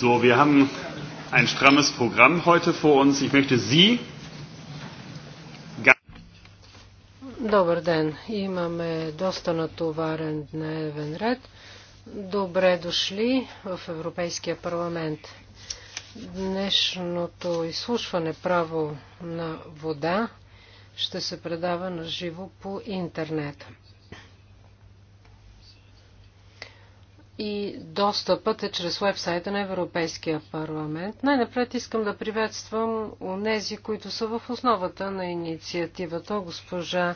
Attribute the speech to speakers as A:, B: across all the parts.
A: So, wir haben ein strammes Programm heute vor uns. Ich möchte Sie.
B: Добър ден! Имаме доста натоварен дневен ред. Добре дошли в Европейския парламент. Днешното изслушване право на вода ще се предава на живо по интернет. и достъпът е чрез вебсайта на Европейския парламент. Най-напред искам да приветствам нези, които са в основата на инициативата, госпожа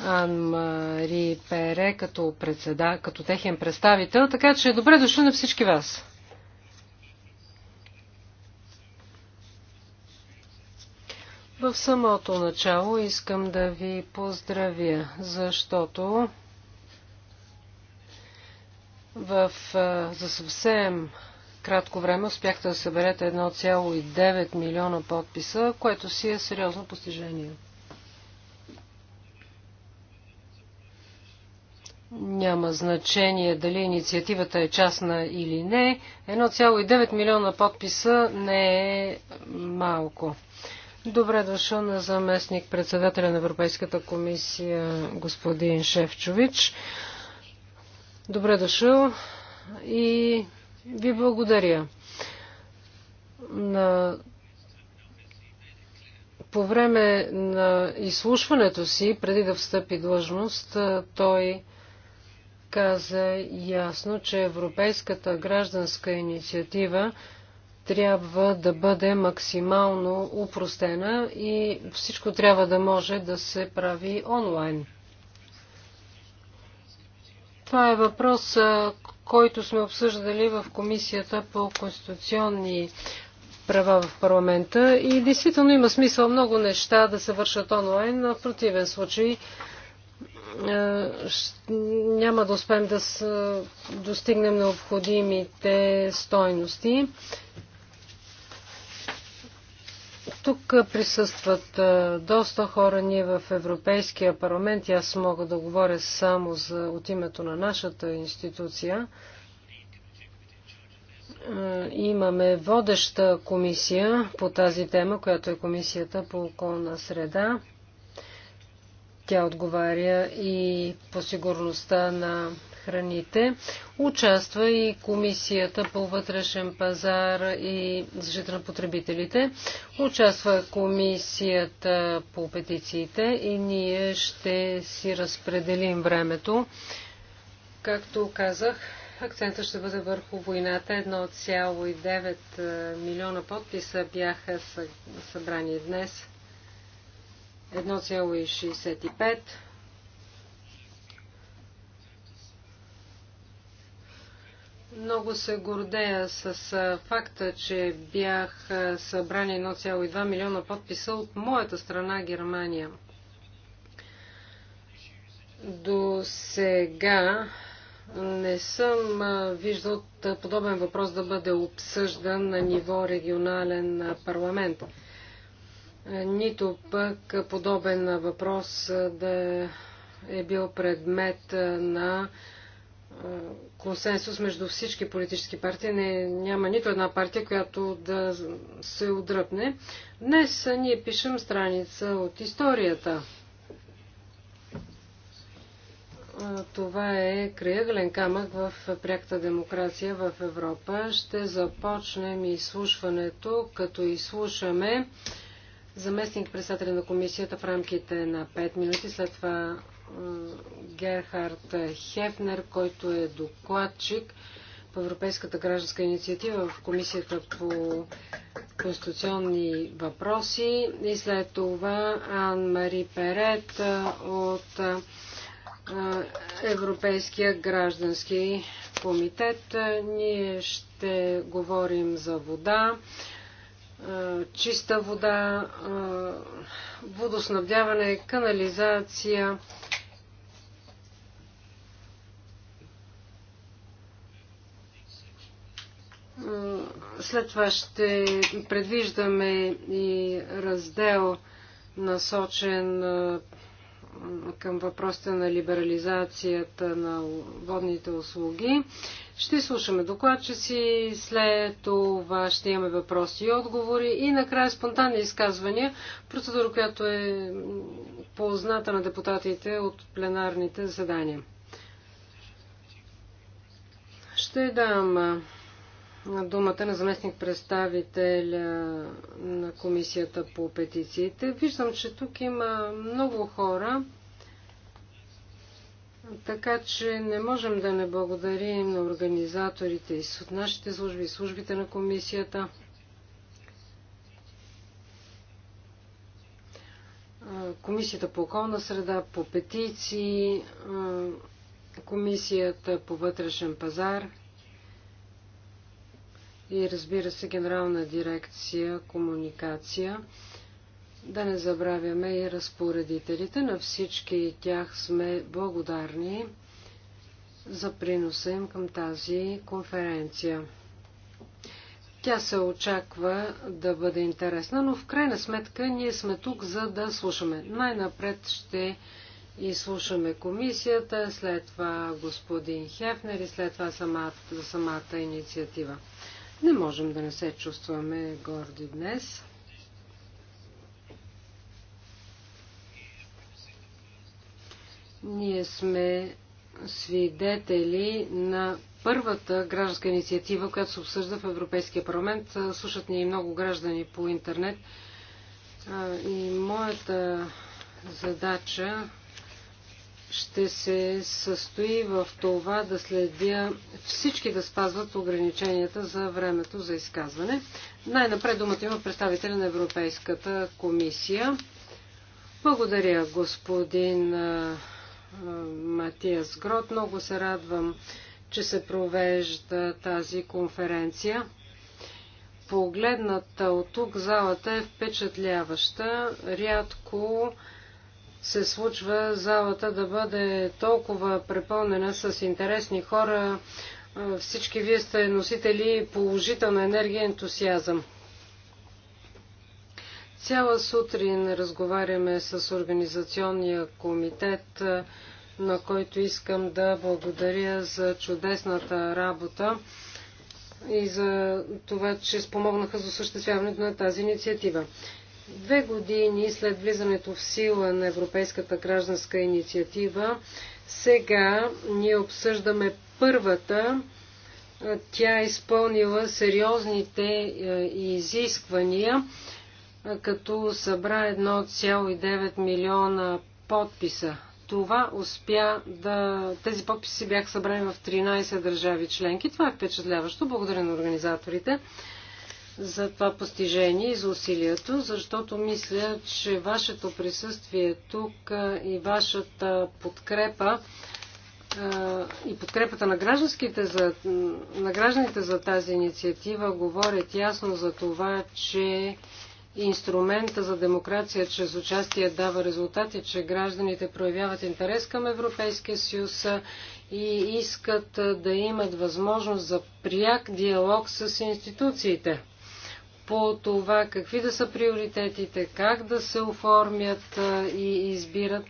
B: Ан-Мари Пере като, председа, като техен представител, така че добре дошли на всички вас. В самото начало искам да ви поздравя, защото в, за съвсем кратко време успяхте да съберете 1,9 милиона подписа, което си е сериозно постижение. Няма значение дали инициативата е частна или не. 1,9 милиона подписа не е малко. Добре дошъл на заместник председателя на Европейската комисия господин Шефчович. Добре дошъл и ви благодаря. На... По време на изслушването си, преди да встъпи длъжност, той каза ясно, че Европейската гражданска инициатива трябва да бъде максимално упростена и всичко трябва да може да се прави онлайн. Това е въпрос, който сме обсъждали в Комисията по конституционни права в парламента и действително има смисъл много неща да се вършат онлайн. но В противен случай няма да успеем да достигнем необходимите стойности. Тук присъстват доста хора ние в Европейския парламент и аз мога да говоря само за, от името на нашата институция. Имаме водеща комисия по тази тема, която е комисията по околна среда. Тя отговаря и по сигурността на храните. Участва и Комисията по вътрешен пазар и защита на потребителите. Участва Комисията по петициите и ние ще си разпределим времето. Както казах, акцента ще бъде върху войната. 1,9 милиона подписа бяха събрани днес. 1,65 Много се гордея с факта, че бях събрани 1,2 милиона подписа от моята страна Германия. До сега не съм виждал подобен въпрос да бъде обсъждан на ниво регионален парламент. Нито пък подобен въпрос да е бил предмет на консенсус между всички политически партии. Не, няма нито една партия, която да се отдръпне. Днес ние пишем страница от историята. Това е краягален камък в пряката демокрация в Европа. Ще започнем изслушването, като изслушаме заместник председателя на комисията в рамките на 5 минути. След това Герхард Хефнер, който е докладчик по Европейската гражданска инициатива в Комисията по конституционни въпроси и след това Ан-Мари Перет от Европейския граждански комитет. Ние ще говорим за вода, чиста вода, водоснабдяване, канализация, След това ще предвиждаме и раздел насочен към въпросите на либерализацията на водните услуги. Ще слушаме докладчици, след това ще имаме въпроси и отговори и накрая спонтанни изказвания, процедура, която е позната на депутатите от пленарните задания. Ще дам думата на заместник представителя на комисията по петициите. Виждам, че тук има много хора, така че не можем да не благодарим на организаторите и от нашите служби, и службите на комисията. Комисията по околна среда, по петиции, Комисията по вътрешен пазар – и разбира се Генерална дирекция комуникация. Да не забравяме и разпоредителите. На всички тях сме благодарни за приноса им към тази конференция. Тя се очаква да бъде интересна, но в крайна сметка ние сме тук, за да слушаме. Най-напред ще слушаме комисията, след това господин Хефнер и след това самата, самата инициатива. Не можем да не се чувстваме горди днес. Ние сме свидетели на първата гражданска инициатива, която се обсъжда в Европейския парламент. Слушат ни и много граждани по интернет. И моята задача ще се състои в това да следя всички да спазват ограниченията за времето за изказване. Най-напред думата има представителя на Европейската комисия. Благодаря, господин Матиас Грот. Много се радвам, че се провежда тази конференция. Погледната от тук залата е впечатляваща. Рядко се случва залата да бъде толкова препълнена с интересни хора. Всички вие сте носители положителна енергия и ентусиазъм. Цяла сутрин разговаряме с Организационния комитет, на който искам да благодаря за чудесната работа и за това, че спомогнаха за осъществяването на тази инициатива. Две години след влизането в сила на Европейската гражданска инициатива, сега ние обсъждаме първата. Тя е изпълнила сериозните е, изисквания, е, като събра 1,9 милиона подписа. Това успя да... Тези подписи бяха събрани в 13 държави членки. Това е впечатляващо. Благодаря на организаторите за това постижение и за усилието, защото мисля, че вашето присъствие тук и вашата подкрепа и подкрепата на, гражданските за, на гражданите за тази инициатива говорят ясно за това, че инструмента за демокрация чрез участие дава резултати, че гражданите проявяват интерес към Европейския съюз и искат да имат възможност за пряк диалог с институциите по това какви да са приоритетите, как да се оформят и избират.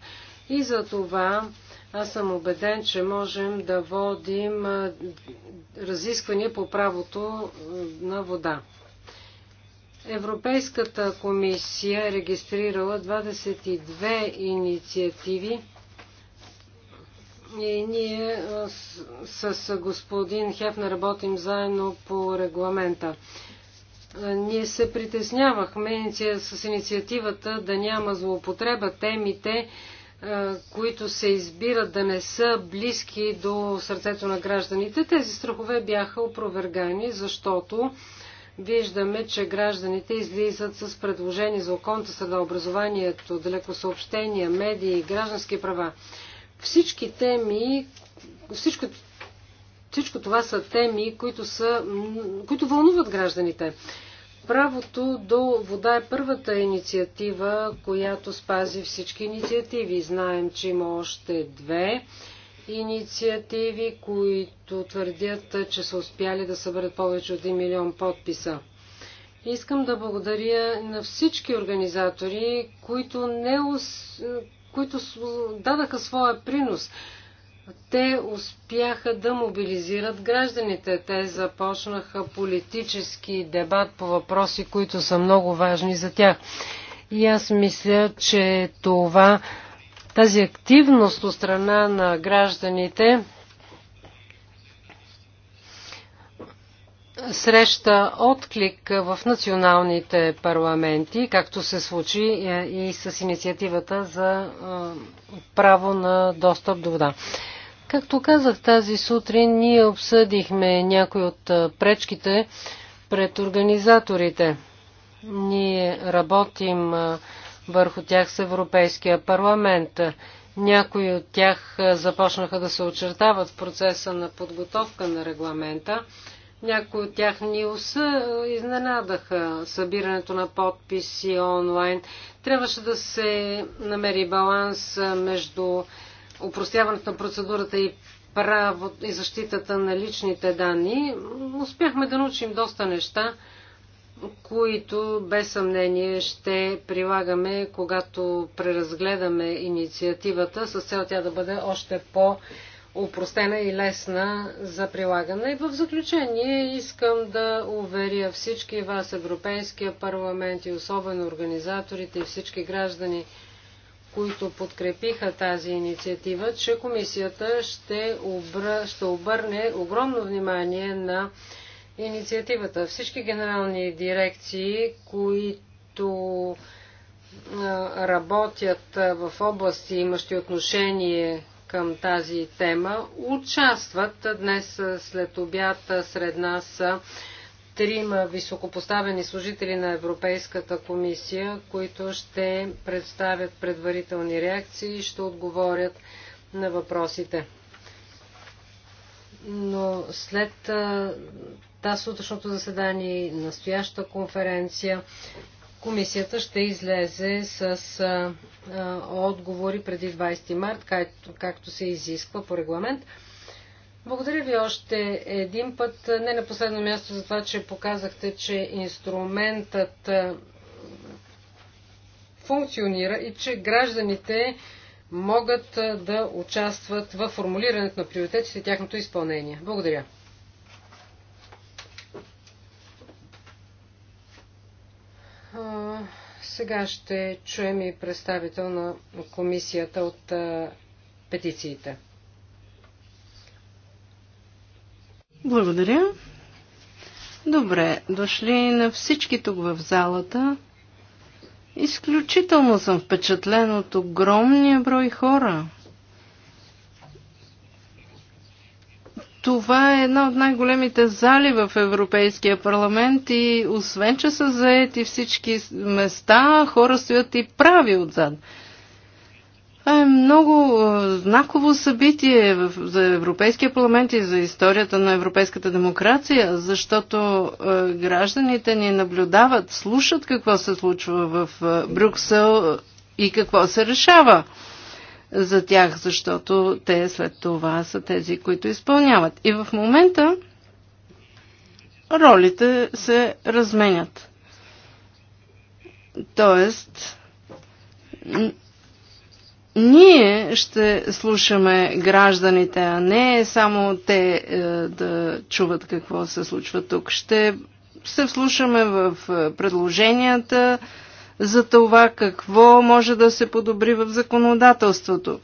B: И за това аз съм убеден, че можем да водим разисквания по правото на вода. Европейската комисия е регистрирала 22 инициативи и ние с, с господин Хефна работим заедно по регламента. Ние се притеснявахме с инициативата да няма злоупотреба. Темите, които се избират да не са близки до сърцето на гражданите, тези страхове бяха опровергани, защото виждаме, че гражданите излизат с предложения за оконта среда, образованието, далеко съобщения, медии, граждански права. Всички теми, всичко всичко това са теми, които, са, които вълнуват гражданите. Правото до вода е първата инициатива, която спази всички инициативи. Знаем, че има още две инициативи, които твърдят, че са успяли да съберат повече от 1 милион подписа. Искам да благодаря на всички организатори, които, не, които дадаха своя принос те успяха да мобилизират гражданите. Те започнаха политически дебат по въпроси, които са много важни за тях. И аз мисля, че това, тази активност от страна на гражданите среща отклик в националните парламенти, както се случи е, и с инициативата за е, право на достъп до вода. Както казах тази сутрин, ние обсъдихме някои от е, пречките пред организаторите. Ние работим върху тях с Европейския парламент. Някои от тях започнаха да се очертават в процеса на подготовка на регламента. Някои от тях ни уса, изненадаха събирането на подписи онлайн. Трябваше да се намери баланс между упростяването на процедурата и право и защитата на личните данни. Успяхме да научим доста неща, които без съмнение ще прилагаме, когато преразгледаме инициативата, с цел тя да бъде още по- упростена и лесна за прилагане. И в заключение искам да уверя всички вас, Европейския парламент и особено организаторите и всички граждани, които подкрепиха тази инициатива, че комисията ще, обра... ще обърне огромно внимание на инициативата. Всички генерални дирекции, които работят в области, имащи отношение към тази тема участват. Днес след обяд сред нас трима високопоставени служители на Европейската комисия, които ще представят предварителни реакции и ще отговорят на въпросите. Но след тази сутрешното заседание и настояща конференция Комисията ще излезе с а, а, отговори преди 20 март, както, както се изисква по регламент. Благодаря ви още един път. Не на последно място за това, че показахте, че инструментът функционира и че гражданите могат да участват в формулирането на приоритетите и тяхното изпълнение. Благодаря. Сега ще чуем и представител на комисията от петициите.
C: Благодаря. Добре, дошли на всички тук в залата. Изключително съм впечатлен от огромния брой хора, Това е една от най-големите зали в Европейския парламент и освен, че са заети всички места, хора стоят и прави отзад. Това е много е, знаково събитие за Европейския парламент и за историята на европейската демокрация, защото е, гражданите ни наблюдават, слушат какво се случва в е, Брюксел и какво се решава за тях, защото те след това са тези, които изпълняват. И в момента ролите се разменят. Тоест, ние ще слушаме гражданите, а не само те е, да чуват какво се случва тук. Ще се вслушаме в е, предложенията, за това какво може да се подобри в законодателството.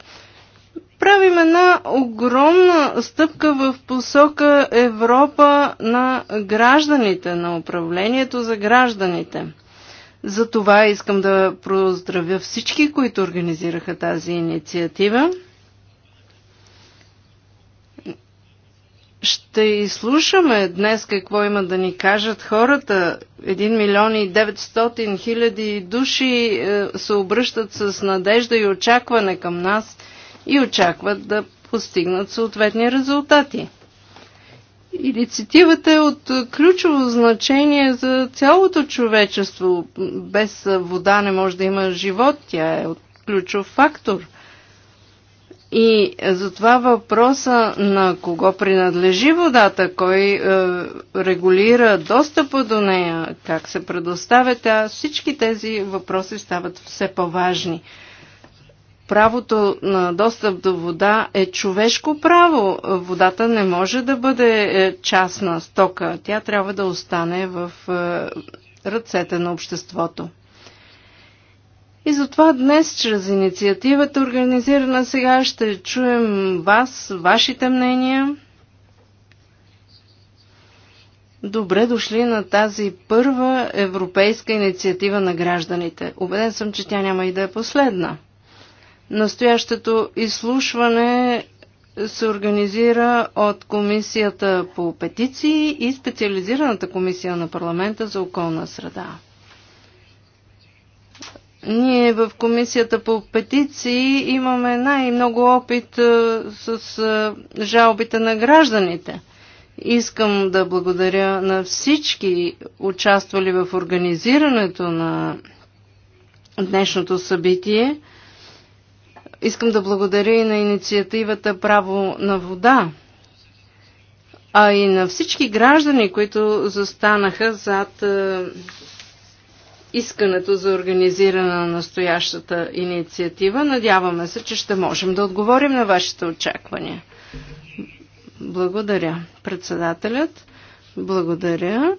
C: Правим една огромна стъпка в посока Европа на гражданите, на управлението за гражданите. За това искам да поздравя всички, които организираха тази инициатива. Ще изслушаме днес какво има да ни кажат хората. 1 милион и 900 хиляди души е, се обръщат с надежда и очакване към нас и очакват да постигнат съответни резултати. Инициативата е от ключово значение за цялото човечество. Без вода не може да има живот, тя е от ключов фактор – и затова въпроса на кого принадлежи водата, кой е, регулира достъпа до нея, как се предоставя тя, всички тези въпроси стават все по-важни. Правото на достъп до вода е човешко право. Водата не може да бъде е, частна стока. Тя трябва да остане в е, ръцете на обществото. И затова днес, чрез инициативата, организирана сега, ще чуем вас, вашите мнения. Добре дошли на тази първа европейска инициатива на гражданите. Обеден съм, че тя няма и да е последна. Настоящето изслушване се организира от Комисията по петиции и специализираната комисия на парламента за околна среда. Ние в комисията по петиции имаме най-много опит е, с е, жалбите на гражданите. Искам да благодаря на всички участвали в организирането на днешното събитие. Искам да благодаря и на инициативата Право на вода, а и на всички граждани, които застанаха зад е, искането за организиране на настоящата инициатива. Надяваме се, че ще можем да отговорим на вашите очаквания. Благодаря, председателят. Благодаря.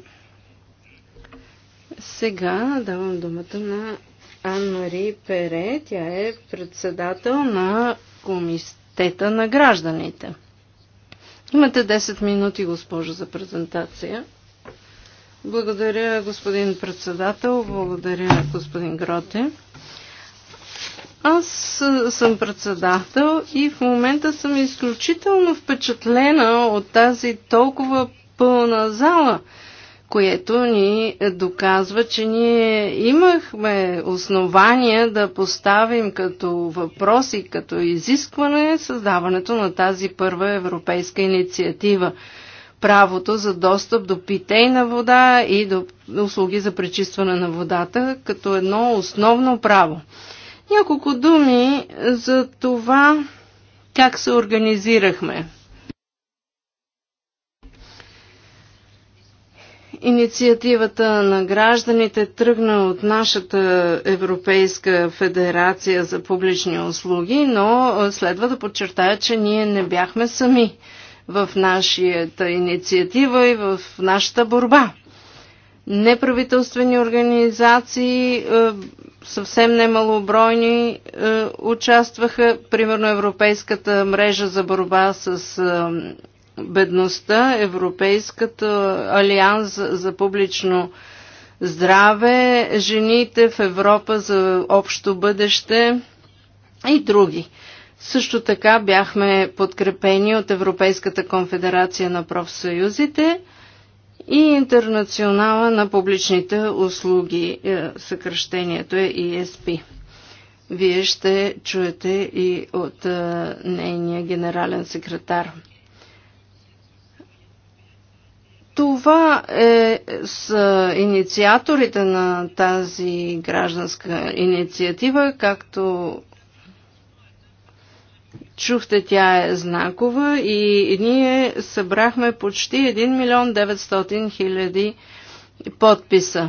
C: Сега давам думата на Ан-Мари Пере. Тя е председател на Комитета на гражданите. Имате 10 минути, госпожо, за презентация. Благодаря, господин председател. Благодаря, господин Гроте. Аз съм председател и в момента съм изключително впечатлена от тази толкова пълна зала, което ни доказва, че ние имахме основания да поставим като въпрос и като изискване създаването на тази първа европейска инициатива – правото за достъп до питейна вода и до услуги за пречистване на водата като едно основно право. Няколко думи за това как се организирахме. Инициативата на гражданите тръгна от нашата Европейска федерация за публични услуги, но следва да подчертая, че ние не бяхме сами в нашата инициатива и в нашата борба. Неправителствени организации, е, съвсем немалобройни, е, участваха, примерно Европейската мрежа за борба с е, бедността, Европейската алианс за публично здраве, жените в Европа за общо бъдеще и други. Също така бяхме подкрепени от Европейската конфедерация на профсъюзите и Интернационала на публичните услуги, е, съкръщението е ESP. Вие ще чуете и от е, нейния генерален секретар. Това е с е, инициаторите на тази гражданска инициатива, както Чухте, тя е знакова и ние събрахме почти 1 милион 900 хиляди подписа.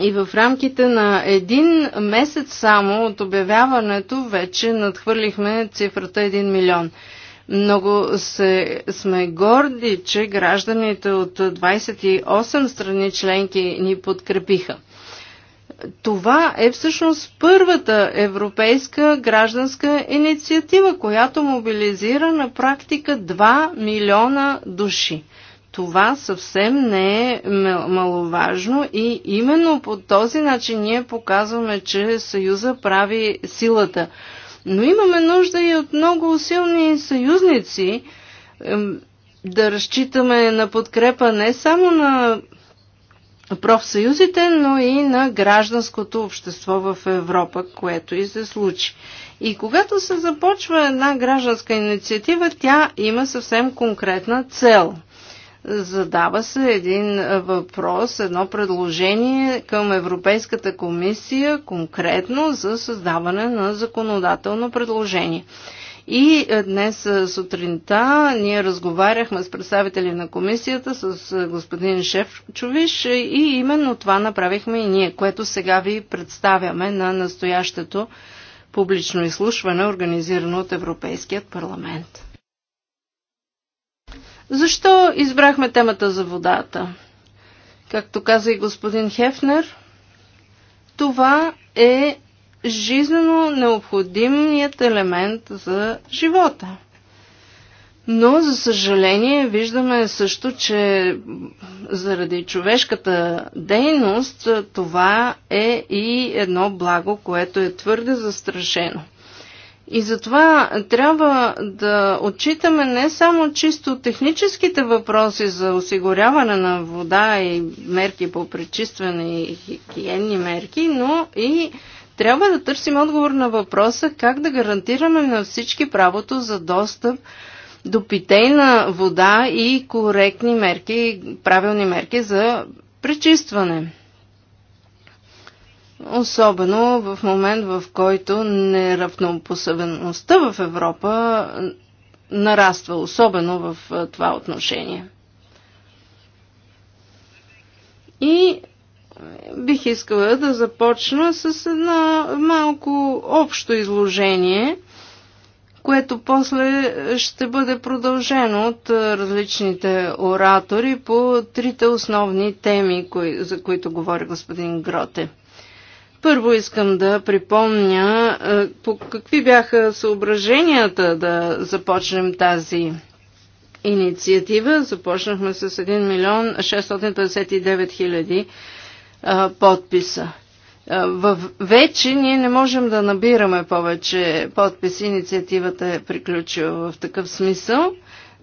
C: И в рамките на един месец само от обявяването вече надхвърлихме цифрата 1 милион. Много се, сме горди, че гражданите от 28 страни членки ни подкрепиха това е всъщност първата европейска гражданска инициатива, която мобилизира на практика 2 милиона души. Това съвсем не е маловажно и именно по този начин ние показваме, че Съюза прави силата. Но имаме нужда и от много силни съюзници, да разчитаме на подкрепа не само на профсъюзите, но и на гражданското общество в Европа, което и се случи. И когато се започва една гражданска инициатива, тя има съвсем конкретна цел. Задава се един въпрос, едно предложение към Европейската комисия конкретно за създаване на законодателно предложение. И е, днес е, сутринта ние разговаряхме с представители на комисията, с е, господин Шефчовиш и именно това направихме и ние, което сега ви представяме на настоящето публично изслушване, организирано от Европейският парламент. Защо избрахме темата за водата? Както каза и господин Хефнер, това е жизнено необходимият елемент за живота. Но, за съжаление, виждаме също, че заради човешката дейност това е и едно благо, което е твърде застрашено. И затова трябва да отчитаме не само чисто техническите въпроси за осигуряване на вода и мерки по пречистване и хигиенни мерки, но и трябва да търсим отговор на въпроса как да гарантираме на всички правото за достъп до питейна вода и коректни мерки, правилни мерки за пречистване. Особено в момент, в който неравнопосъвеността в Европа нараства, особено в това отношение. И бих искала да започна с едно малко общо изложение, което после ще бъде продължено от различните оратори по трите основни теми, за които говори господин Гроте. Първо искам да припомня по какви бяха съображенията да започнем тази инициатива. Започнахме с 1 милион 659 хиляди 000 а, подписа. В... Вече ние не можем да набираме повече подписи. Инициативата е приключила в такъв смисъл,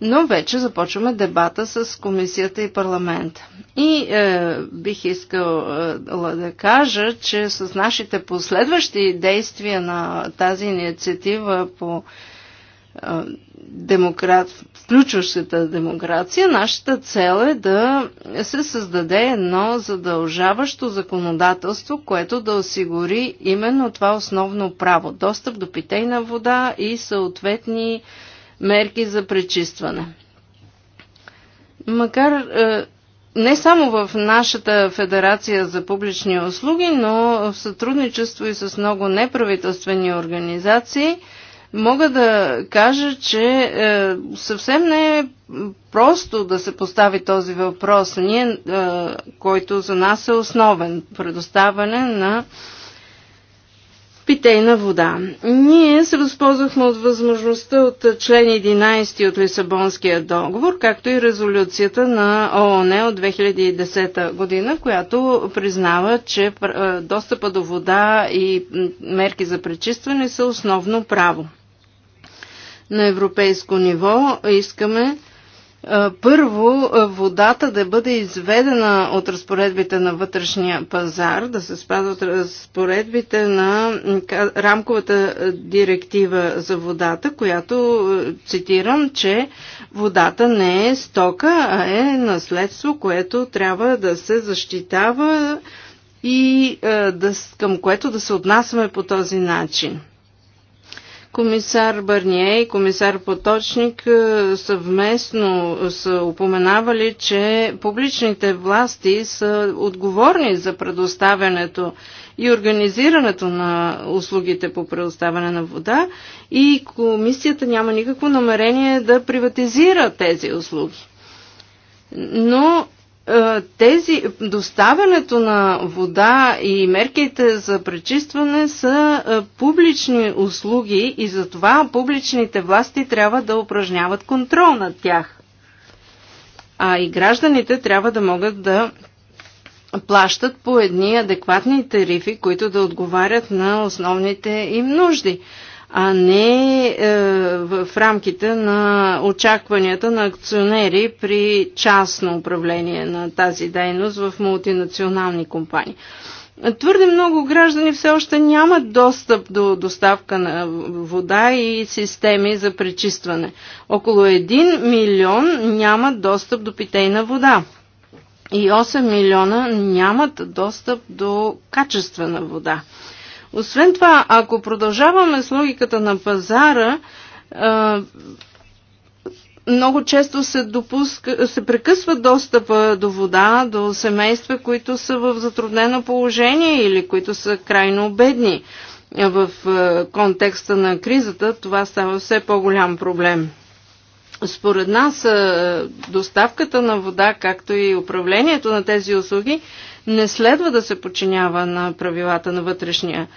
C: но вече започваме дебата с комисията и парламента. И е, бих искала е, да кажа, че с нашите последващи действия на тази инициатива по е, демократ, включващата демокрация, нашата цел е да се създаде едно задължаващо законодателство, което да осигури именно това основно право – достъп до питейна вода и съответни мерки за пречистване. Макар е, не само в нашата Федерация за публични услуги, но в сътрудничество и с много неправителствени организации – мога да кажа, че е, съвсем не е просто да се постави този въпрос, ние, е, който за нас е основен предоставяне на питейна вода. Ние се възползвахме от възможността от член 11 от Лисабонския договор, както и резолюцията на ООН от 2010 година, която признава, че е, достъпа до вода и мерки за пречистване са основно право на европейско ниво. Искаме първо водата да бъде изведена от разпоредбите на вътрешния пазар, да се спазват разпоредбите на рамковата директива за водата, която цитирам, че водата не е стока, а е наследство, което трябва да се защитава и към което да се отнасяме по този начин. Комисар Бърние и комисар Поточник е, съвместно са упоменавали, че публичните власти са отговорни за предоставянето и организирането на услугите по предоставяне на вода и комисията няма никакво намерение да приватизира тези услуги. Но е, тези, доставянето на вода и мерките за пречистване са е, публични услуги и затова публичните власти трябва да упражняват контрол над тях. А и гражданите трябва да могат да плащат по едни адекватни тарифи, които да отговарят на основните им нужди а не е, в рамките на очакванията на акционери при частно управление на тази дейност в мултинационални компании. Твърде много граждани все още нямат достъп до доставка на вода и системи за пречистване. Около 1 милион нямат достъп до питейна вода. И 8 милиона нямат достъп до качествена вода. Освен това, ако продължаваме с логиката на пазара, много често се, допуска, се прекъсва достъпа до вода до семейства, които са в затруднено положение или които са крайно бедни. В контекста на кризата това става все по-голям проблем. Според нас доставката на вода, както и управлението на тези услуги, не следва да се подчинява на правилата на вътрешния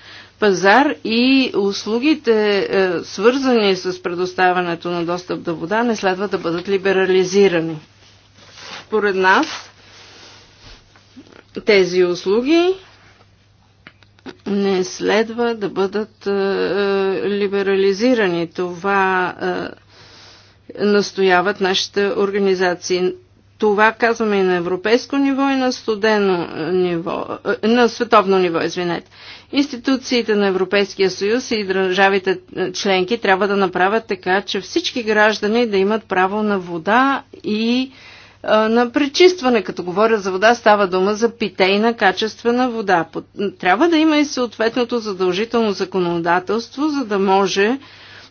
C: пазар и услугите, е, свързани с предоставянето на достъп до вода, не следва да бъдат либерализирани. Според нас, тези услуги не следва да бъдат е, е либерализирани. Това е, настояват нашите организации. Това казваме и на европейско ниво, и на студено ниво, е, на световно ниво, извинете. Институциите на Европейския съюз и държавите е, членки трябва да направят така, че всички граждани да имат право на вода и е, на пречистване. Като говоря за вода, става дума за питейна качествена вода. Трябва да има и съответното задължително законодателство, за да може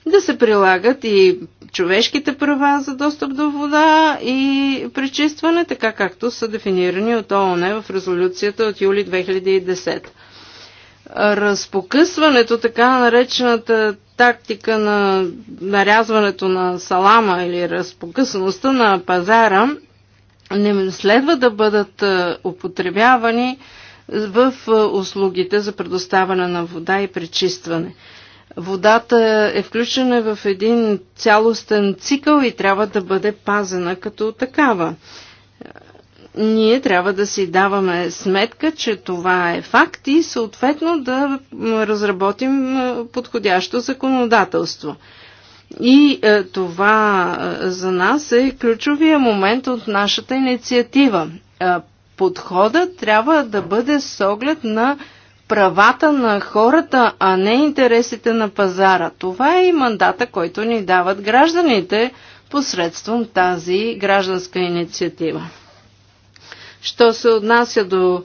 C: да се прилагат и човешките права за достъп до вода и пречистване, така както са дефинирани от ООН в резолюцията от юли 2010. Разпокъсването, така наречената тактика на нарязването на салама или разпокъсаността на пазара, не следва да бъдат е, употребявани в е, услугите за предоставяне на вода и пречистване водата е включена в един цялостен цикъл и трябва да бъде пазена като такава. Ние трябва да си даваме сметка, че това е факт и съответно да разработим подходящо законодателство. И е, това е, за нас е ключовия момент от нашата инициатива. Е, подходът трябва да бъде с оглед на правата на хората, а не интересите на пазара. Това е и мандата, който ни дават гражданите посредством тази гражданска инициатива. Що се отнася до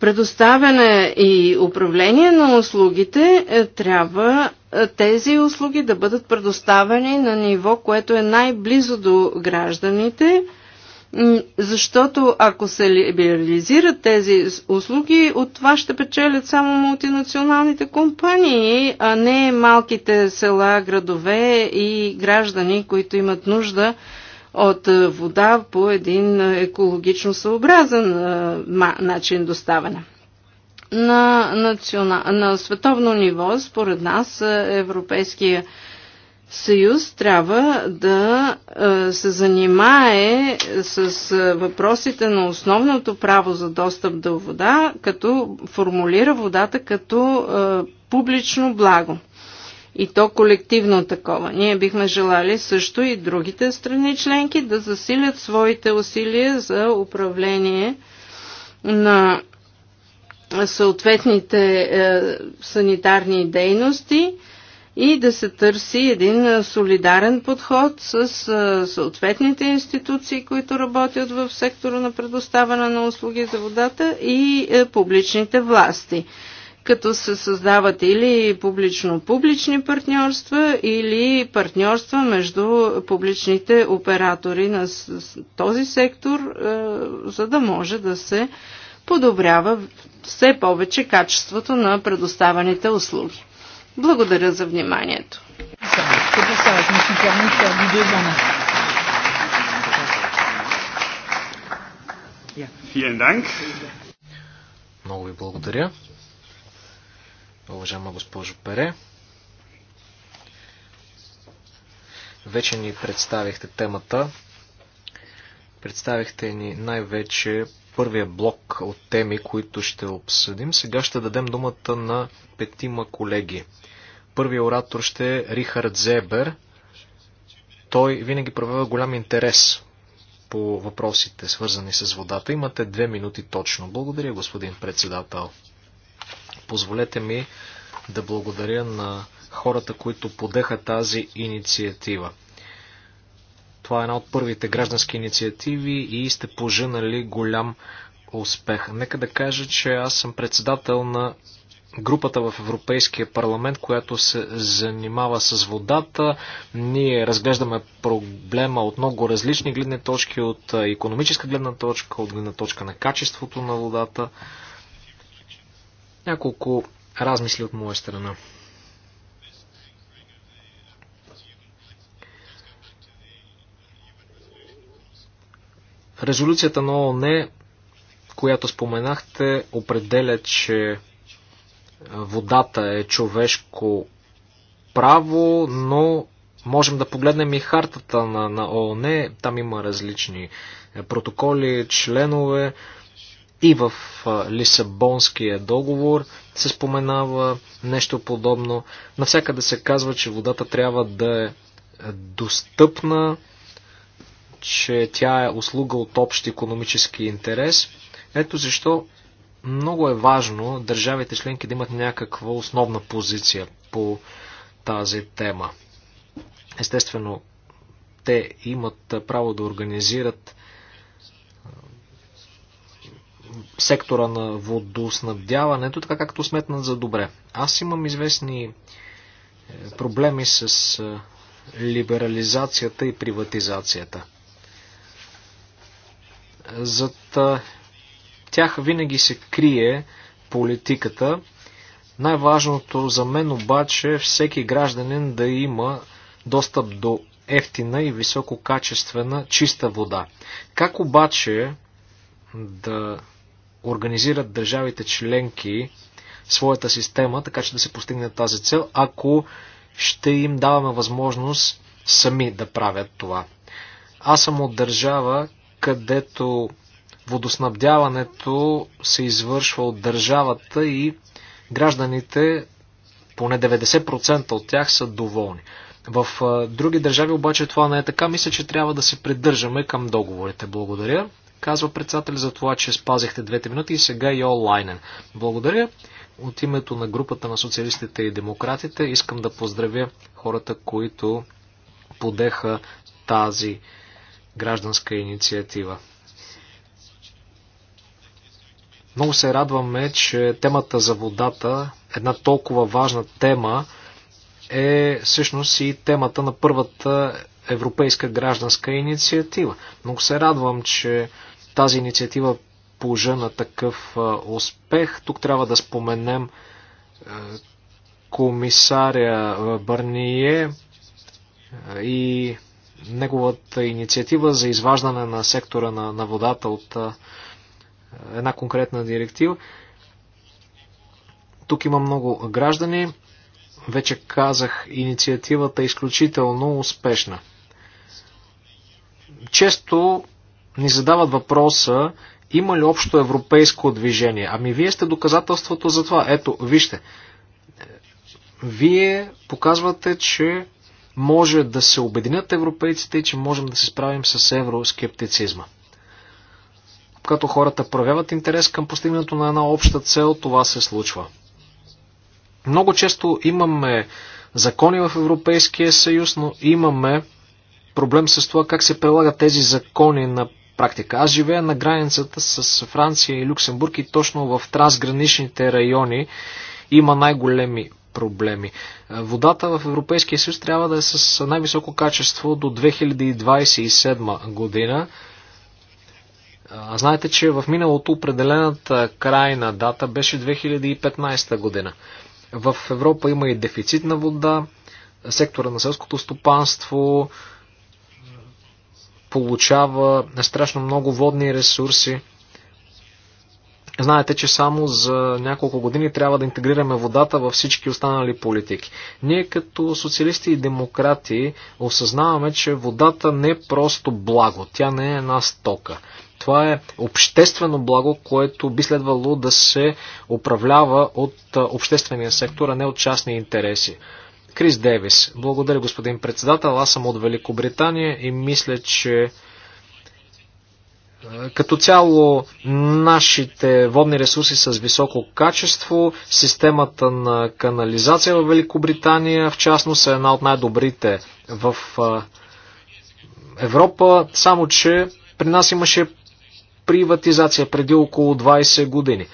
C: предоставяне и управление на услугите, е, трябва е, тези услуги да бъдат предоставени на ниво, което е най-близо до гражданите – защото ако се либерализират тези услуги, от това ще печелят само мултинационалните компании, а не малките села, градове и граждани, които имат нужда от е, вода по един е, екологично съобразен е, начин доставяне. На, национа... на световно ниво, според нас, Европейския съюз трябва да се занимае с въпросите на основното право за достъп до вода, като формулира водата като публично благо. И то колективно такова. Ние бихме желали също и другите страни членки да засилят своите усилия за управление на съответните е, санитарни дейности и да се търси един солидарен подход с съответните институции, които работят в сектора на предоставяне на услуги за водата и е, публичните власти като се създават или публично-публични партньорства, или партньорства между публичните оператори на този сектор, е, за да може да се подобрява все повече качеството на предоставаните услуги. Благодаря за вниманието.
D: Много ви благодаря. Уважаема госпожо Пере, вече ни представихте темата. Представихте ни най-вече първия блок от теми, които ще обсъдим. Сега ще дадем думата на петима колеги. Първият оратор ще е Рихард Зебер. Той винаги проявява голям интерес по въпросите, свързани с водата. Имате две минути точно. Благодаря, господин председател. Позволете ми да благодаря на хората, които подеха тази инициатива. Това е една от първите граждански инициативи и сте пожинали голям успех. Нека да кажа, че аз съм председател на групата в Европейския парламент, която се занимава с водата. Ние разглеждаме проблема от много различни гледни точки, от економическа гледна точка, от гледна точка на качеството на водата. Няколко размисли от моя страна. Резолюцията на ООН, която споменахте, определя, че Водата е човешко право, но можем да погледнем и хартата на, на ООН. Там има различни е, протоколи, членове. И в е, Лисабонския договор се споменава нещо подобно. Навсякъде се казва, че водата трябва да е, е достъпна, че тя е услуга от общ економически интерес. Ето защо много е важно държавите членки да имат някаква основна позиция по тази тема. Естествено, те имат право да организират сектора на водоснабдяването, така както сметнат за добре. Аз имам известни е, проблеми с либерализацията и приватизацията. Зад тях винаги се крие политиката. Най-важното за мен обаче е всеки гражданин да има достъп до ефтина и висококачествена чиста вода. Как обаче да организират държавите членки своята система, така че да се постигне тази цел, ако ще им даваме възможност сами да правят това. Аз съм от държава, където водоснабдяването се извършва от държавата и гражданите, поне 90% от тях са доволни. В други държави обаче това не е така. Мисля, че трябва да се придържаме към договорите. Благодаря. Казва председател за това, че спазихте двете минути и сега и онлайнен. Благодаря. От името на групата на социалистите и демократите искам да поздравя хората, които подеха тази гражданска инициатива. Много се радваме, че темата за водата, една толкова важна тема, е всъщност и темата на първата европейска гражданска инициатива. Много се радвам, че тази инициатива положа на такъв успех. Тук трябва да споменем комисаря Бърние и неговата инициатива за изваждане на сектора на, на водата от една конкретна директива. Тук има много граждани. Вече казах, инициативата е изключително успешна. Често ни задават въпроса, има ли общо европейско движение? Ами вие сте доказателството за това. Ето, вижте. Вие показвате, че може да се обединят европейците и че можем да се справим с евроскептицизма когато хората проявяват интерес към постигането на една обща цел, това се случва. Много често имаме закони в Европейския съюз, но имаме проблем с това как се прилагат тези закони на практика. Аз живея на границата с Франция и Люксембург и точно в трансграничните райони има най-големи проблеми. Водата в Европейския съюз трябва да е с най-високо качество до 2027 година. А знаете, че в миналото определената крайна дата беше 2015 година. В Европа има и дефицит на вода, сектора на селското стопанство получава страшно много водни ресурси. Знаете, че само за няколко години трябва да интегрираме водата във всички останали политики. Ние като социалисти и демократи осъзнаваме, че водата не е просто благо, тя не е една стока. Това е обществено благо, което би следвало да се управлява от обществения сектор, а не от частни интереси. Крис Девис. Благодаря, господин председател. Аз съм от Великобритания и мисля, че като цяло нашите водни ресурси са с високо качество. Системата на канализация в Великобритания, в частност, е една от най-добрите в Европа, само че при нас имаше приватизация преди около 20 години.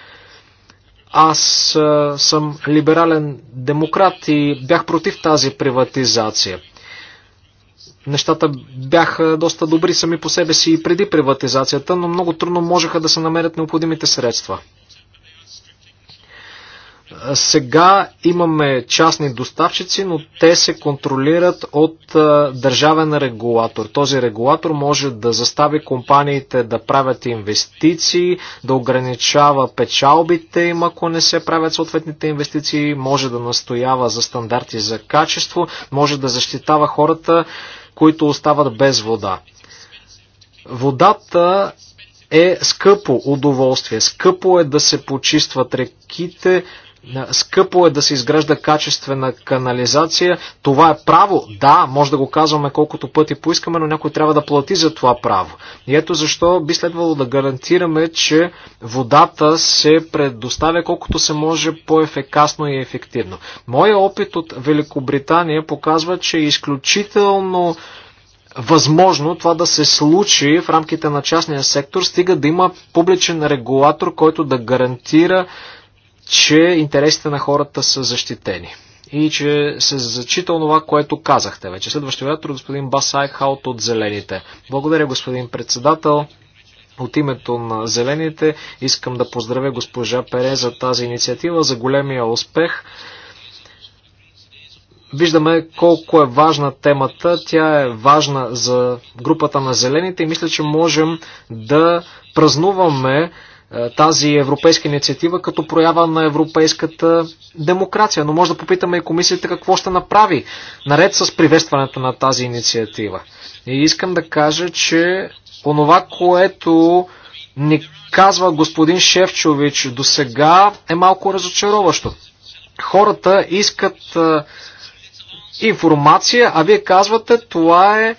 D: Аз а, съм либерален демократ и бях против тази приватизация. Нещата бяха доста добри сами по себе си и преди приватизацията, но много трудно можеха да се намерят необходимите средства. Сега имаме частни доставчици, но те се контролират от държавен регулатор. Този регулатор може да застави компаниите да правят инвестиции, да ограничава печалбите им, ако не се правят съответните инвестиции, може да настоява за стандарти за качество, може да защитава хората, които остават без вода. Водата е скъпо удоволствие. Скъпо е да се почистват реките, Скъпо е да се изгражда качествена канализация. Това е право. Да, може да го казваме колкото пъти поискаме, но някой трябва да плати за това право. И ето защо би следвало да гарантираме, че водата се предоставя колкото се може по-ефекасно и ефективно. Моя опит от Великобритания показва, че е изключително възможно това да се случи в рамките на частния сектор, стига да има публичен регулатор, който да гарантира че интересите на хората са защитени и че се зачита онова, което казахте вече. Следващия оратор господин Бас Айкхаут от Зелените. Благодаря, господин председател. От името на Зелените искам да поздравя госпожа Пере за тази инициатива, за големия успех. Виждаме колко е важна темата. Тя е важна за групата на Зелените и мисля, че можем да празнуваме е, тази европейска инициатива като проява на европейската демокрация. Но може да попитаме и комисията какво ще направи, наред с приветстването на тази инициатива. И искам да кажа, че онова, което ни казва господин Шевчович до сега е малко разочароващо. Хората искат е, информация, а вие казвате това е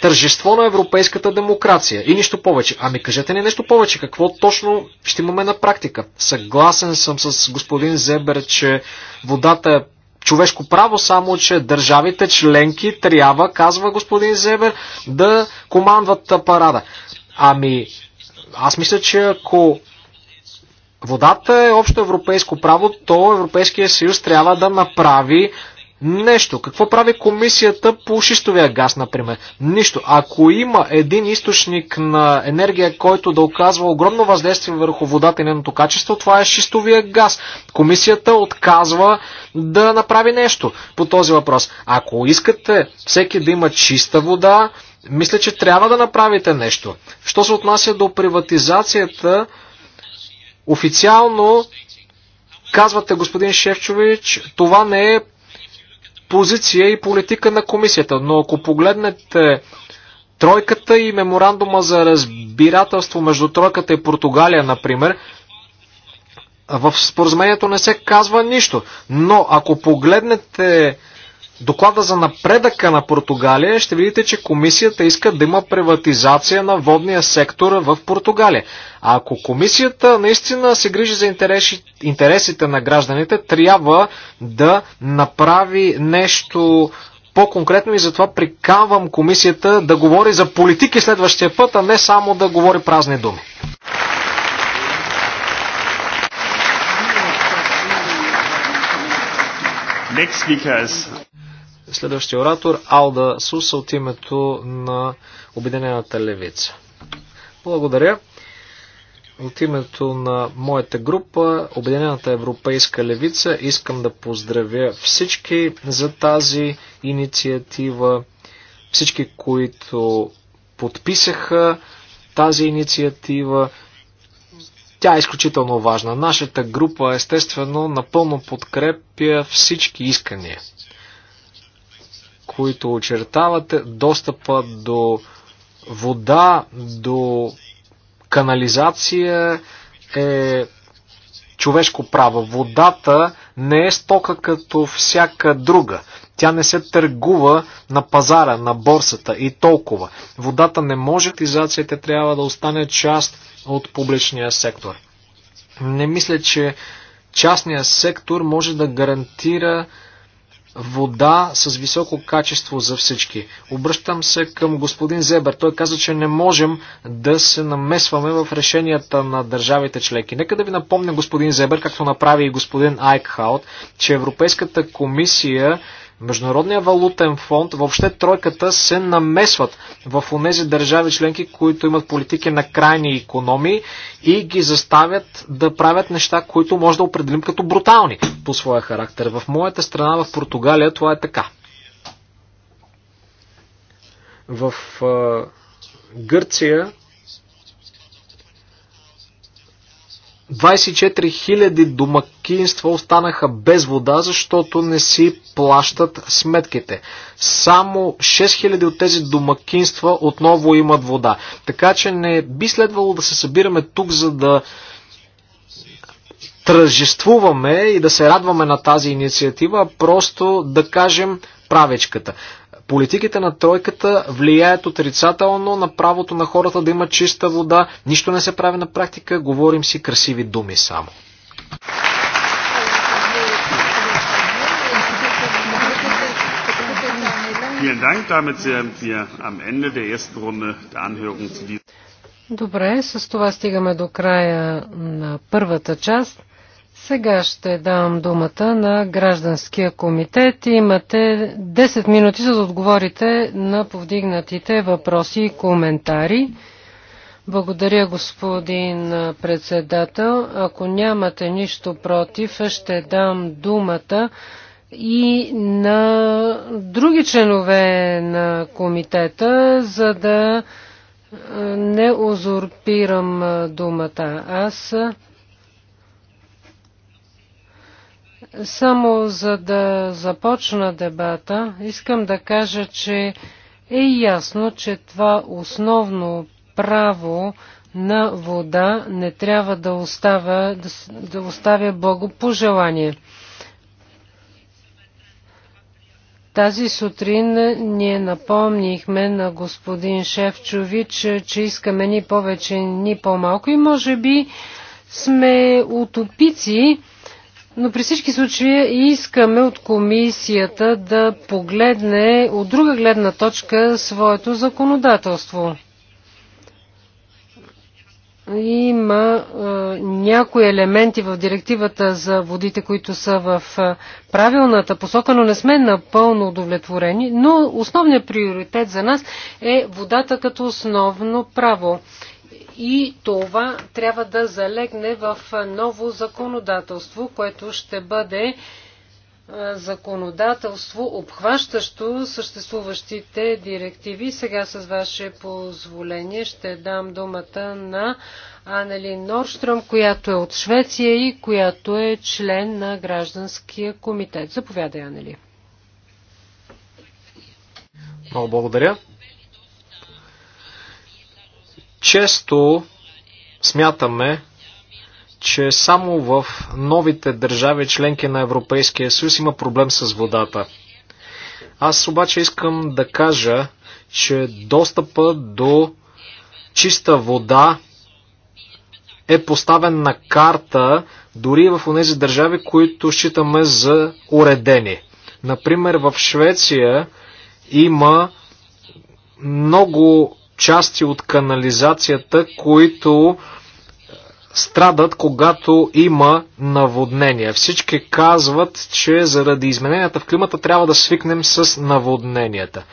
D: тържество на европейската демокрация и нищо повече. Ами кажете ни нещо повече, какво точно ще имаме на практика. Съгласен съм с господин Зебер, че водата е човешко право, само че държавите членки трябва, казва господин Зебер, да командват парада. Ами, аз мисля, че ако водата е общо европейско право, то Европейския съюз трябва да направи нещо. Какво прави комисията по шистовия газ, например? Нищо. Ако има един източник на енергия, който да оказва огромно въздействие върху водата и нейното качество, това е шистовия газ. Комисията отказва да направи нещо по този въпрос. Ако искате всеки да има чиста вода, мисля, че трябва да направите нещо. Що се отнася до приватизацията, официално казвате, господин Шевчович, това не е позиция и политика на комисията. Но ако погледнете тройката и меморандума за разбирателство между тройката и Португалия, например, в споразумението не се казва нищо. Но ако погледнете доклада за напредъка на Португалия ще видите, че комисията иска да има приватизация на водния сектор в Португалия. А ако комисията наистина се грижи за интереси, интересите на гражданите, трябва да направи нещо по-конкретно и затова прикавам комисията да говори за политики следващия път, а не само да говори празни думи.
A: Next speaker is
D: Следващия оратор Алда Суса от името на Обединената левица. Благодаря. От името на моята група, Обединената европейска левица, искам да поздравя всички за тази инициатива, всички, които подписаха тази инициатива. Тя е изключително важна. Нашата група, естествено, напълно подкрепя всички искания които очертавате, достъпа до вода, до канализация е човешко право. Водата не е стока като всяка друга. Тя не се търгува на пазара, на борсата и толкова. Водата не може, тизацията трябва да остане част от публичния сектор. Не мисля, че частният сектор може да гарантира вода с високо качество за всички. Обръщам се към господин Зебер. Той каза, че не можем да се намесваме в решенията на държавите членки. Нека да ви напомня господин Зебер, както направи и господин Айкхаут, че Европейската комисия Международния валутен фонд, въобще тройката се намесват в тези държави членки, които имат политики на крайни економии и ги заставят да правят неща, които може да определим като брутални по своя характер. В моята страна, в Португалия, това е така. В Гърция 24 000 домакинства останаха без вода, защото не си плащат сметките. Само 6 000 от тези домакинства отново имат вода. Така че не би следвало да се събираме тук, за да тържествуваме и да се радваме на тази инициатива, а просто да кажем правечката. Политиките на тройката влияят отрицателно на правото на хората да имат чиста вода. Нищо не се прави на практика, говорим си красиви думи само.
B: Добре, с това стигаме до края на първата част. Сега ще дам думата на гражданския комитет. Имате 10 минути за да отговорите на повдигнатите въпроси и коментари. Благодаря, господин председател. Ако нямате нищо против, ще дам думата и на други членове на комитета, за да не узурпирам думата. Аз Само за да започна дебата, искам да кажа, че е ясно, че това основно право на вода не трябва да оставя, да, да оставя благопожелание. Тази сутрин ние напомнихме на господин Шевчович, че искаме ни повече, ни по-малко и може би сме утопици, но при всички случаи искаме от комисията да погледне от друга гледна точка своето законодателство. Има е, някои елементи в директивата за водите, които са в е, правилната посока, но не сме напълно удовлетворени. Но основният приоритет за нас е водата като основно право. Е, и това трябва да залегне в ново законодателство, което ще бъде е, законодателство, обхващащо съществуващите директиви. Сега с ваше позволение ще дам думата на Анели Норштрам, която е от Швеция и която е член на Гражданския комитет. Заповядай, Анели.
D: Много благодаря. Често смятаме, че само в новите държави, членки на Европейския съюз, има проблем с водата. Аз обаче искам да кажа, че достъпа до чиста вода е поставен на карта дори в тези държави, които считаме за уредени. Например, в Швеция има много части от канализацията, които страдат, когато има наводнения. Всички казват, че заради измененията в климата трябва да свикнем с наводненията.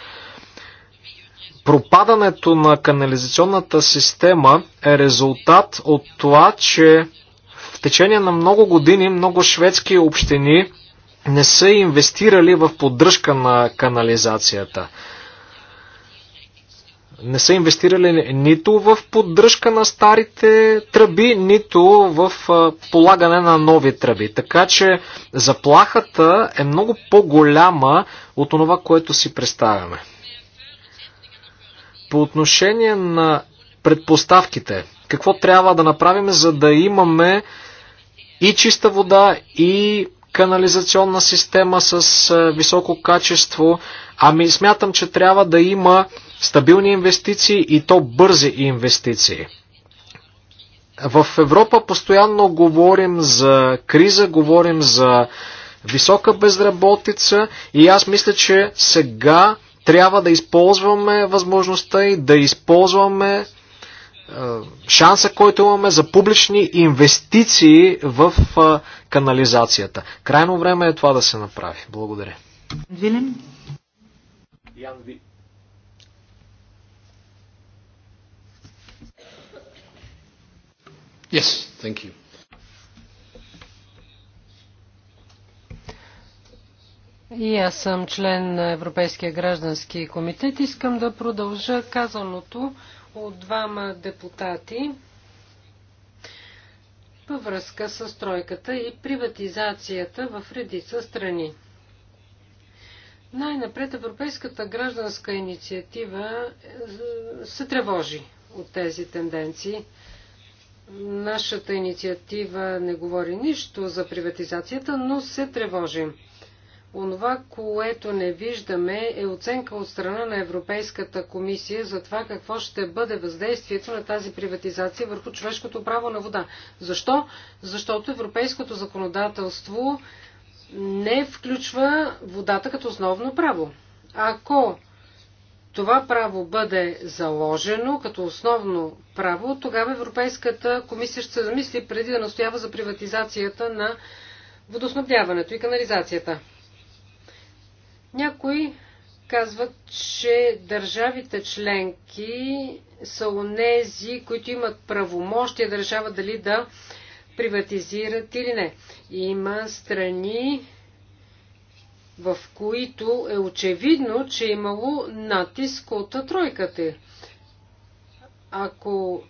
D: Пропадането на канализационната система е резултат от това, че в течение на много години много шведски общини не са инвестирали в поддръжка на канализацията не са инвестирали нито в поддръжка на старите тръби, нито в полагане на нови тръби. Така че заплахата е много по-голяма от това, което си представяме. По отношение на предпоставките, какво трябва да направим, за да имаме и чиста вода, и канализационна система с високо качество. Ами смятам, че трябва да има Стабилни инвестиции и то бързи инвестиции. В Европа постоянно говорим за криза, говорим за висока безработица и аз мисля, че сега трябва да използваме възможността и да използваме е, шанса, който имаме за публични инвестиции в е, канализацията. Крайно време е това да се направи. Благодаря. Вилен? Ян, Вилен. Yes, thank you.
B: И аз съм член на Европейския граждански комитет. Искам да продължа казаното от двама депутати във връзка с тройката и приватизацията в редица страни. Най-напред Европейската гражданска инициатива е, се тревожи от тези тенденции. Нашата инициатива не говори нищо за приватизацията, но се тревожим. Онова, което не виждаме, е оценка от страна на Европейската комисия за това какво ще бъде въздействието на тази приватизация върху човешкото право на вода. Защо? Защото европейското законодателство не включва водата като основно право. Ако това право бъде заложено като основно право, тогава Европейската комисия ще се замисли преди да настоява за приватизацията на водоснабдяването и канализацията. Някои казват, че държавите членки са онези, които имат правомощие да решават дали да приватизират или не. Има страни, в които е очевидно, че е имало натиск от тройката. Ако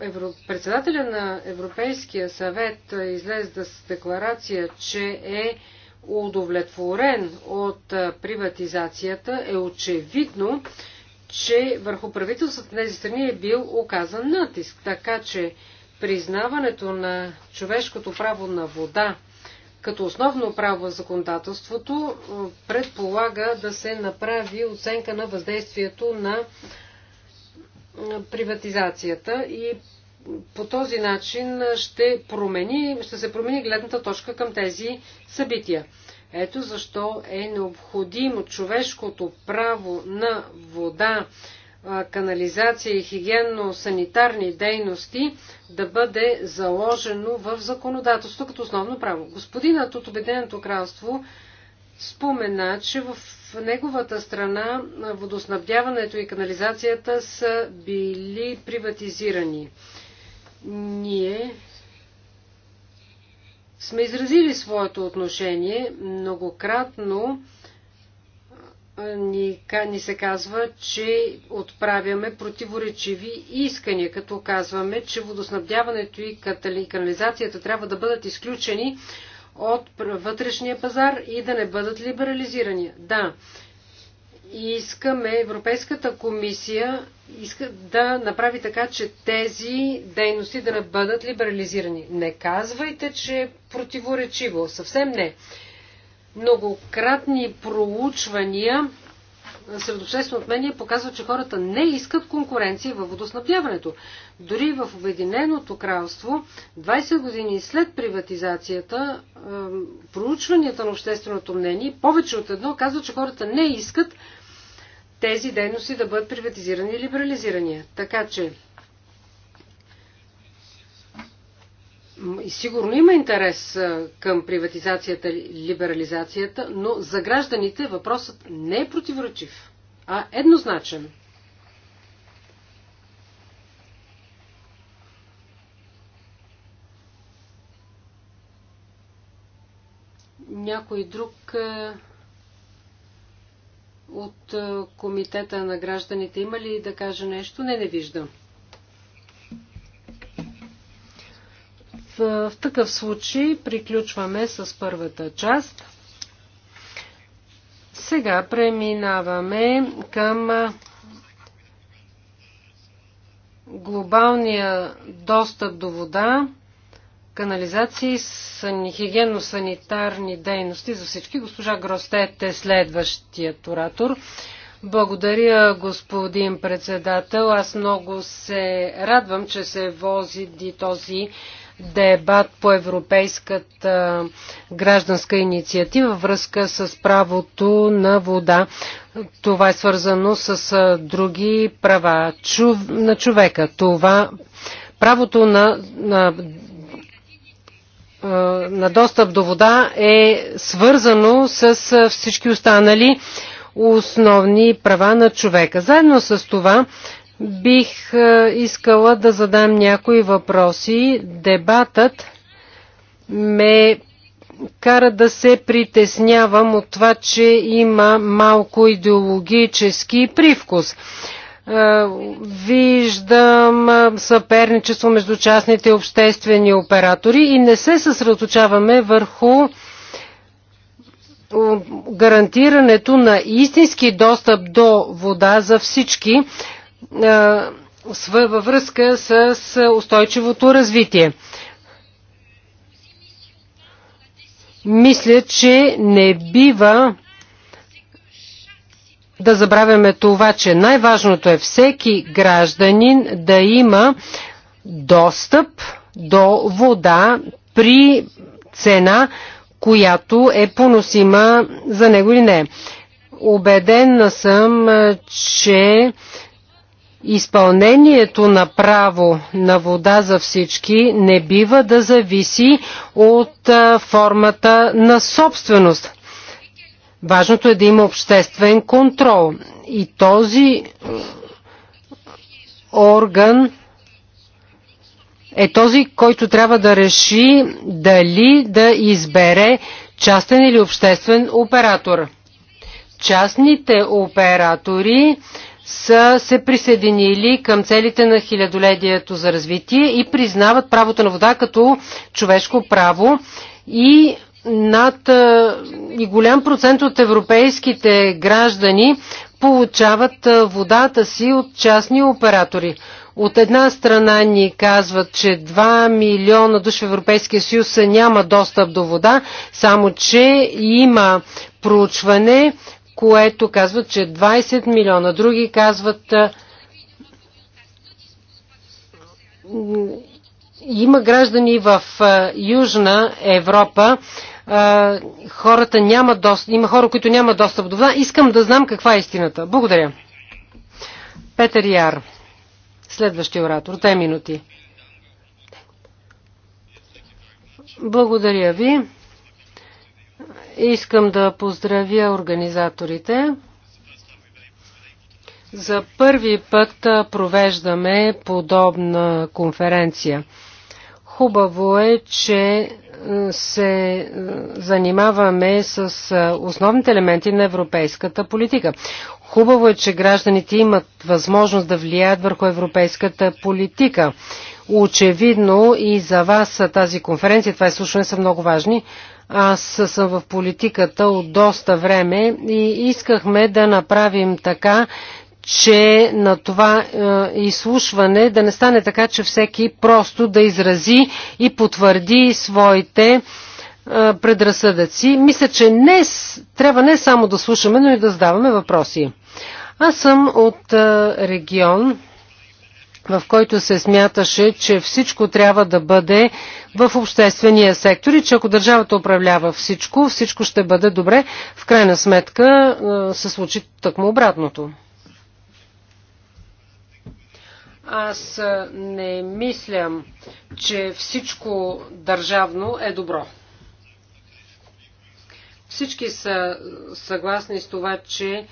B: Евро... председателя на Европейския съвет излезе с декларация, че е удовлетворен от приватизацията, е очевидно, че върху правителството на тези страни е бил оказан натиск. Така че признаването на човешкото право на вода като основно право законодателството е, предполага да се направи оценка на въздействието на е, приватизацията и по този начин ще, промени, ще се промени гледната точка към тези събития. Ето защо е необходимо човешкото право на вода канализация и хигиенно-санитарни дейности да бъде заложено в законодателство като основно право. Господинът от Обединеното кралство спомена, че в неговата страна водоснабдяването и канализацията са били приватизирани. Ние сме изразили своето отношение многократно ни, ни се казва, че отправяме противоречиви искания, като казваме, че водоснабдяването и канализацията трябва да бъдат изключени от вътрешния пазар и да не бъдат либерализирани. Да, искаме Европейската комисия иска да направи така, че тези дейности да не бъдат либерализирани. Не казвайте, че е противоречиво. Съвсем не. Многократни проучвания сред обществено мнение показва, че хората не искат конкуренция във водоснабдяването. Дори в Обединеното кралство, 20 години след приватизацията, проучванията на общественото мнение, повече от едно, казва, че хората не искат тези дейности да бъдат приватизирани и либерализирани. Така че И сигурно има интерес към приватизацията, либерализацията, но за гражданите въпросът не е противоречив, а е еднозначен. някой друг от Комитета на гражданите има ли да каже нещо? Не, не виждам. В такъв случай приключваме с първата част. Сега преминаваме към глобалния достъп до вода, канализации, хигиенно-санитарни дейности за всички. Госпожа Гростет е следващият оратор. Благодаря, господин председател. Аз много се радвам, че се вози този дебат по Европейската гражданска инициатива връзка с правото на вода. Това е свързано с други права Чув... на човека. Това правото на, на на достъп до вода е свързано с всички останали основни права на човека. Заедно с това Бих е, искала да задам някои въпроси. Дебатът ме кара да се притеснявам от това, че има малко идеологически привкус. Е, виждам е, съперничество между частните и обществени оператори и не се съсредоточаваме върху гарантирането на истински достъп до вода за всички, във връзка с устойчивото развитие. Мисля, че не бива да забравяме това, че най-важното е всеки гражданин да има достъп до вода при цена, която е поносима за него или не. Обедена съм, че Изпълнението на право на вода за всички не бива да зависи от формата на собственост. Важното е да има обществен контрол и този орган е този, който трябва да реши дали да избере частен или обществен оператор. Частните оператори са се присъединили към целите на хилядоледието за развитие и признават правото на вода като човешко право и над и голям процент от европейските граждани получават водата си от частни оператори. От една страна ни казват, че 2 милиона души в Европейския съюз няма достъп до вода, само че има проучване, което казват, че 20 милиона. Други казват, има граждани в Южна Европа, хората няма достъп, има хора, които няма достъп до вода. Искам да знам каква е истината. Благодаря. Петър Яр, следващия оратор, 2 минути. Благодаря ви. Искам да поздравя организаторите. За първи път провеждаме подобна конференция. Хубаво е, че се занимаваме с основните елементи на европейската политика. Хубаво е, че гражданите имат възможност да влияят върху европейската политика. Очевидно и за вас тази конференция, това изслушване са много важни. Аз съм в политиката от доста време и искахме да направим така, че на това е, изслушване да не стане така, че всеки просто да изрази и потвърди своите е, предразсъдъци. Мисля, че не, трябва не само да слушаме, но и да задаваме въпроси. Аз съм от е, регион, в който се смяташе, че всичко трябва да бъде в обществения сектор и че ако държавата управлява всичко, всичко ще бъде добре. В крайна сметка се случи тъкмо обратното. Аз не мислям, че всичко държавно е добро. Всички са съгласни с това, че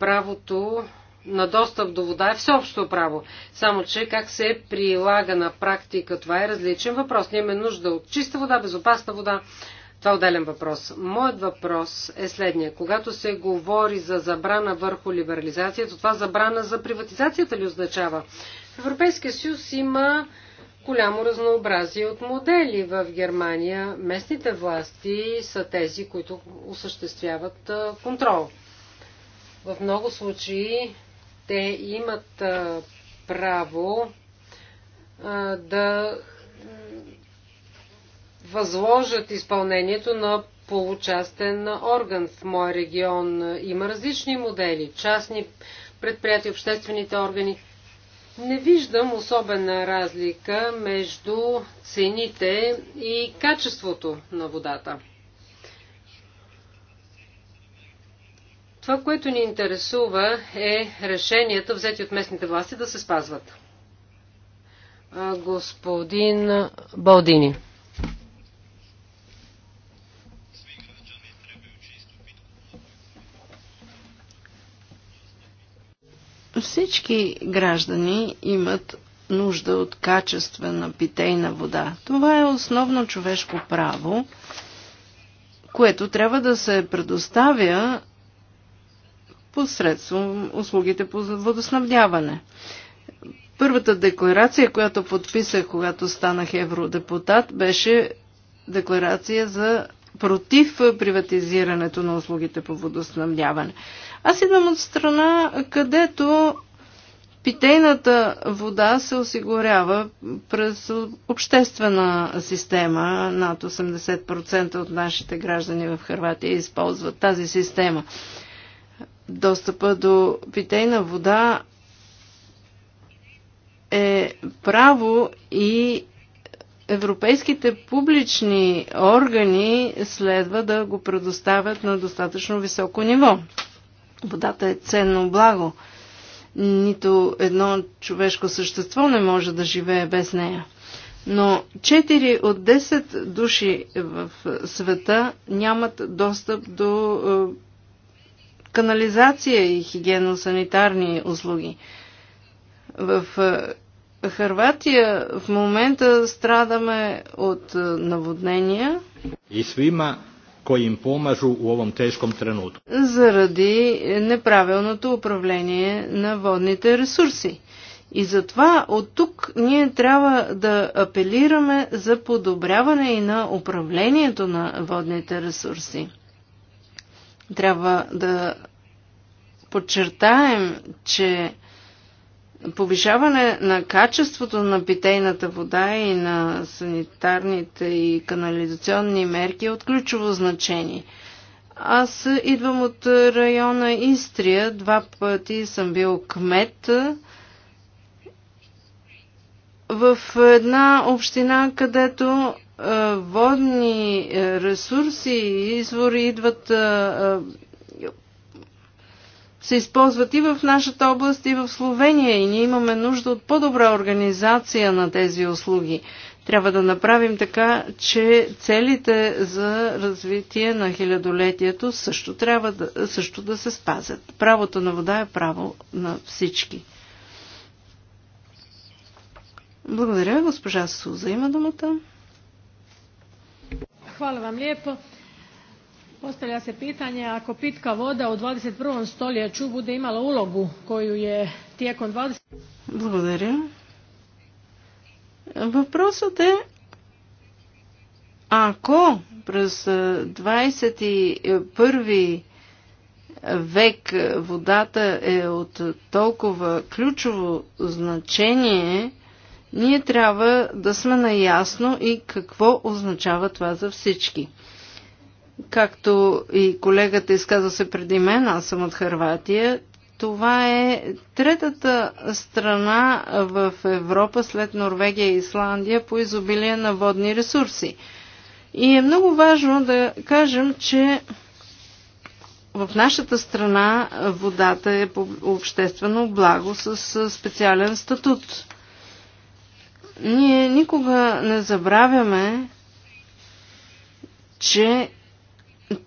B: правото на достъп до вода е всеобщо право. Само, че как се прилага на практика, това е различен въпрос. Ние имаме нужда от чиста вода, безопасна вода. Това е отделен въпрос. Моят въпрос е следния. Когато се говори за забрана върху либерализацията, това забрана за приватизацията ли означава? В Европейския съюз има голямо разнообразие от модели в Германия. Местните власти са тези, които осъществяват контрол. В много случаи те имат право да възложат изпълнението на получастен орган. В моя регион има различни модели, частни предприятия, обществените органи. Не виждам особена разлика между цените и качеството на водата. Това, което ни интересува е решенията, взети от местните власти, да се спазват. Господин Балдини.
C: Всички граждани имат нужда от качествена питейна вода. Това е основно човешко право, което трябва да се предоставя посредством услугите по водоснабдяване. Първата декларация, която подписах, когато станах евродепутат, беше декларация за против приватизирането на услугите по водоснабдяване. Аз идвам от страна, където питейната вода се осигурява през обществена система. Над 80% от нашите граждани в Харватия използват тази система достъпа до питейна вода е право и европейските публични органи следва да го предоставят на достатъчно високо ниво. Водата е ценно благо. Нито едно човешко същество не може да живее без нея. Но 4 от 10 души в света нямат достъп до е, канализация и хигиенно-санитарни услуги. В е, Хрватия в момента страдаме от е, наводнения.
D: И свима кои им помажу u овом тежком trenutku.
C: Заради неправилното управление на водните ресурси. И затова от тук ние трябва да апелираме за подобряване и на управлението на водните ресурси. Трябва да подчертаем, че повишаване на качеството на питейната вода и на санитарните и канализационни мерки е от ключово значение. Аз идвам от района Истрия. Два пъти съм бил кмет в една община, където е, водни е, ресурси и извори идват е, се използват и в нашата област, и в Словения. И ние имаме нужда от по-добра организация на тези услуги. Трябва да направим така, че целите за развитие на хилядолетието също трябва да, също да се спазят. Правото на вода е право на всички. Благодаря, госпожа Суза има думата. Hvala vam
B: lijepo. Postavlja se pitanje ako pitka voda u 21. stoljeću
C: bude imala ulogu koju je tijekom 20... Благодаря. Въпросът е ако през 21 век водата е от толкова ключово значение, ние трябва да сме наясно и какво означава това за всички. Както и колегата изказа се преди мен, аз съм от Харватия, това е третата страна в Европа след Норвегия и Исландия по изобилие на водни ресурси. И е много важно да кажем, че в нашата страна водата е обществено благо с специален статут. Ние никога не забравяме, че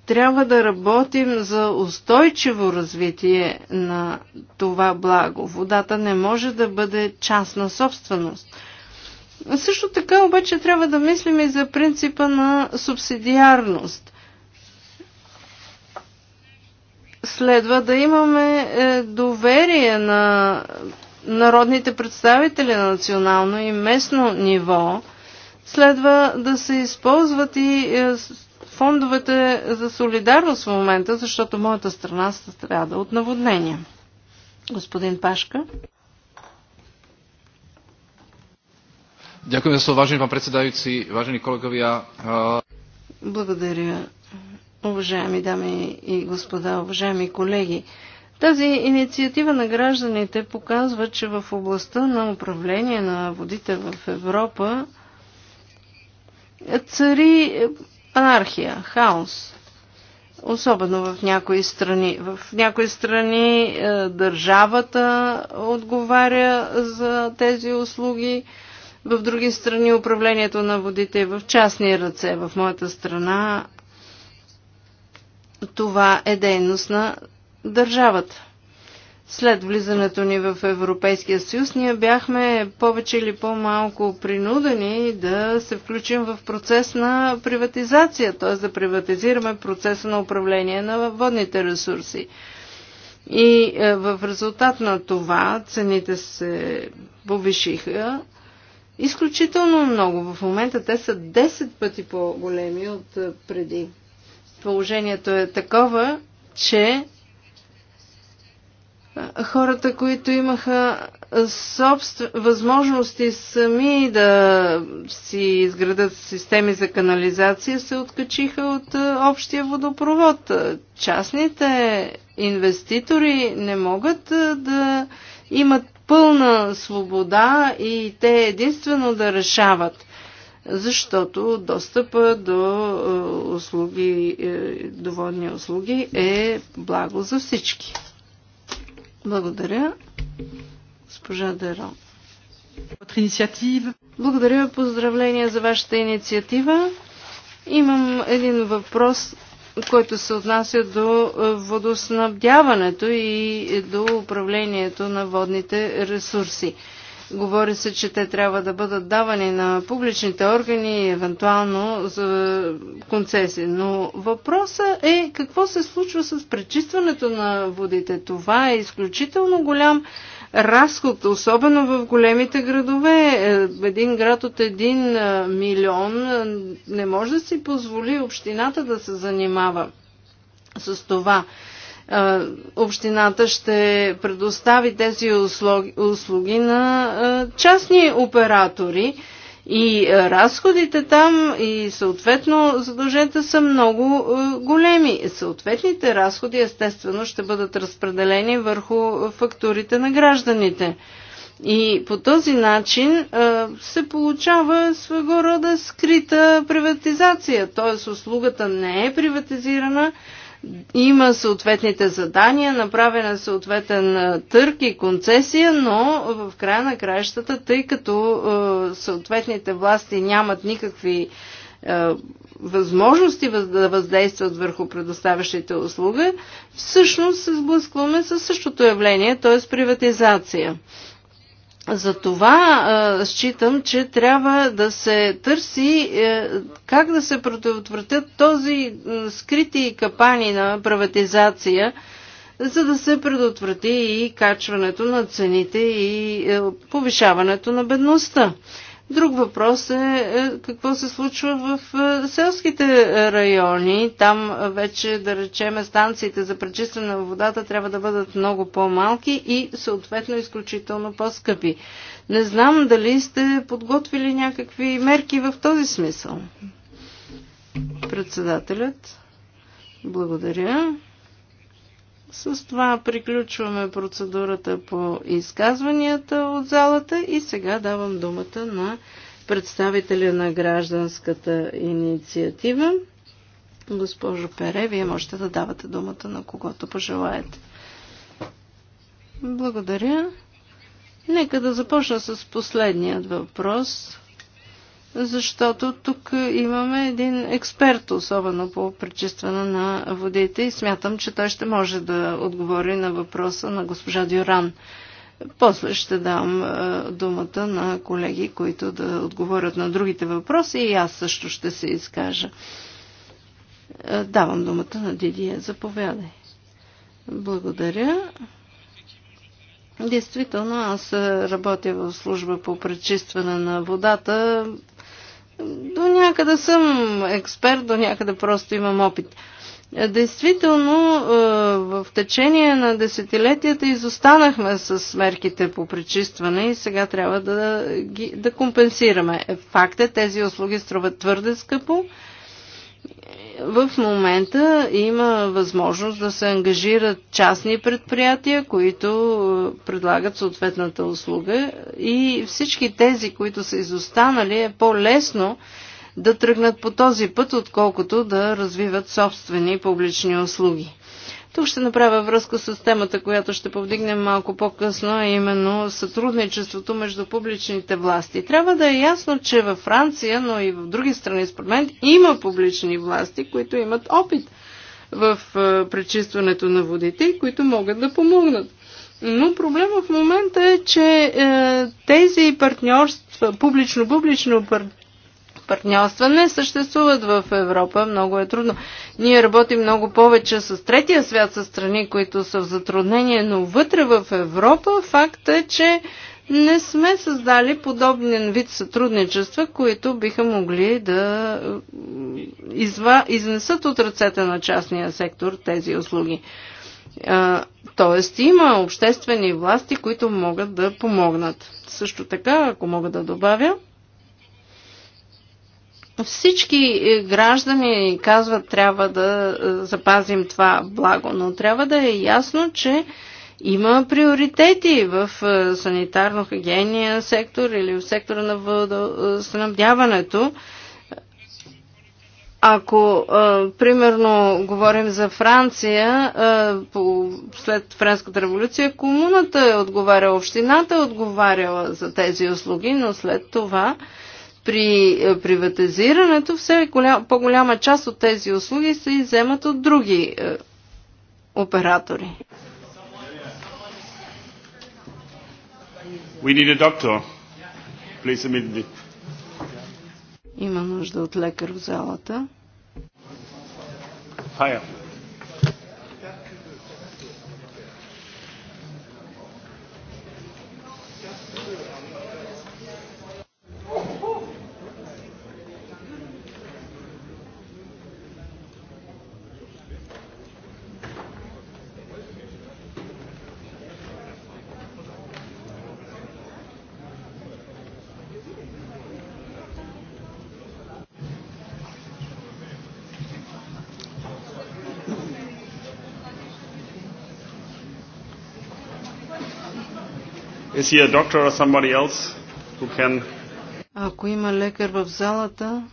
C: трябва да работим за устойчиво развитие на това благо. Водата не може да бъде частна собственост. Също така обаче трябва да мислим и за принципа на субсидиарност. Следва да имаме е, доверие на народните представители на национално и местно ниво следва да се използват и е, фондовете за солидарност в момента, защото моята страна се страда от наводнения. Господин Пашка.
D: Ďakujem за slovo, vážený pán predsedajúci, vážení
C: Благодаря, уважаеми дами и господа, уважаеми колеги. Тази инициатива на гражданите показва, че в областта на управление на водите в Европа е, цари е, анархия, хаос. Особено в някои страни. В някои страни е, държавата отговаря за тези услуги, в други страни управлението на водите е в частни ръце. В моята страна това е дейност на държавата. След влизането ни в Европейския съюз, ние бяхме повече или по-малко принудени да се включим в процес на приватизация, т.е. да приватизираме процеса на управление на водните ресурси. И е, в резултат на това цените се повишиха изключително много. В момента те са 10 пъти по-големи от е, преди. Положението е такова, че хората, които имаха собствен, възможности сами да си изградат системи за канализация, се откачиха от общия водопровод. Частните инвеститори не могат да имат пълна свобода и те единствено да решават, защото достъпа до услуги, е, доводни услуги е благо за всички. Благодаря. Госпожа Деро,
A: инициатива.
C: Благодаря. Поздравления за вашата инициатива. Имам един въпрос, който се отнася до е, водоснабдяването и до управлението на водните ресурси. Говори се, че те трябва да бъдат давани на публичните органи и евентуално за концесии. Но въпросът е какво се случва с пречистването на водите. Това е изключително голям разход, особено в големите градове. Е, един град от един е, милион е, не може да си позволи общината да се занимава с това общината ще предостави тези услуги на частни оператори и разходите там и съответно задълженията са много големи. Съответните разходи естествено ще бъдат разпределени върху фактурите на гражданите. И по този начин се получава своего рода скрита приватизация, т.е. услугата не е приватизирана, има съответните задания, направена е съответен търг и концесия, но в края на краищата, тъй като съответните власти нямат никакви възможности да въздействат върху предоставящите услуги, всъщност се сблъскваме със същото явление, т.е. приватизация. Затова считам, че трябва да се търси е, как да се противотвратят този скрити капани на приватизация, за да се предотврати и качването на цените и е, повишаването на бедността. Друг въпрос е, е какво се случва в е, селските райони. Там е, вече, да речем, станциите за пречистване на водата трябва да бъдат много по-малки и съответно изключително по-скъпи. Не знам дали сте подготвили някакви мерки в този смисъл. Председателят. Благодаря. С това приключваме процедурата по изказванията от залата и сега давам думата на представителя на гражданската инициатива. Госпожо Пере, вие можете да давате думата на когото пожелаете. Благодаря. Нека да започна с последният въпрос защото тук имаме един експерт, особено по пречистване на водите и смятам, че той ще може да отговори на въпроса на госпожа Дюран. После ще дам е, думата на колеги, които да отговорят на другите въпроси и аз също ще се изкажа. Е, давам думата на Дидия. Заповядай. Благодаря. Действително, аз работя в служба по пречистване на водата до някъде съм експерт, до някъде просто имам опит. Действително, е, в течение на десетилетията изостанахме с мерките по пречистване и сега трябва да, ги, да компенсираме. Факт е, тези услуги струват твърде скъпо в момента има възможност да се ангажират частни предприятия, които е, предлагат съответната услуга и всички тези, които са изостанали, е по-лесно да тръгнат по този път, отколкото да развиват собствени публични услуги. Тук ще направя връзка с темата, която ще повдигнем малко по-късно, а именно сътрудничеството между публичните власти. Трябва да е ясно, че във Франция, но и в други страни, според мен, има публични власти, които имат опит в е, пречистването на водите и които могат да помогнат. Но проблема в момента е, че е, тези партньорства, публично-публично партньорство, партньорства не съществуват в Европа. Много е трудно. Ние работим много повече с третия свят, с страни, които са в затруднение, но вътре в Европа факт е, че не сме създали подобен вид сътрудничества, които биха могли да изва, изнесат от ръцете на частния сектор тези услуги. Тоест има обществени власти, които могат да помогнат. Също така, ако мога да добавя, всички е, граждани казват, трябва да е, запазим това благо, но трябва да е ясно, че има приоритети в е, санитарно-хигиения сектор или в сектора на водоснабдяването. Ако, примерно, говорим за Франция, след Френската революция, комуната е отговаряла, общината е отговаряла за тези услуги, но след това при е, приватизирането все голям, по-голяма част от тези услуги се иземат от други е, оператори.
A: We need a doctor. Please
C: Има нужда от лекар в залата. Fire.
A: Is he a doctor or somebody else who can...
C: Ако има лекар в залата,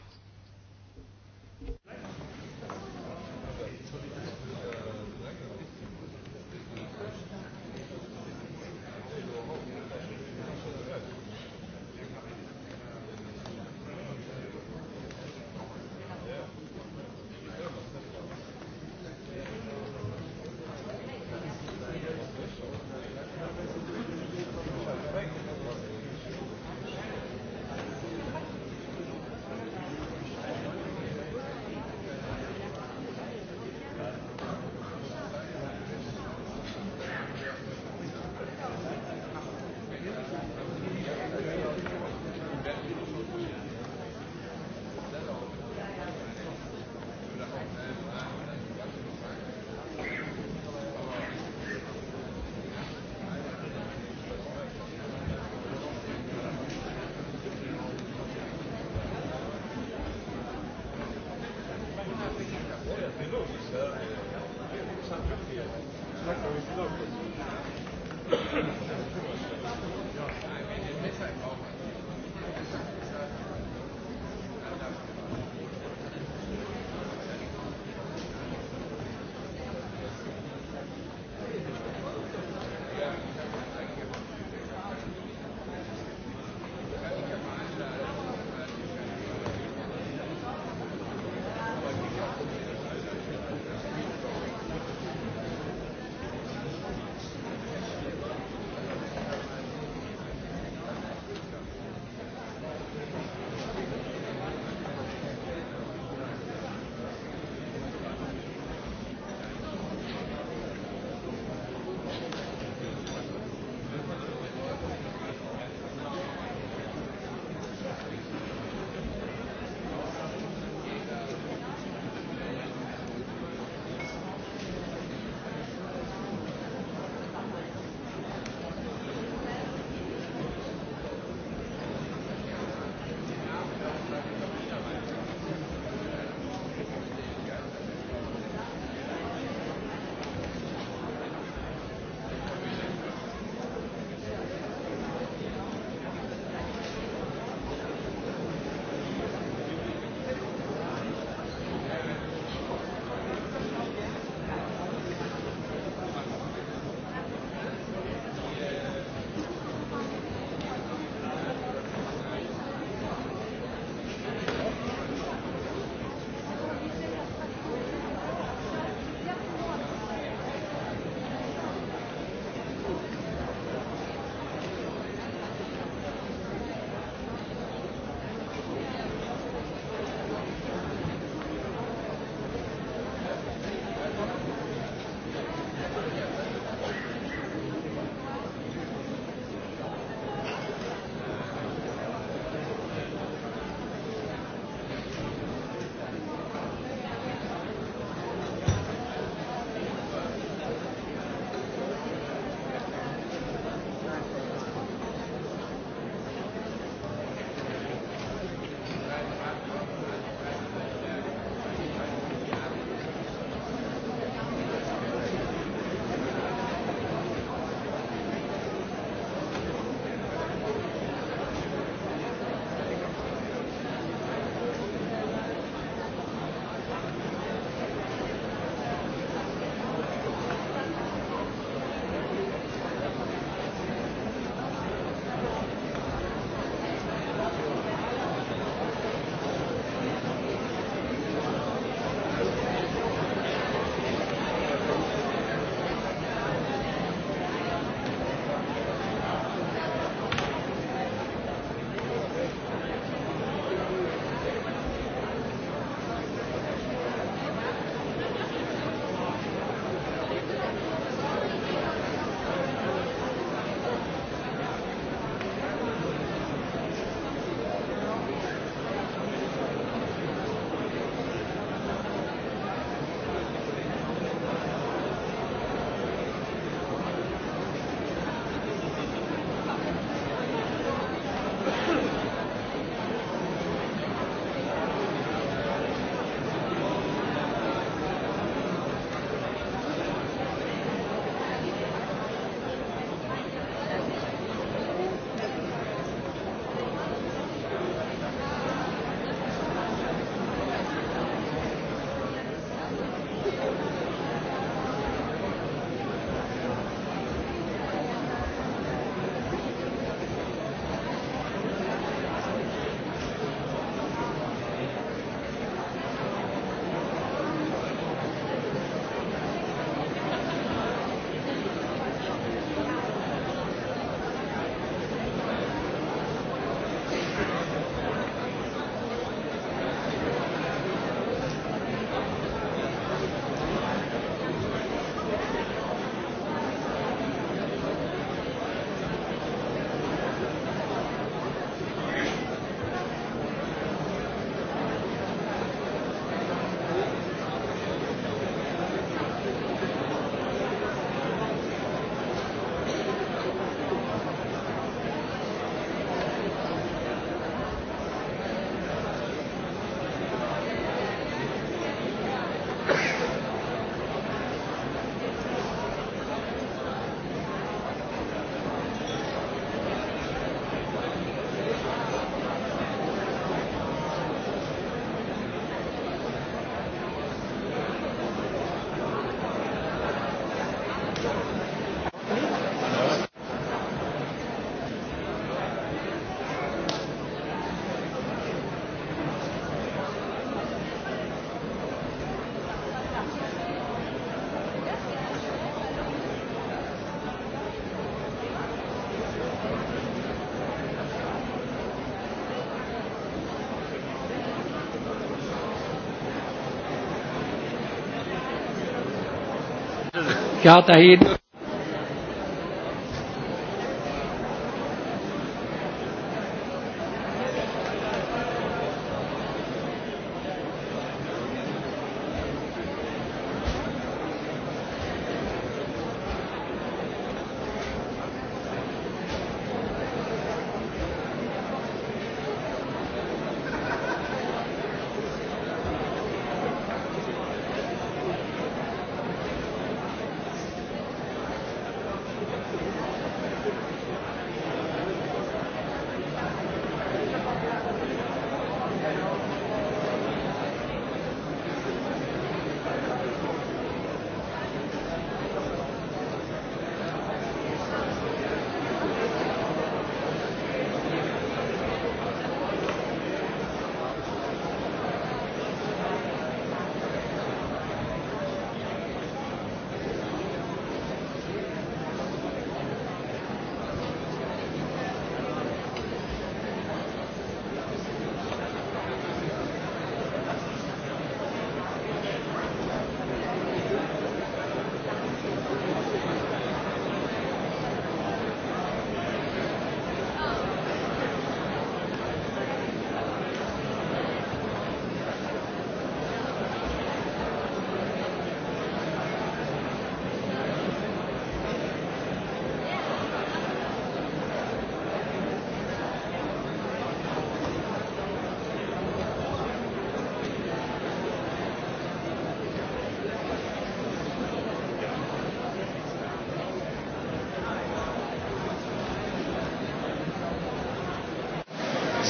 D: Ja, dahin.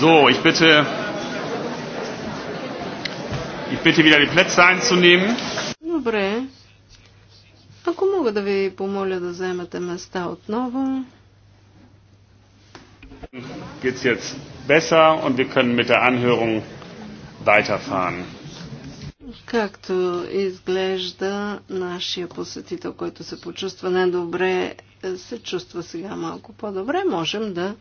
A: So, ich bitte, ich bitte wieder die Plätze einzunehmen.
C: Добре. Ако мога да ви помоля да вземете места отново.
A: Geht's jetzt besser und wir können mit der Anhörung weiterfahren.
C: Както изглежда, нашия посетител, който се почувства недобре, се чувства сега малко по-добре. Можем да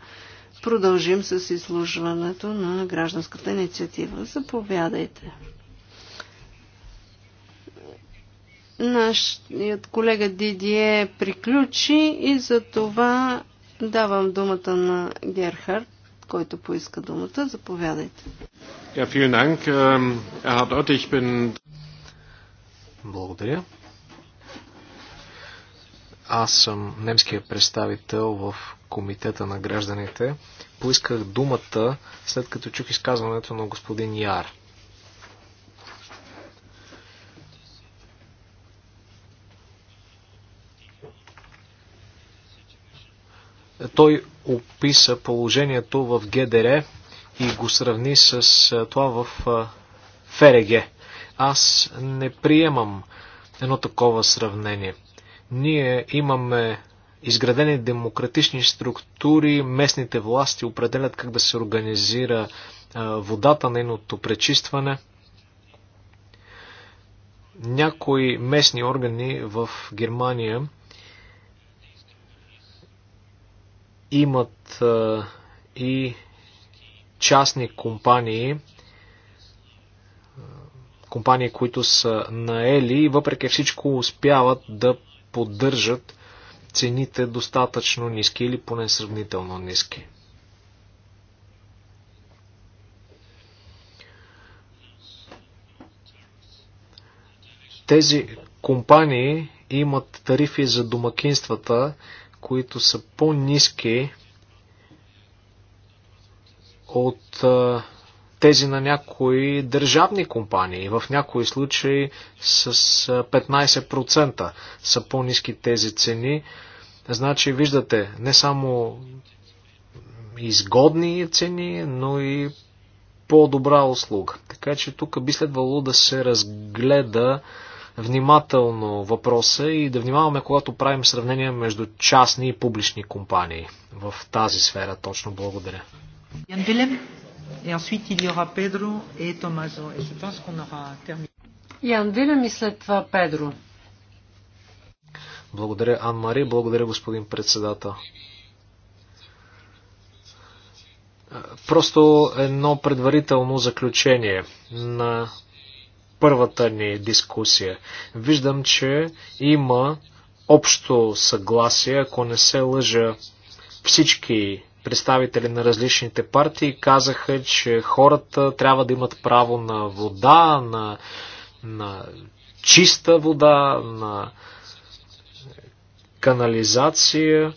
C: продължим с изслужването на гражданската инициатива. Заповядайте. Нашият колега Дидие приключи и за това давам думата на Герхард, който поиска думата. Заповядайте.
A: Ähm,
D: Благодаря. Аз съм немския представител в Комитета на гражданите, поисках думата след като чух изказването на господин Яр. Той описа положението в ГДР и го сравни с това в ФРГ. Аз не приемам едно такова сравнение. Ние имаме изградени демократични структури, местните власти определят как да се организира водата, нейното пречистване. Някои местни органи в Германия имат и частни компании, компании, които са наели и въпреки всичко успяват да поддържат цените достатъчно ниски или поне сравнително ниски. Тези компании имат тарифи за домакинствата, които са по-низки от тези на някои държавни компании. В някои случаи с 15% са по-низки тези цени. Значи, виждате, не само изгодни цени, но и по-добра услуга. Така че тук би следвало да се разгледа внимателно въпроса и да внимаваме, когато правим сравнение между частни и публични компании в тази сфера. Точно благодаря.
B: Et ensuite, il y aura Pedro et Tomaso. Et je pense qu'on aura terminé. Ян Вилем и след това Педро.
D: Благодаря, Ан-Мари. Благодаря, господин председател. Просто едно предварително заключение на първата ни дискусия. Виждам, че има общо съгласие, ако не се лъжа, всички представители на различните партии казаха, че хората трябва да имат право на вода, на, на чиста вода, на канализация.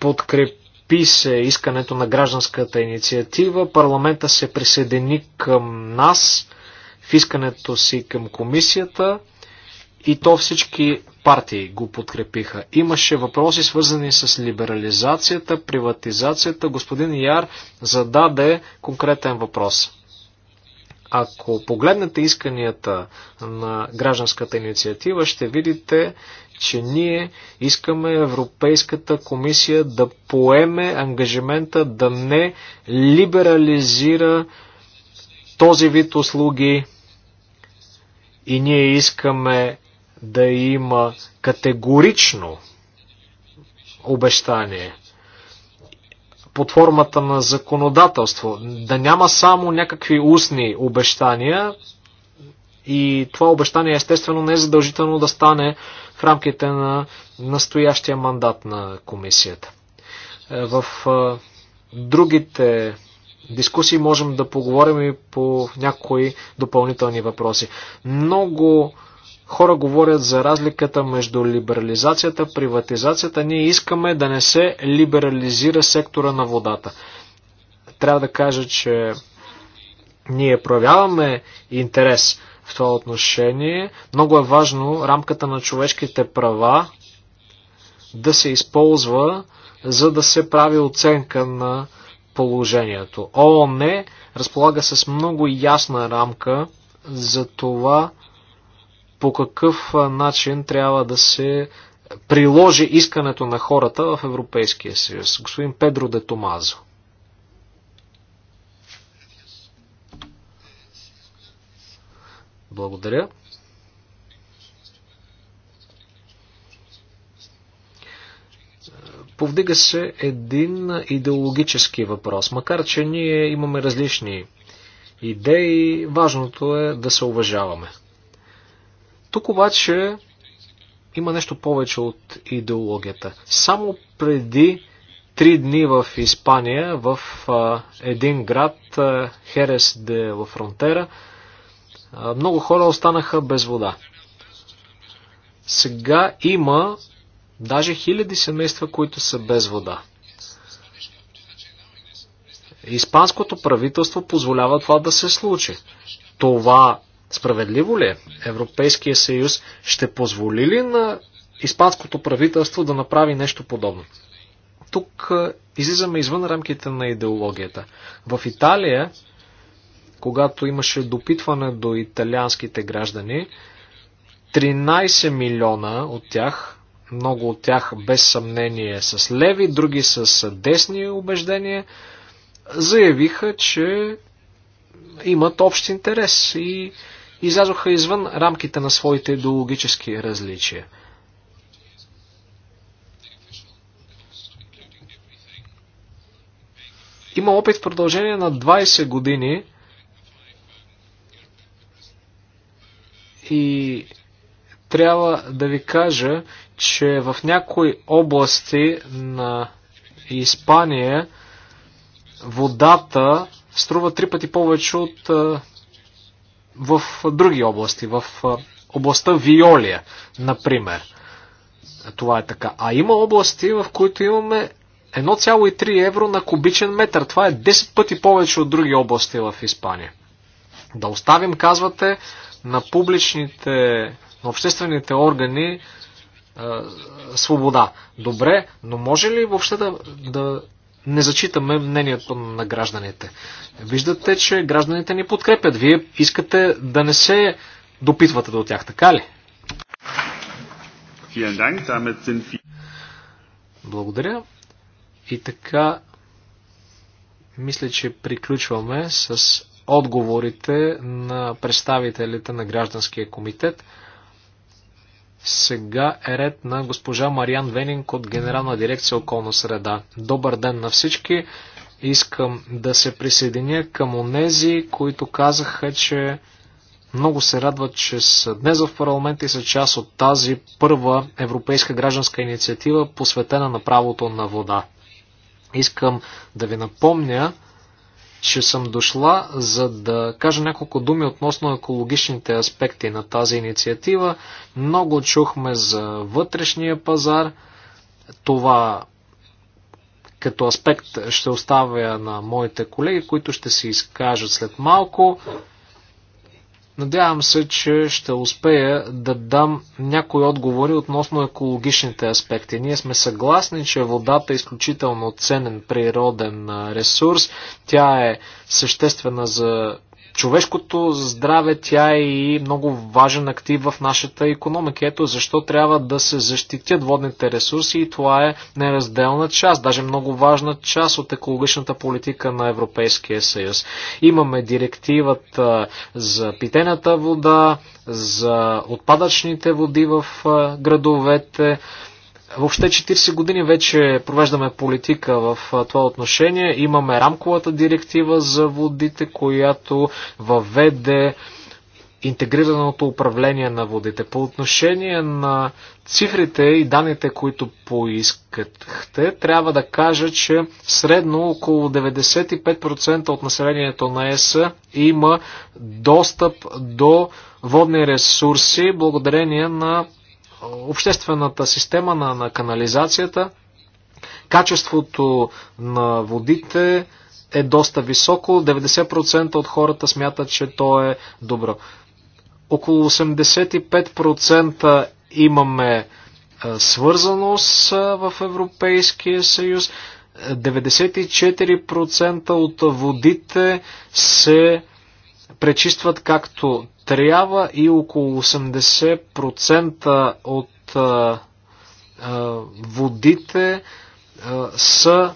D: Подкрепи се искането на гражданската инициатива. Парламента се присъедини към нас в искането си към комисията и то всички партии го подкрепиха. Имаше въпроси свързани с либерализацията, приватизацията. Господин Яр зададе конкретен въпрос. Ако погледнете исканията на гражданската инициатива, ще видите, че ние искаме Европейската комисия да поеме ангажимента да не либерализира този вид услуги и ние искаме да има категорично обещание под формата на законодателство, да няма само някакви устни обещания и това обещание естествено не е задължително да стане в рамките на настоящия мандат на комисията. Е, в е, другите дискусии можем да поговорим и по някои допълнителни въпроси. Много Хора говорят за разликата между либерализацията, приватизацията. Ние искаме да не се либерализира сектора на водата. Трябва да кажа, че ние проявяваме интерес в това отношение. Много е важно рамката на човешките права да се използва, за да се прави оценка на положението. ООН е, разполага с много ясна рамка за това по какъв начин трябва да се приложи искането на хората в Европейския съюз. Господин Педро де Томазо. Благодаря. Повдига се един идеологически въпрос. Макар, че ние имаме различни идеи, важното е да се уважаваме. Тук обаче има нещо повече от идеологията. Само преди три дни в Испания, в а, един град, а, Херес де Ла Фронтера, а, много хора останаха без вода. Сега има даже хиляди семейства, които са без вода. Испанското правителство позволява това да се случи. Това Справедливо ли е? Европейския съюз ще позволи ли на испанското правителство да направи нещо подобно? Тук излизаме извън рамките на идеологията. В Италия, когато имаше допитване до италианските граждани, 13 милиона от тях, много от тях без съмнение с леви, други с десни убеждения, заявиха, че имат общ интерес и излязоха извън рамките на своите идеологически различия. Има опит в продължение на 20 години и трябва да ви кажа, че в някои области на Испания водата струва три пъти повече от в други области, в областта Виолия, например. Това е така. А има области, в които имаме 1,3 евро на кубичен метър. Това е 10 пъти повече от други области в Испания. Да оставим, казвате, на публичните, на обществените органи е, свобода. Добре, но може ли въобще да, да не зачитаме мнението на гражданите. Виждате, че гражданите ни подкрепят. Вие искате да не се допитвате до тях, така ли? Благодаря. И така, мисля, че приключваме с отговорите на представителите на гражданския комитет. Сега е ред на госпожа Мариан Венинг от Генерална дирекция околна среда. Добър ден на всички! Искам да се присъединя към онези, които казаха, че много се радват, че са днес в парламента и са част от тази първа европейска гражданска инициатива, посветена на правото на вода. Искам да ви напомня, че съм дошла, за да кажа няколко думи относно екологичните аспекти на тази инициатива. Много чухме за вътрешния пазар. Това като аспект ще оставя на моите колеги, които ще се изкажат след малко. Надявам се, че ще успея да дам някои отговори относно екологичните аспекти. Ние сме съгласни, че водата е изключително ценен природен ресурс. Тя е съществена за човешкото здраве, тя е и много важен актив в нашата економика. Ето защо трябва да се защитят водните ресурси и това е неразделна част, даже много важна част от екологичната политика на Европейския съюз. Имаме директивата за питената вода, за отпадъчните води в градовете, Въобще 40 години вече провеждаме политика в това отношение. Имаме рамковата директива за водите, която въведе интегрираното управление на водите. По отношение на цифрите и данните, които поискахте, трябва да кажа, че средно около 95% от населението на ЕС има достъп до водни ресурси благодарение на обществената система на, на канализацията. Качеството на водите е доста високо. 90% от хората смятат, че то е добро. Около 85% имаме е, свързаност е, в Европейския съюз. 94% от водите се пречистват както трябва и около 80% от а, а, водите а, са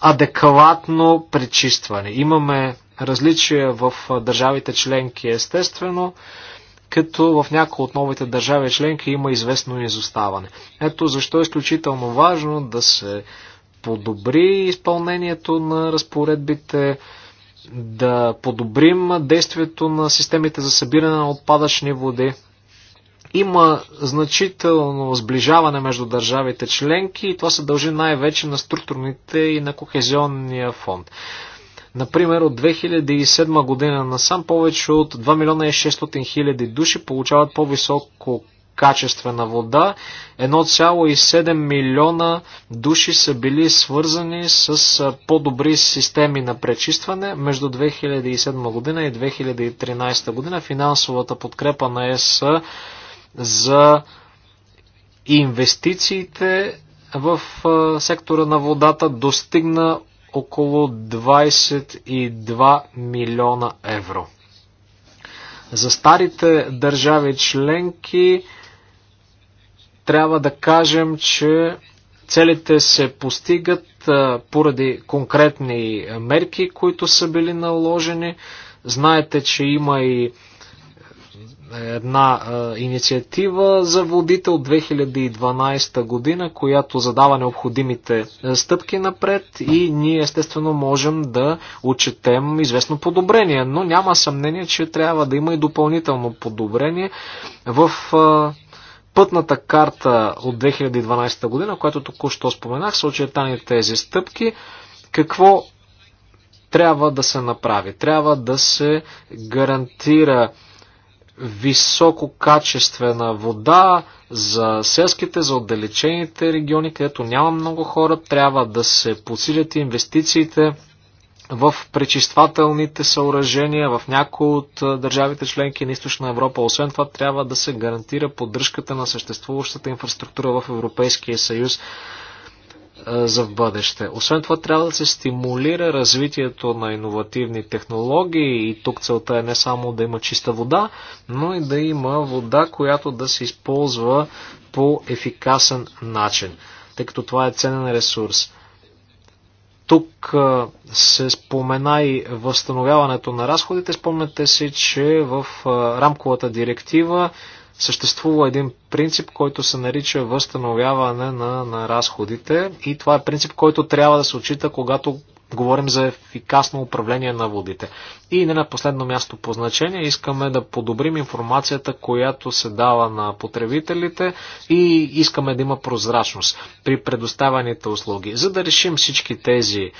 D: адекватно пречистване. Имаме различия в държавите членки, естествено, като в някои от новите държави членки има известно изоставане. Ето защо е изключително важно да се подобри изпълнението на разпоредбите, да подобрим действието на системите за събиране на отпадъчни води. Има значително сближаване между държавите членки и това се дължи най-вече на структурните и на кохезионния фонд. Например, от 2007 година насам повече от 2 милиона и 600 хиляди души получават по-високо качествена вода. 1,7 милиона души са били свързани с по-добри системи на пречистване между 2007 година и 2013 година. Финансовата подкрепа на ЕС за инвестициите в сектора на водата достигна около 22 милиона евро. За старите държави членки трябва да кажем, че целите се постигат поради конкретни мерки, които са били наложени. Знаете, че има и една инициатива за водите от 2012 година, която задава необходимите стъпки напред и ние естествено можем да отчетем известно подобрение, но няма съмнение, че трябва да има и допълнително подобрение в пътната карта от 2012 година, която току-що споменах, са очертани тези стъпки. Какво трябва да се направи? Трябва да се гарантира висококачествена вода за селските, за отдалечените региони, където няма много хора. Трябва да се подсилят инвестициите в пречиствателните съоръжения в някои от държавите членки на Източна Европа. Освен това трябва да се гарантира поддръжката на съществуващата инфраструктура в Европейския съюз за в бъдеще. Освен това трябва да се стимулира развитието на иновативни технологии и тук целта е не само да има чиста вода, но и да има вода, която да се използва по ефикасен начин, тъй като това е ценен ресурс. Тук се спомена и възстановяването на разходите. Спомняте си, че в рамковата директива съществува един принцип, който се нарича възстановяване на, на разходите и това е принцип, който трябва да се отчита, когато Говорим за ефикасно управление на водите. И не на последно място по значение, искаме да подобрим информацията, която се дава на потребителите и искаме да има прозрачност при предоставяните услуги. За да решим всички тези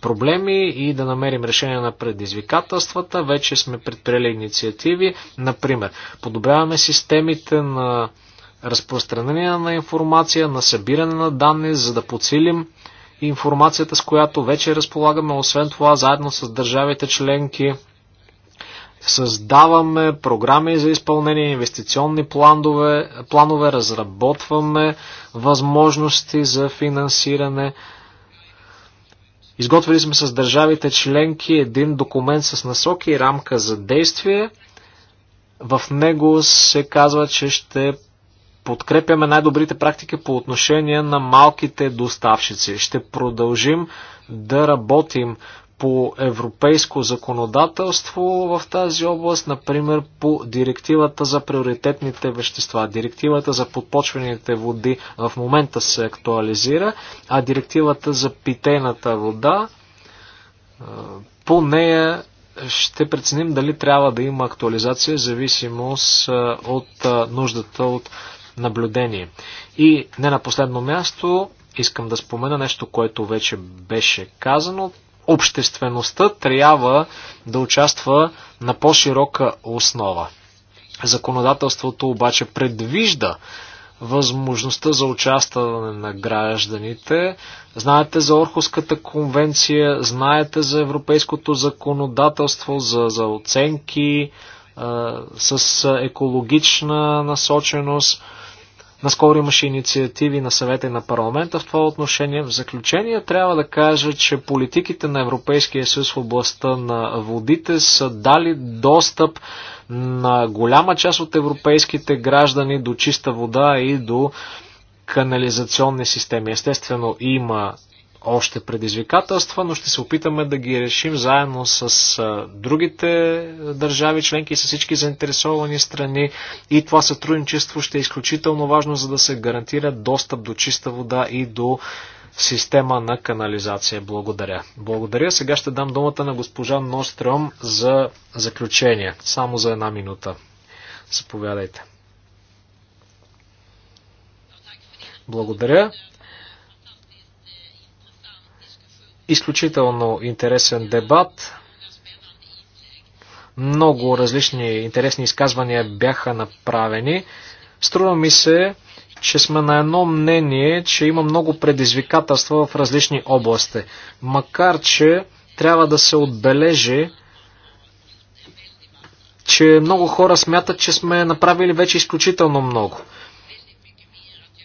D: проблеми и да намерим решение на предизвикателствата, вече сме предприели инициативи. Например, подобряваме системите на разпространение на информация, на събиране на данни, за да подсилим информацията, с която вече разполагаме, освен това, заедно с държавите членки, създаваме програми за изпълнение, инвестиционни планове, планове разработваме възможности за финансиране. Изготвили сме с държавите членки един документ с насоки и рамка за действие. В него се казва, че ще подкрепяме най-добрите практики по отношение на малките доставчици. Ще продължим да работим по европейско законодателство в тази област, например по директивата за приоритетните вещества. Директивата за подпочвените води в момента се актуализира, а директивата за питейната вода по нея ще преценим дали трябва да има актуализация, зависимост от нуждата от наблюдение. И не на последно място искам да спомена нещо, което вече беше казано. Обществеността трябва да участва на по-широка основа. Законодателството обаче предвижда възможността за участване на гражданите. Знаете за Орховската конвенция, знаете за европейското законодателство, за, за оценки е, с екологична насоченост. Е, Наскоро имаше инициативи на съвета и на парламента в това отношение. В заключение трябва да кажа, че политиките на Европейския съюз в областта на водите са дали достъп на голяма част от европейските граждани до чиста вода и до канализационни системи. Естествено има още предизвикателства, но ще се опитаме да ги решим заедно с другите държави членки и с всички заинтересовани страни. И това сътрудничество ще е изключително важно, за да се гарантира достъп до чиста вода и до система на канализация. Благодаря. Благодаря. Сега ще дам думата на госпожа Ностром за заключение. Само за една минута. Заповядайте. Благодаря. Изключително интересен дебат. Много различни интересни изказвания бяха направени. Струва ми се, че сме на едно мнение, че има много предизвикателства в различни области. Макар, че трябва да се отбележи, че много хора смятат, че сме направили вече изключително много.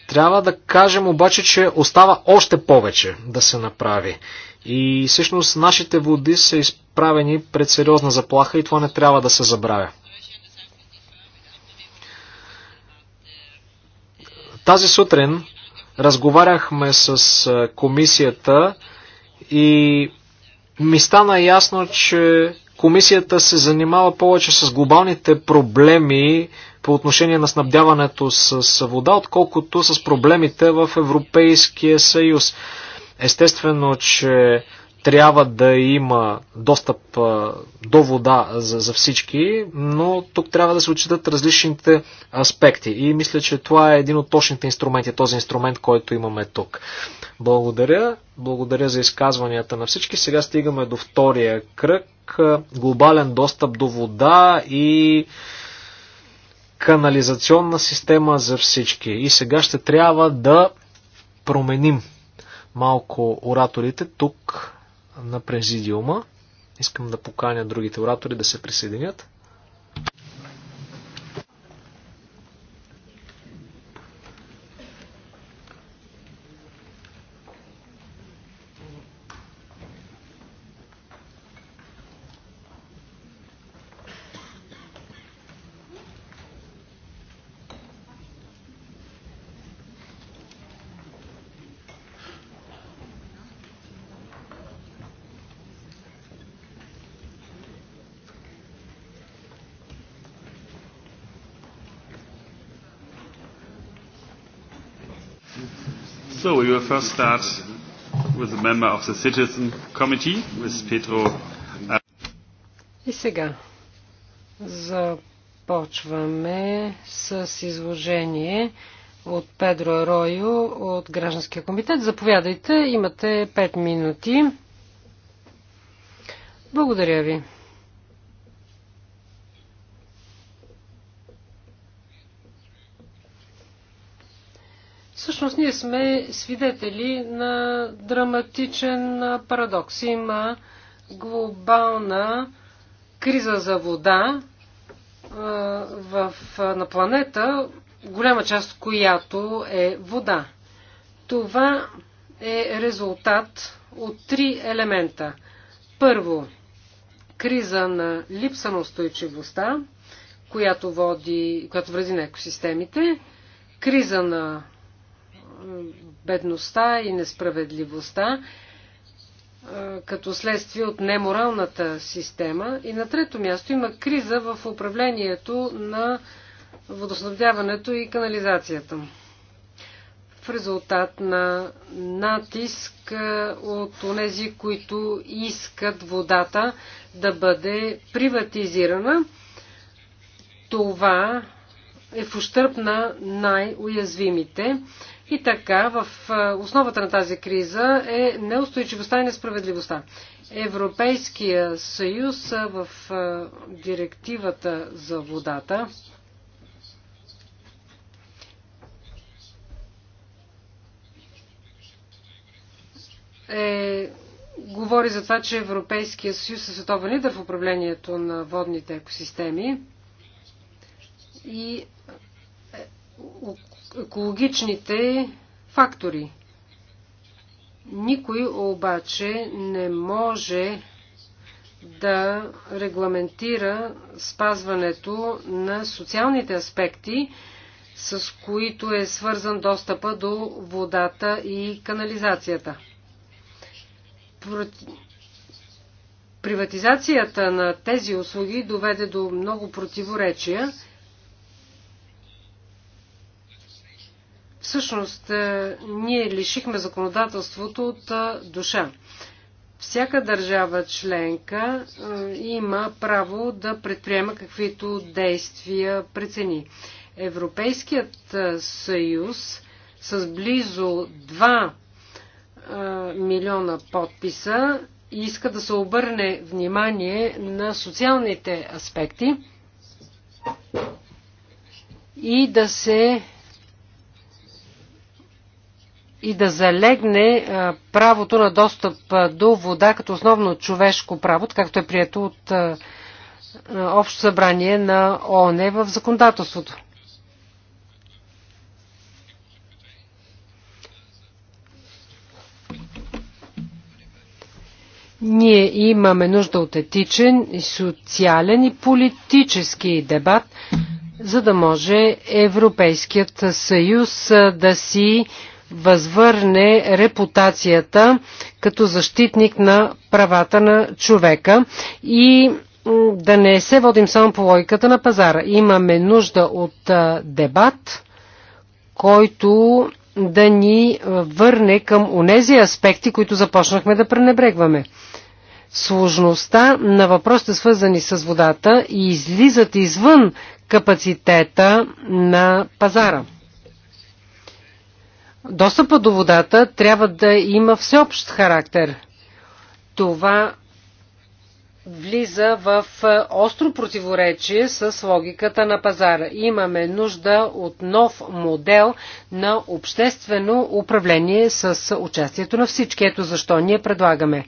D: Трябва да кажем обаче, че остава още повече да се направи. И всъщност нашите води са изправени пред сериозна заплаха и това не трябва да се забравя. Тази сутрин разговаряхме с комисията и ми стана ясно, че комисията се занимава повече с глобалните проблеми по отношение на снабдяването с вода, отколкото с проблемите в Европейския съюз. Естествено, че трябва да има достъп до вода за, за всички, но тук трябва да се отчитат различните аспекти. И мисля, че това е един от точните инструменти, този инструмент, който имаме тук. Благодаря. Благодаря за изказванията на всички. Сега стигаме до втория кръг. Глобален достъп до вода и канализационна система за всички. И сега ще трябва да променим малко ораторите тук на президиума. Искам да поканя другите оратори да се присъединят.
A: first start with the member of the Citizen Committee, with Petro. Uh,
B: И сега започваме с изложение от Педро Ройо от Гражданския комитет. Заповядайте, имате 5 минути. Благодаря ви. всъщност ние сме свидетели на драматичен парадокс. Има глобална криза за вода в, на планета, голяма част от която е вода. Това е резултат от три елемента. Първо, криза на липса на устойчивостта, която, води, която вреди на екосистемите, криза на бедността и несправедливостта като следствие от неморалната система. И на трето място има криза в управлението на водоснабдяването и канализацията. В резултат на натиск от тези, които искат водата да бъде приватизирана, това е в ущърп на най-уязвимите. И така, в основата на тази криза е неустойчивостта и несправедливостта. Европейския съюз в директивата за водата е, говори за това, че Европейския съюз е световен лидер в управлението на водните екосистеми и е, екологичните фактори. Никой обаче не може да регламентира спазването на социалните аспекти, с които е свързан достъпа до водата и канализацията. Приватизацията на тези услуги доведе до много противоречия Всъщност, е, ние лишихме законодателството от е, душа. Всяка държава членка е, има право да предприема каквито действия прецени. Европейският съюз с близо 2 милиона подписа иска да се обърне внимание на социалните аспекти и да се и да залегне е, правото на достъп е, до вода като основно човешко право, както е прието от е, Общо събрание на ООН в законодателството. Ние имаме нужда от етичен, и социален и политически дебат, за да може Европейският съюз да си възвърне репутацията като защитник на правата на човека и да не се водим само по логиката на пазара. Имаме нужда от дебат, който да ни върне към онези аспекти, които започнахме да пренебрегваме. Сложността на въпросите, свързани с водата, и излизат извън капацитета на пазара достъпа до водата трябва да има всеобщ характер. Това влиза в е, остро противоречие с логиката на пазара. Имаме нужда от нов модел на обществено управление с участието на всички. Ето защо ние предлагаме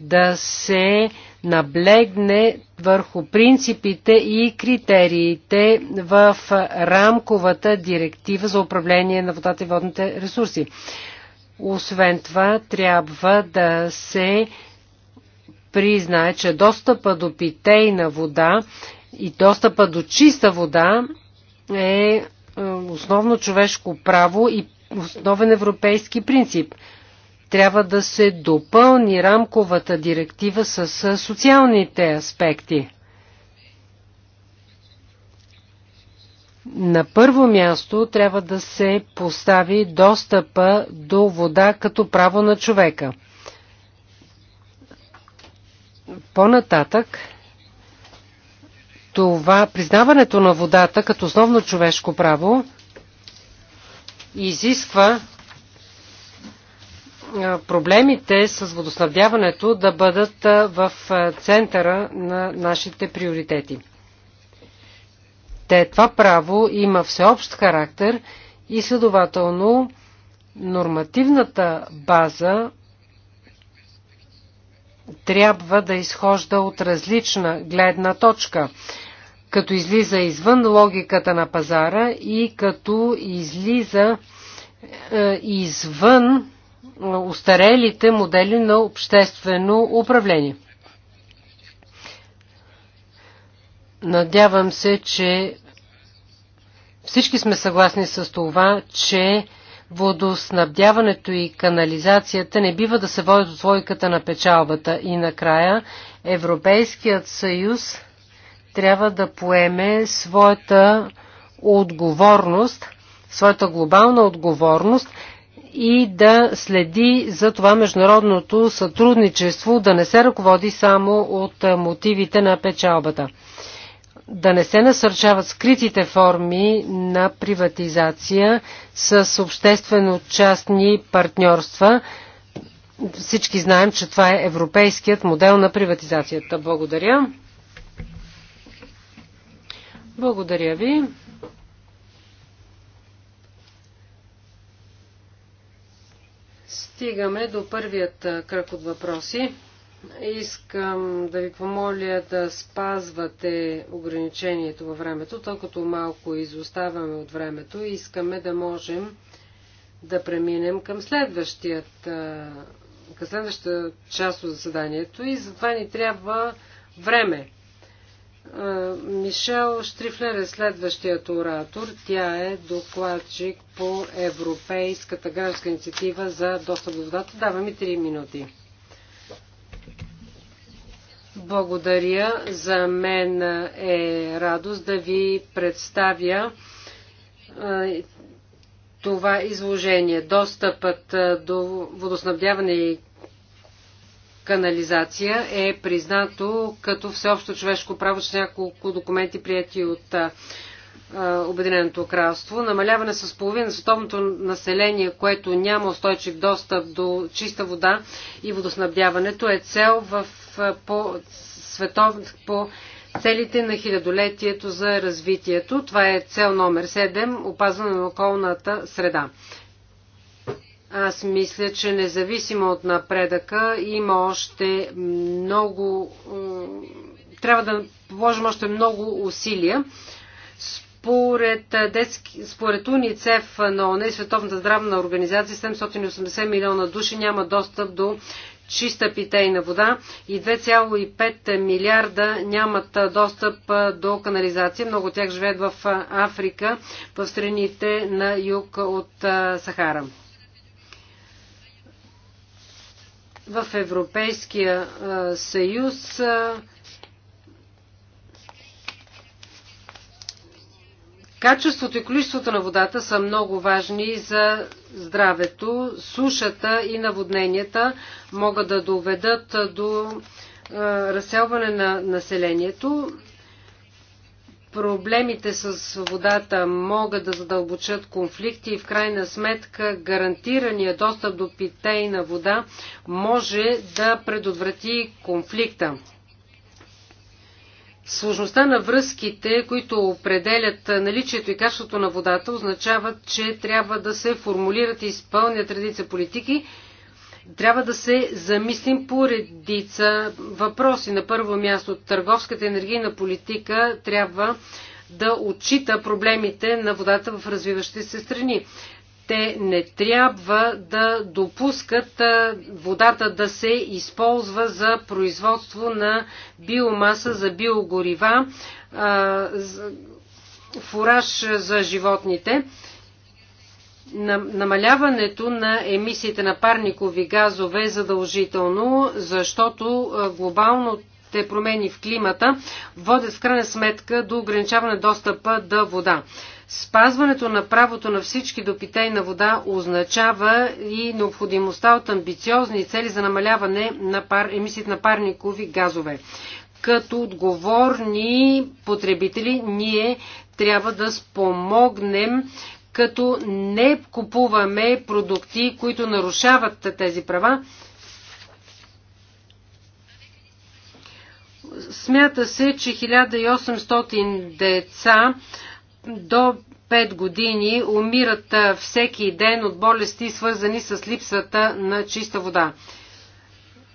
B: да се наблегне върху принципите и критериите в рамковата директива за управление на водата и водните ресурси. Освен това, трябва да се признае, че достъпа до питейна вода и достъпа до чиста вода е, е основно човешко право и основен европейски принцип – трябва да се допълни рамковата директива с социалните аспекти. На първо място трябва да се постави достъпа до вода като право на човека. По-нататък, това признаването на водата като основно човешко право изисква проблемите с водоснабдяването да бъдат в центъра на нашите приоритети. Те, това право има всеобщ характер и следователно нормативната база трябва да изхожда от различна гледна точка, като излиза извън логиката на пазара и като излиза е, извън устарелите модели на обществено управление. Надявам се, че всички сме съгласни с това, че водоснабдяването и канализацията не бива да се водят от логиката на печалбата. И накрая Европейският съюз трябва да поеме своята отговорност, своята глобална отговорност и да следи за това международното сътрудничество да не се ръководи само от мотивите на печалбата. Да не се насърчават скритите форми на приватизация с обществено-частни партньорства. Всички знаем, че това е европейският модел на приватизацията. Благодаря. Благодаря ви. Стигаме до първият кръг от въпроси. Искам да ви помоля да спазвате ограничението във времето, тъй като малко изоставаме от времето и искаме да можем да преминем към следващият, към следващата част от заседанието и затова ни трябва време. Мишел Штрифлер е следващият оратор. Тя е докладчик по Европейската гражданска инициатива за достъп до водата. Дава ми 3 минути. Благодаря. За мен е радост да ви представя това изложение. Достъпът до водоснабдяване и канализация е признато като всеобщо човешко право с няколко документи, прияти от Обединеното кралство. Намаляване с половина на световното население, което няма устойчив достъп до чиста вода и водоснабдяването е цел в, по, светов, по целите на хилядолетието за развитието. Това е цел номер 7 опазване на околната среда. Аз мисля, че независимо от напредъка, има още много. Трябва да положим още много усилия. Според, детски, според УНИЦЕФ на ОНЕ и Световната здравна организация 780 милиона души няма достъп до чиста питейна вода и 2,5 милиарда нямат достъп до канализация. Много от тях живеят в Африка, в страните на юг от Сахара. в Европейския съюз Качеството и количеството на водата са много важни за здравето. Сушата и наводненията могат да доведат до разселване на населението. Проблемите с водата могат да задълбочат конфликти и в крайна сметка гарантирания достъп до питейна вода може да предотврати конфликта. Сложността на връзките, които определят наличието и качеството на водата, означават, че трябва да се формулират и изпълнят редица политики, трябва да се замислим по редица въпроси. На първо място, търговската енергийна политика трябва да отчита проблемите на водата в развиващите се страни. Те не трябва да допускат водата да се използва за производство на биомаса, за биогорива, фураж за животните Намаляването на емисиите на парникови газове е задължително, защото глобално те промени в климата водят в крайна сметка до ограничаване достъпа до вода. Спазването на правото на всички до питейна вода означава и необходимостта от амбициозни цели за намаляване на пар, емисиите на парникови газове. Като отговорни потребители ние трябва да спомогнем като не купуваме продукти, които нарушават тези права. Смята се, че 1800 деца до 5 години умират всеки ден от болести, свързани с липсата на чиста вода.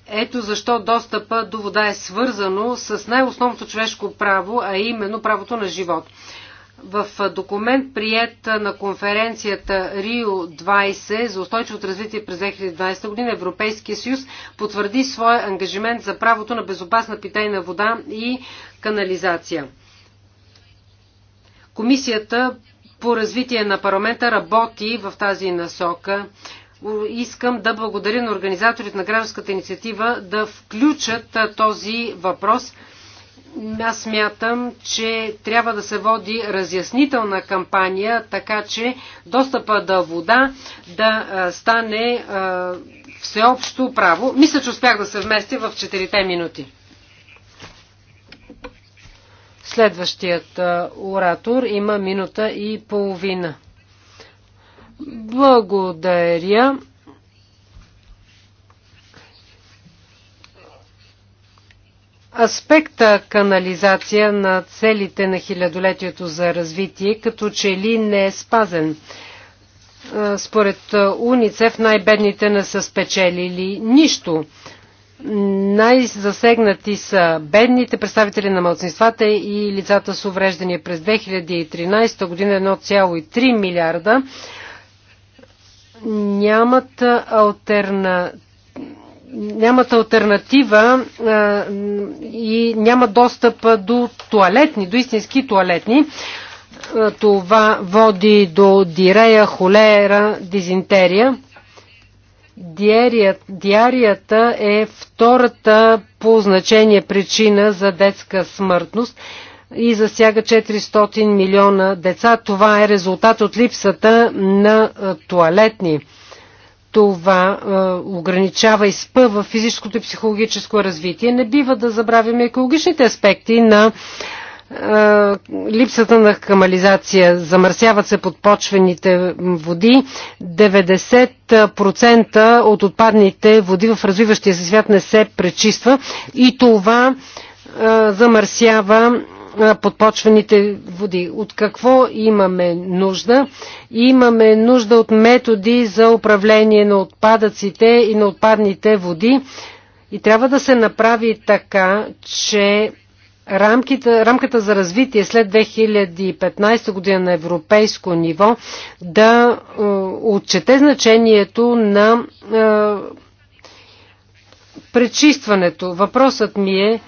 B: Ето защо достъпа до вода е свързано с най-основното човешко право, а именно правото на живот в документ прият на конференцията Рио 20 за устойчивото развитие през 2020 година Европейския съюз потвърди своя ангажимент за правото на безопасна питейна вода и канализация. Комисията по развитие на парламента работи в тази насока. Искам да благодаря на организаторите на гражданската инициатива да включат този въпрос – аз смятам, че трябва да се води разяснителна кампания, така че достъпа до да вода да стане всеобщо право. Мисля, че успях да се вместя в 4 минути. Следващият оратор има минута и половина. Благодаря. Аспекта канализация на целите на хилядолетието за развитие като че ли не е спазен. Според УНИЦЕФ най-бедните не са спечелили нищо. Най-засегнати са бедните представители на мълцинствата и лицата с увреждания през 2013 година 1,3 милиарда нямат альтернатива нямат альтернатива а, и няма достъп до туалетни, до истински туалетни. А, това води до дирея, холера, дизентерия. Диарията, диарията е втората по значение причина за детска смъртност и засяга 400 милиона деца. Това е резултат от липсата на туалетни това а, е, ограничава и спъва физическото и психологическо развитие. Не бива да забравяме екологичните аспекти на е, липсата на камализация. Замърсяват се под почвените води. 90% от отпадните води в развиващия се свят не се пречиства и това е, замърсява подпочвените води. От какво имаме нужда? Имаме нужда от методи за управление на отпадъците и на отпадните води. И трябва да се направи така, че рамките, рамката за развитие след 2015 година на европейско ниво да е, отчете значението на е, пречистването. Въпросът ми е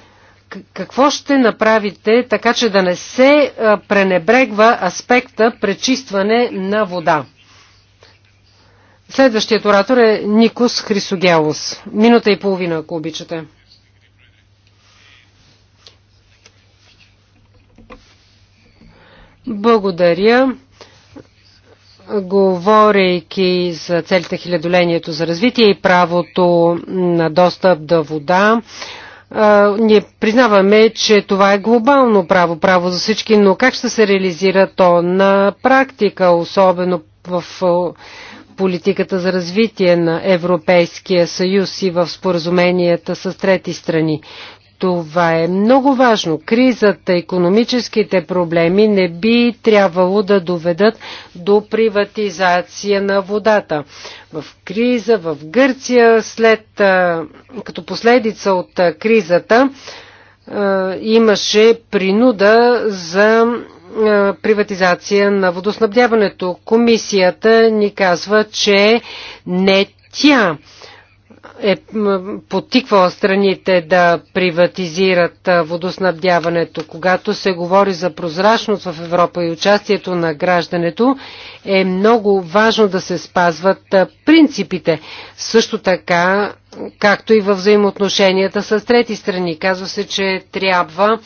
B: какво ще направите така, че да не се пренебрегва аспекта пречистване на вода? Следващият оратор е Никос Хрисогелос. Минута и половина, ако обичате. Благодаря. Говорейки за целите хилядолението за развитие и правото на достъп до вода, ние признаваме, че това е глобално право, право за всички, но как ще се реализира то на практика, особено в политиката за развитие на Европейския съюз и в споразуменията с трети страни. Това е много важно. Кризата, економическите проблеми не би трябвало да доведат до приватизация на водата. В криза в Гърция, след, като последица от кризата, имаше принуда за приватизация на водоснабдяването. Комисията ни казва, че не тя е потиквала страните да приватизират водоснабдяването. Когато се говори за прозрачност в Европа и участието на граждането, е много важно да се спазват принципите. Също така, както и във взаимоотношенията с трети страни. Казва се, че трябва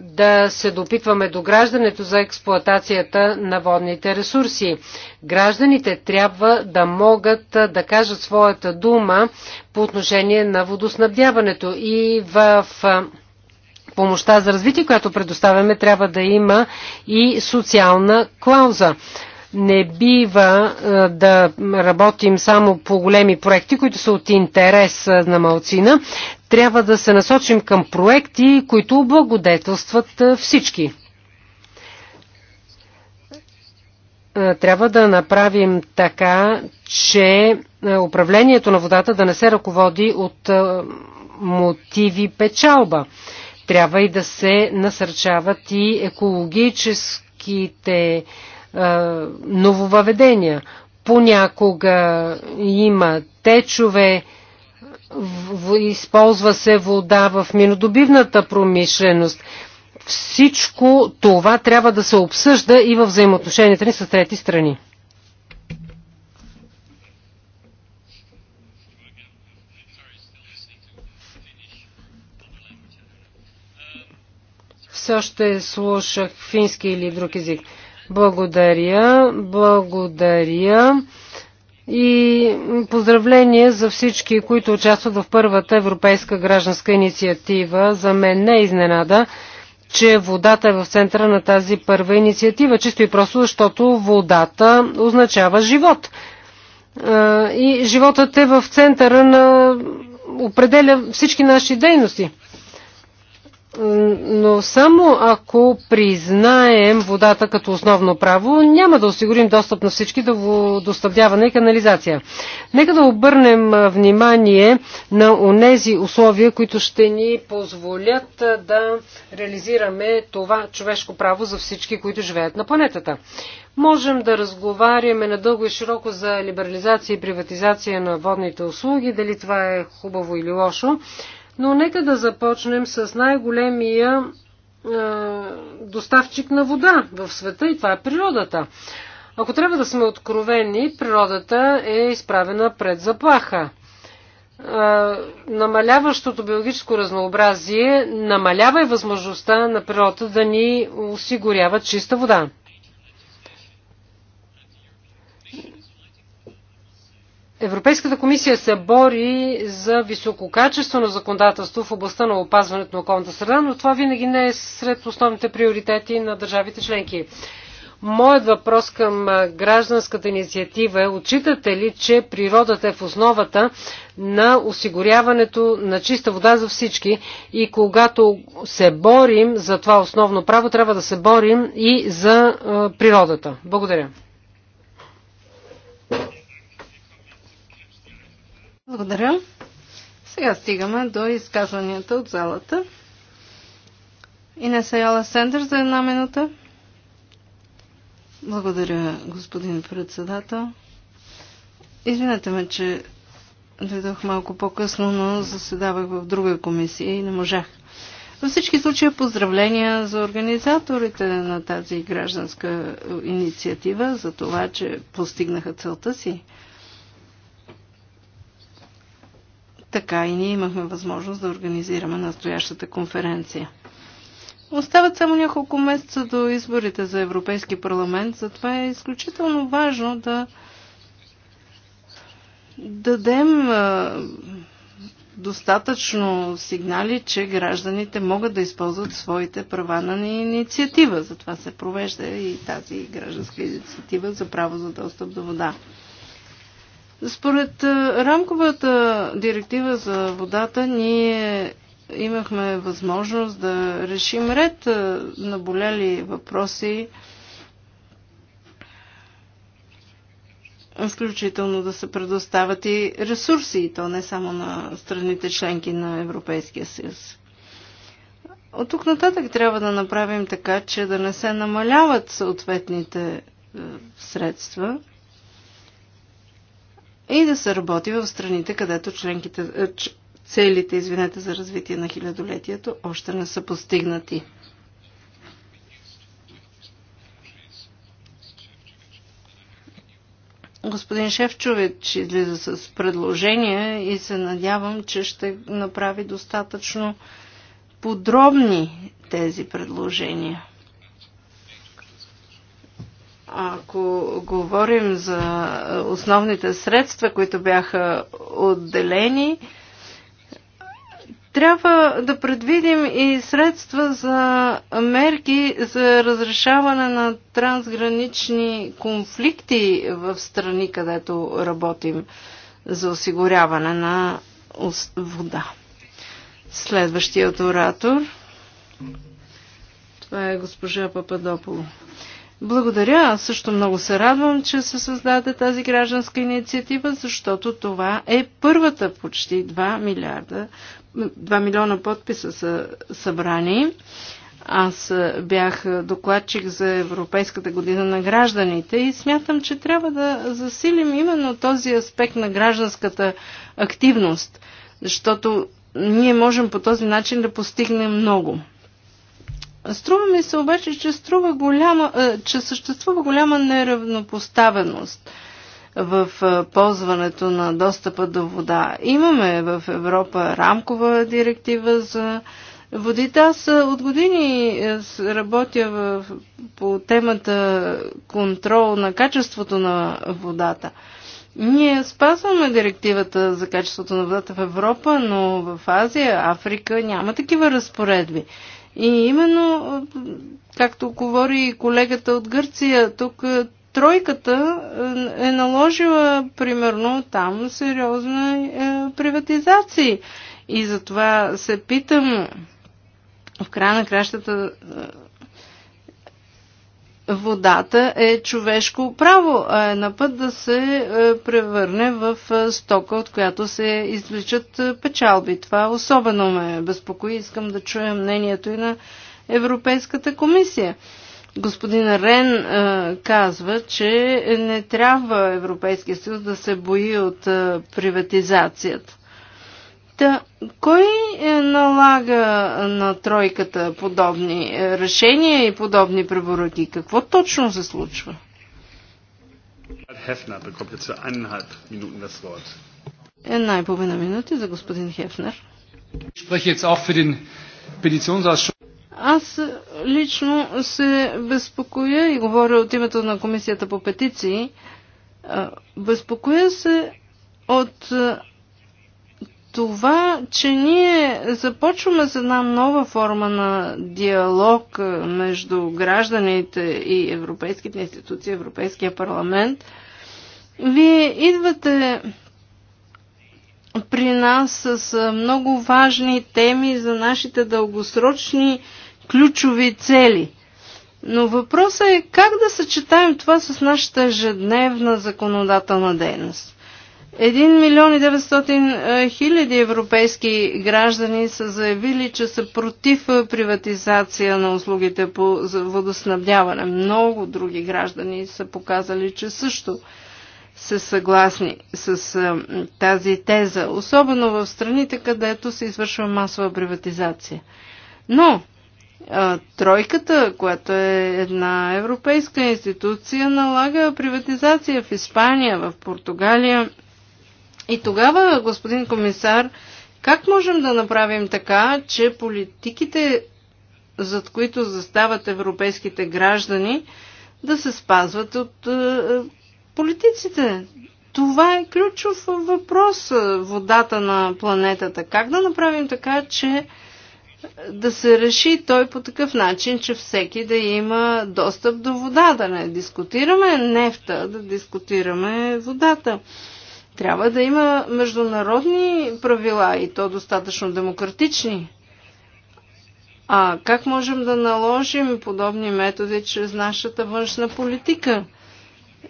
B: да се допитваме до граждането за експлоатацията на водните ресурси. Гражданите трябва да могат да кажат своята дума по отношение на водоснабдяването и в помощта за развитие, която предоставяме, трябва да има и социална клауза. Не бива да работим само по големи проекти, които са от интерес на малцина. Трябва да се насочим към проекти, които облагодетелстват всички. трябва да направим така, че управлението на водата да не се ръководи от мотиви печалба. Трябва и да се насърчават и екологическите нововъведения. Понякога има течове, използва се вода в минодобивната промишленост. Всичко това трябва да се обсъжда и в взаимоотношенията ни с трети страни. Все още слушах фински или друг език. Благодаря, благодаря и поздравление за всички, които участват в първата европейска гражданска инициатива. За мен не е изненада, че водата е в центъра на тази първа инициатива, чисто и просто защото водата означава живот. И животът е в центъра на определя всички наши дейности но само ако признаем водата като основно право, няма да осигурим достъп на всички до водоснабдяване и канализация. Нека да обърнем внимание на онези условия, които ще ни позволят да реализираме това човешко право за всички, които живеят на планетата. Можем да разговаряме надълго и широко за либерализация и приватизация на водните услуги, дали това е хубаво или лошо но нека да започнем с най-големия е, доставчик на вода в света и това е природата. Ако трябва да сме откровени, природата е изправена пред заплаха. Е, намаляващото биологическо разнообразие намалява и възможността на природата да ни осигурява чиста вода. Европейската комисия се бори за висококачествено законодателство в областта на опазването на околната среда, но това винаги не е сред основните приоритети на държавите членки. Моят въпрос към гражданската инициатива е, отчитате ли, че природата е в основата на осигуряването на чиста вода за всички и когато се борим за това основно право, трябва да се борим и за природата. Благодаря.
C: Благодаря. Сега стигаме до изказванията от залата. Инеса Яла Сендър за една минута. Благодаря, господин председател. Извинете ме, че дойдох малко по-късно, но заседавах в друга комисия и не можах. Във всички случаи поздравления за организаторите на тази гражданска инициатива, за това, че постигнаха целта си. така и ние имахме възможност да организираме настоящата конференция. Остават само няколко месеца до изборите за Европейски парламент, затова е изключително важно да дадем достатъчно сигнали, че гражданите могат да използват своите права на инициатива. Затова се провежда и тази гражданска инициатива за право за достъп до вода. Според е, рамковата директива за водата ние имахме възможност да решим ред е, наболели въпроси, включително да се предоставят и ресурси, и то не само на страните членки на Европейския съюз. От тук нататък трябва да направим така, че да не се намаляват съответните е, средства – и да се работи в страните, където членките, е, целите извинете, за развитие на хилядолетието още не са постигнати. Господин Шефчович излиза с предложение и се надявам, че ще направи достатъчно подробни тези предложения. Ако говорим за основните средства, които бяха отделени, трябва да предвидим и средства за мерки за разрешаване на трансгранични конфликти в страни, където работим за осигуряване на вода. Следващият оратор. Това е госпожа Пападополо. Благодаря. Аз също много се радвам, че се създаде тази гражданска инициатива, защото това е първата почти 2 милиарда, 2 милиона подписа са събрани. Аз бях докладчик за Европейската година на гражданите и смятам, че трябва да засилим именно този аспект на гражданската активност, защото ние можем по този начин да постигнем много. Струва ми се обаче, че, струва голяма, е, че съществува голяма неравнопоставеност в е, ползването на достъпа до вода. Имаме в Европа рамкова директива за водите. Аз е, от години работя в, по темата контрол на качеството на водата. Ние спазваме директивата за качеството на водата в Европа, но в Азия, Африка няма такива разпоредби. И именно, както говори колегата от Гърция, тук е, тройката е, е наложила, примерно, там сериозна е, приватизации. И затова се питам, в края на кращата водата е човешко право, а е на път да се е, превърне в е, стока, от която се извличат е, печалби. Това особено ме безпокои. Искам да чуя мнението и на Европейската комисия. Господин Рен казва, че не трябва Европейския съюз да се бои от приватизацията. Та, кой е, налага на тройката подобни е, решения и подобни препоръки? Какво точно се случва? Една и половина минути за господин Хефнер. Аз е, лично се безпокоя и говоря от името на Комисията по петиции. Безпокоя се от това, че ние започваме с една нова форма на диалог е, между гражданите и европейските институции, Европейския парламент, вие идвате при нас с е, много важни теми за нашите дългосрочни ключови цели. Но въпросът е как да съчетаем това с нашата ежедневна законодателна дейност. 1 милион и 900 хиляди европейски граждани са заявили, че са против приватизация на услугите по водоснабдяване. Много други граждани са показали, че също са съгласни с тази теза, особено в страните, където се извършва масова приватизация. Но Тройката, която е една европейска институция, налага приватизация в Испания, в Португалия, и тогава, господин комисар, как можем да направим така, че политиките, зад които застават европейските граждани, да се спазват от е, политиците? Това е ключов въпрос, е, водата на планетата. Как да направим така, че да се реши той по такъв начин, че всеки да има достъп до вода, да не дискутираме нефта, да дискутираме водата. Трябва да има международни правила и то достатъчно демократични. А как можем да наложим подобни методи чрез нашата външна политика? Е,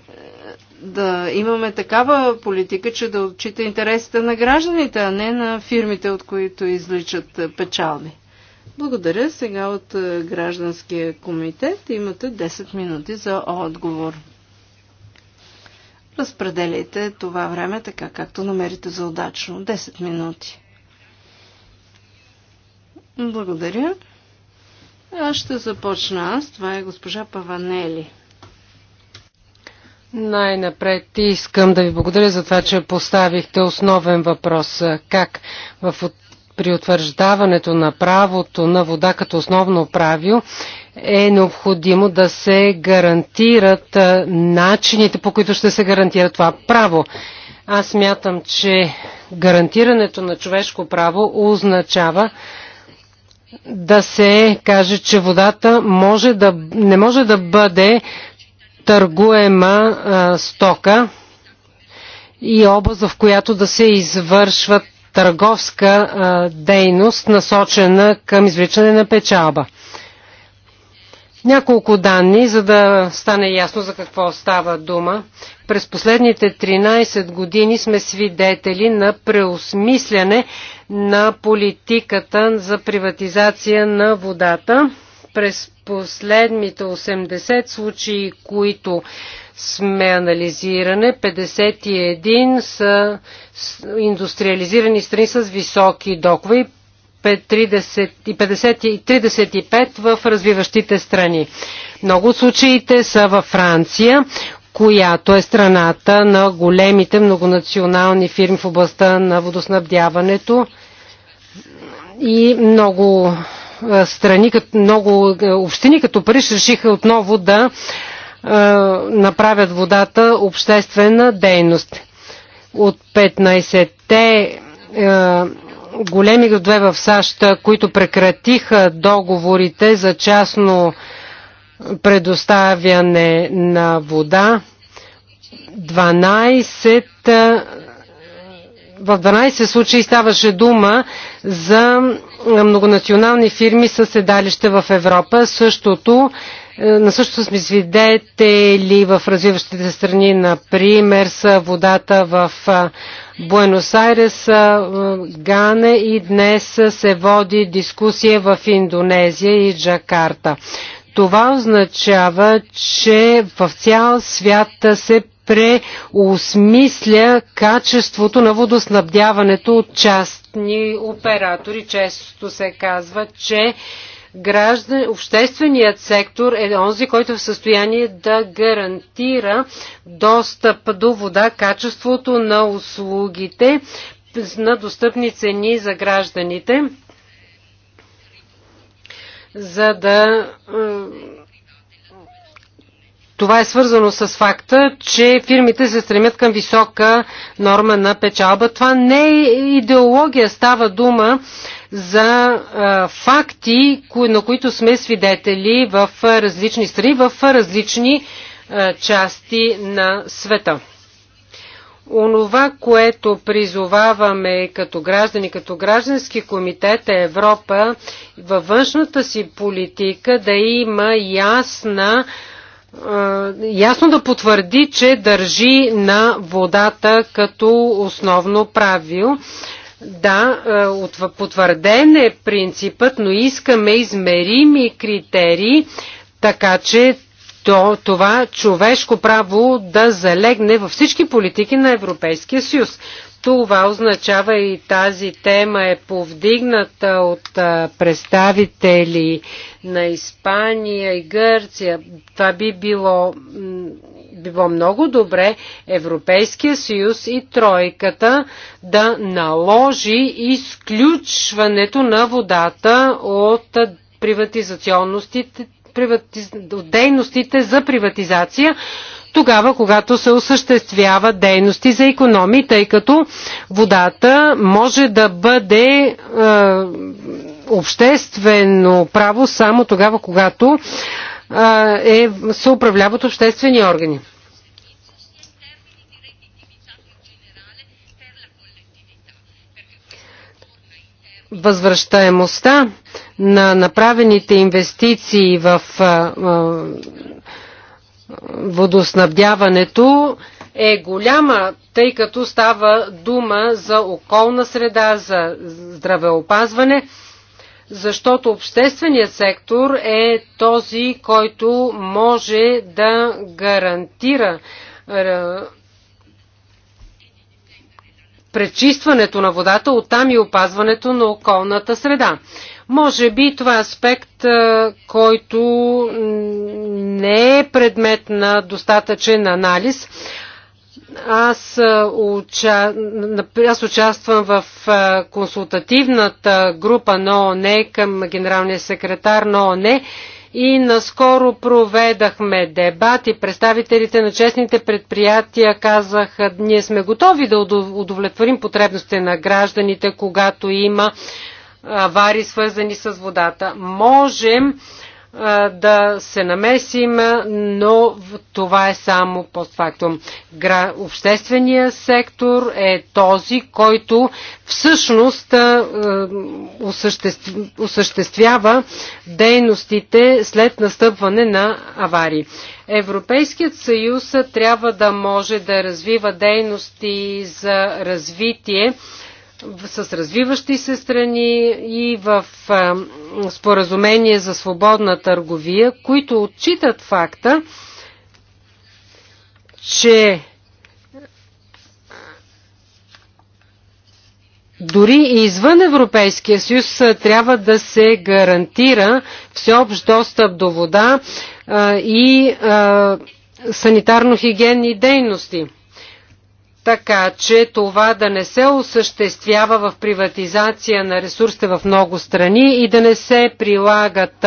C: да имаме такава политика, че да отчита интересите на гражданите, а не на фирмите, от които изличат печалби. Благодаря. Сега от е, Гражданския комитет имате 10 минути за отговор. Разпределяйте това време така, както намерите за удачно. 10 минути. Благодаря. Аз ще започна аз. Това е госпожа Паванели. Най-напред
B: искам да ви благодаря за това, че поставихте основен въпрос. Как в, при утвърждаването на правото на вода като основно правило е необходимо да се гарантират начините, по които ще се гарантира това право. Аз мятам, че гарантирането на човешко право означава да се каже, че водата може да, не може да бъде търгуема а, стока и област, в която да се извършва търговска а, дейност, насочена към извличане на печалба. Няколко данни, за да стане ясно за какво става дума. През последните 13 години сме свидетели на преосмисляне на политиката за приватизация на водата. През последните 80 случаи, които сме анализиране, 51 са индустриализирани страни с високи докови. 30, и 35 в развиващите страни. Много от случаите са във Франция, която е страната на големите многонационални фирми в областта на водоснабдяването и много страни, много общини като Париж решиха отново да направят водата обществена дейност. От 15-те големи градове в САЩ, които прекратиха договорите за частно предоставяне на вода. 12, е, в 12 случаи ставаше дума за многонационални фирми със седалище в Европа. Същото е, на същото сме свидетели в развиващите страни, например, са водата в Буенос Айрес, Гане и днес се води дискусия в Индонезия и Джакарта. Това означава, че в цял свят се преосмисля качеството на водоснабдяването от частни оператори. Често се казва, че граждан, общественият сектор е онзи, който е в състояние да гарантира достъп до вода, качеството на услугите на достъпни цени за гражданите, за да е, това е свързано с факта, че фирмите се стремят към висока норма на печалба. Това не е идеология, става дума за факти, на които сме свидетели в различни страни, в различни части на света. Онова, което призоваваме като граждани, като граждански комитет е Европа във външната си политика да има ясна ясно да потвърди, че държи на водата като основно правило. Да, е, потвърден е принципът, но искаме измерими критерии, така че то, това човешко право да залегне във всички политики на Европейския съюз. Това означава и тази тема е повдигната от е, представители на Испания и Гърция. Това би било било много добре Европейския съюз и тройката да наложи изключването на водата от приватизационностите от дейностите за приватизация, тогава, когато се осъществява дейности за економи, тъй като водата може да бъде е, обществено право само тогава, когато е, се управляват обществени органи. възвръщаемостта на направените инвестиции в водоснабдяването е голяма, тъй като става дума за околна среда, за здравеопазване, защото общественият сектор е този, който може да гарантира пречистването на водата, оттам и опазването на околната среда. Може би това е аспект, който не е предмет на достатъчен анализ. Аз, уча... Аз участвам в консултативната група на ОНЕ към генералния секретар на ОНЕ и наскоро проведахме дебат и представителите на честните предприятия казаха, ние сме готови да удовлетворим потребностите на гражданите, когато има авари, свързани с водата. Можем да се намесим, но това е само постфактум. Общественият сектор е този, който всъщност осъществява дейностите след настъпване на аварии. Европейският съюз трябва да може да развива дейности за развитие с развиващи се страни и в споразумение за свободна търговия, които отчитат факта, че дори и извън Европейския съюз трябва да се гарантира всеобщ достъп до вода и санитарно-хигиенни дейности така че това да не се осъществява в приватизация на ресурсите в много страни и да не се прилагат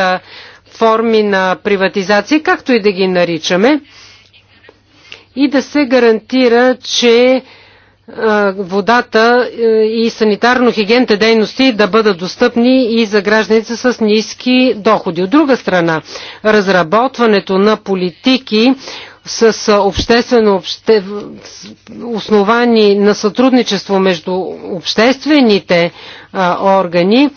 B: форми на приватизация, както и да ги наричаме, и да се гарантира, че водата и санитарно-хигиенните дейности да бъдат достъпни и за гражданите с ниски доходи. От друга страна, разработването на политики, с обществено обще... основани на сътрудничество между обществените а, органи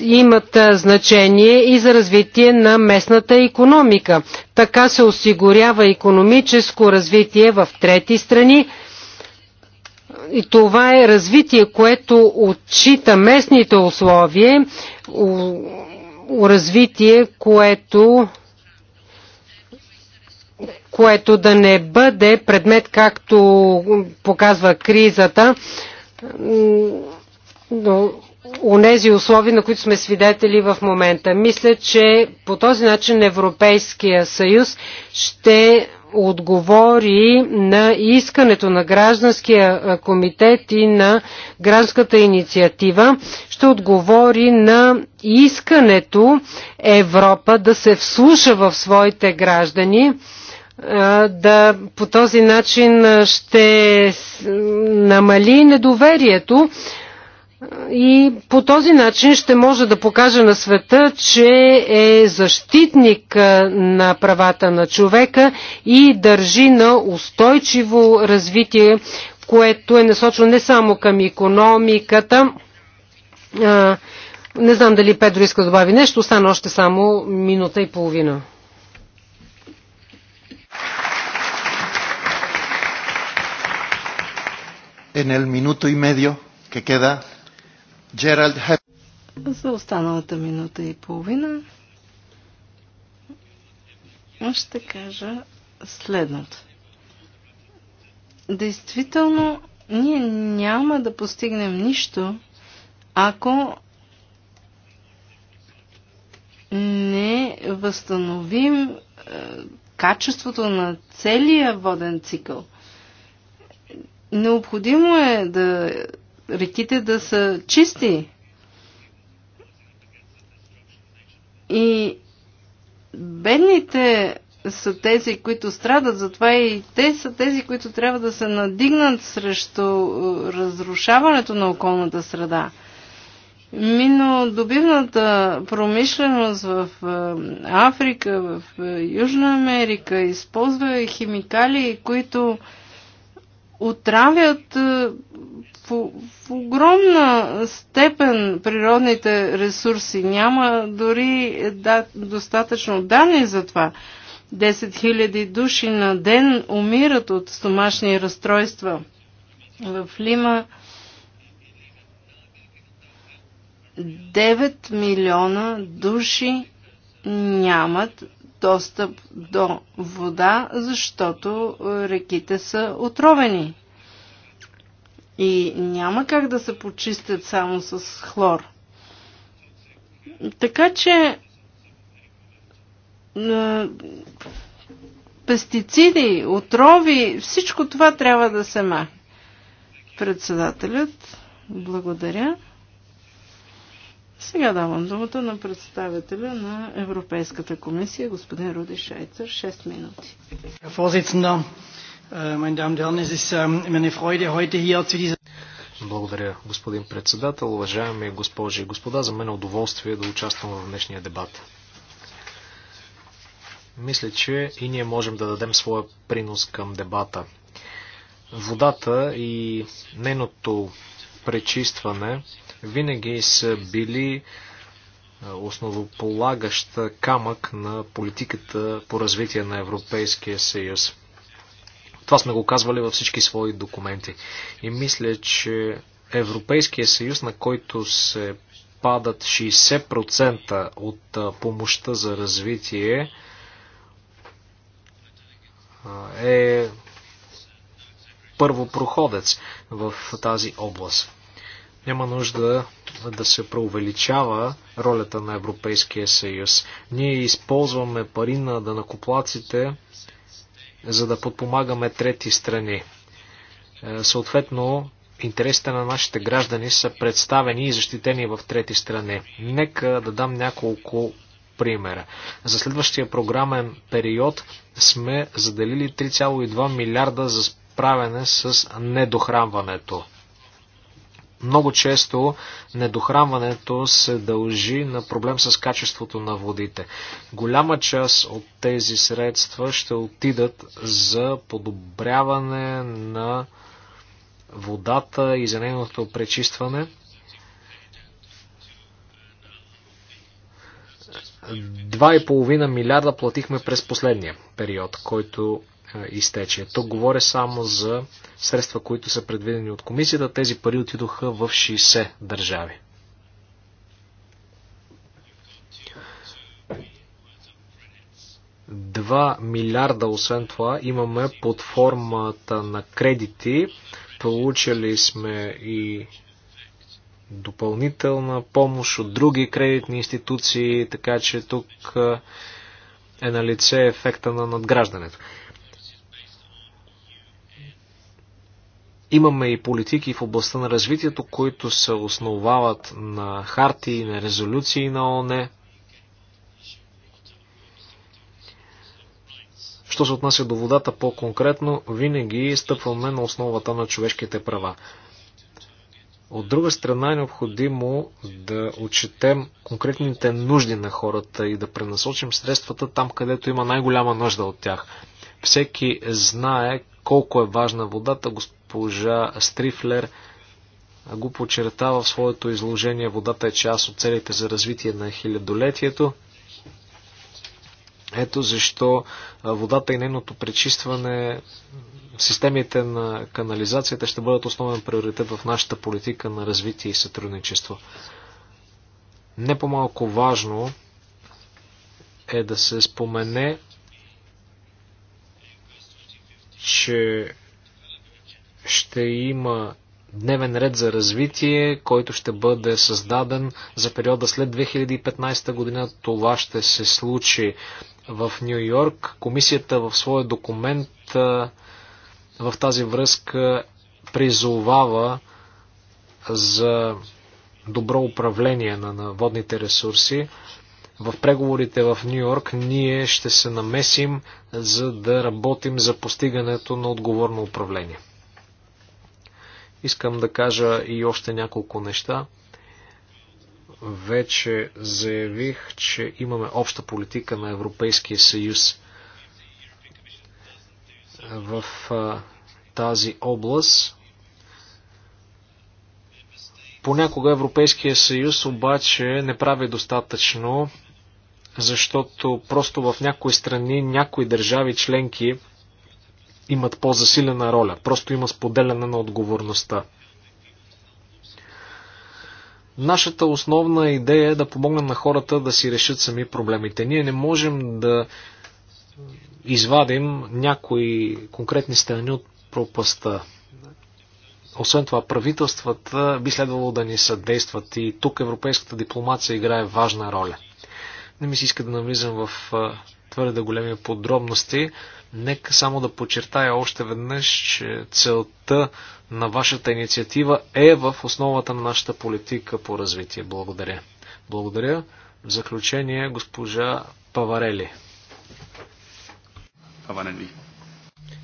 B: имат значение и за развитие на местната економика. Така се осигурява економическо развитие в трети страни и това е развитие, което отчита местните условия, развитие, което което да не бъде предмет, както показва кризата, онези условия, на които сме свидетели в момента. Мисля, че по този начин Европейския съюз ще отговори на искането на гражданския комитет и на гражданската инициатива, ще отговори на искането Европа да се вслуша в своите граждани да по този начин ще намали недоверието и по този начин ще може да покаже на света, че е защитник на правата на човека и държи на устойчиво развитие, което е насочено не само към економиката. Не знам дали Педро иска да добави нещо, остана още само минута и половина.
C: en el minuto y medio que queda Gerald Hep. За останалата минута и половина ще кажа следното. Действително, ние няма да постигнем нищо, ако не възстановим е, качеството на целия воден цикъл. Необходимо е да реките да са чисти и бедните са тези, които страдат, затова и те са тези, които трябва да се надигнат срещу е, разрушаването на околната среда. Минодобивната промишленост в е, Африка, в е, Южна Америка използва химикали, които отравят е, в, в огромна степен природните ресурси. Няма дори да, достатъчно данни за това. 10 000 души на ден умират от стомашни разстройства. В Лима 9 милиона души нямат достъп до вода, защото е, реките са отровени. И няма как да се почистят само с хлор. Така че е, пестициди, отрови, всичко това трябва да се махне. Председателят, благодаря. Сега давам думата на представителя на Европейската комисия, господин Руди Шайцер, 6 минути.
D: Äh, ähm, Благодаря, господин председател, уважаеми госпожи и господа. За мен е удоволствие да участвам в днешния дебат. Мисля, че и ние можем да дадем своя принос към дебата. Водата и нейното пречистване винаги са били основополагаща камък на политиката по развитие на Европейския съюз. Това сме го казвали във всички свои документи. И мисля, че Европейския съюз, на който се падат 60% от помощта за развитие, е първопроходец в тази област. Няма нужда да се преувеличава ролята на Европейския съюз. Ние използваме пари на данакоплаците, за да подпомагаме трети страни. Е, съответно, интересите на нашите граждани са представени и защитени в трети страни. Нека да дам няколко примера. За следващия програмен период сме заделили 3,2 милиарда за справяне с недохранването. Много често недохранването се дължи на проблем с качеството на водите. Голяма част от тези средства ще отидат за подобряване на водата и за нейното пречистване. Два и половина милиарда платихме през последния период, който изтече. Тук говоря само за средства, които са предвидени от комисията. Тези пари отидоха в 60 държави. Два милиарда, освен това, имаме под формата на кредити. Получили сме и допълнителна помощ от други кредитни институции, така че тук е на лице ефекта на надграждането. Имаме и политики в областта на развитието, които се основават на харти, и на резолюции на ОНЕ. Що се отнася до водата по-конкретно, винаги стъпваме на основата на човешките права. От друга страна е необходимо да отчетем конкретните нужди на хората и да пренасочим средствата там, където има най-голяма нужда от тях. Всеки знае колко е важна водата госпожа Стрифлер го подчертава в своето изложение. Водата е част от целите за развитие на хилядолетието. Ето защо водата и нейното пречистване, системите на канализацията ще бъдат основен приоритет в нашата политика на развитие и сътрудничество. Не по-малко важно е да се спомене, че ще има дневен ред за развитие, който ще бъде създаден за периода след 2015 година. Това ще се случи в Нью Йорк. Комисията в своя документ в тази връзка призовава за добро управление на, водните ресурси. В преговорите в Нью Йорк ние ще се намесим, за да работим за постигането на отговорно управление. Искам да кажа и още няколко неща. Вече заявих, че имаме обща политика на Европейския съюз в тази област. Понякога Европейския съюз обаче не прави достатъчно, защото просто в някои страни, някои държави членки имат по-засилена роля. Просто има споделяне на отговорността. Нашата основна идея е да помогнем на хората да си решат сами проблемите. Ние не можем да извадим някои конкретни страни от пропаста. Освен това, правителствата би следвало да ни съдействат и тук европейската дипломация играе важна роля. Не ми се иска да навлизам в твърде големи подробности. Нека само да подчертая още веднъж, че целта на вашата инициатива е в основата на нашата политика по развитие. Благодаря. Благодаря. В заключение госпожа Паварели. Паварели.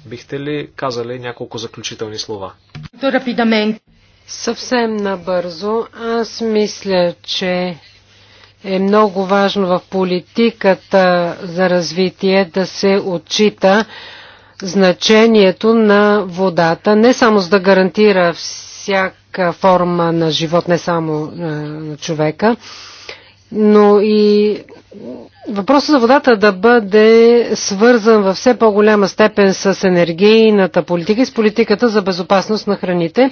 D: Бихте ли казали няколко заключителни слова?
B: Съвсем набързо. Аз мисля, че е много важно в политиката за развитие да се отчита значението на водата, не само за да гарантира всяка форма на живот, не само е, на човека, но и въпросът за водата да бъде свързан във все по-голяма степен с енергийната политика и с политиката за безопасност на храните.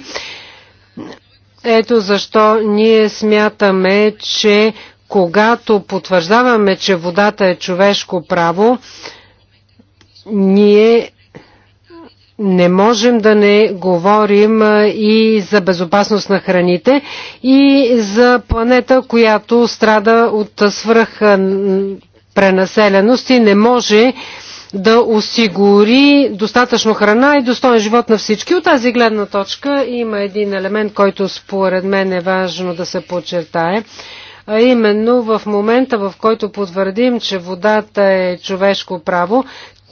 B: Ето защо ние смятаме, че когато потвърждаваме, че водата е човешко право, ние не можем да не говорим и за безопасност на храните и за планета, която страда от свръх пренаселеност и не може да осигури достатъчно храна и достоен живот на всички. От тази гледна точка има един елемент, който според мен е важно да се подчертае а именно в момента, в който потвърдим, че водата е човешко право,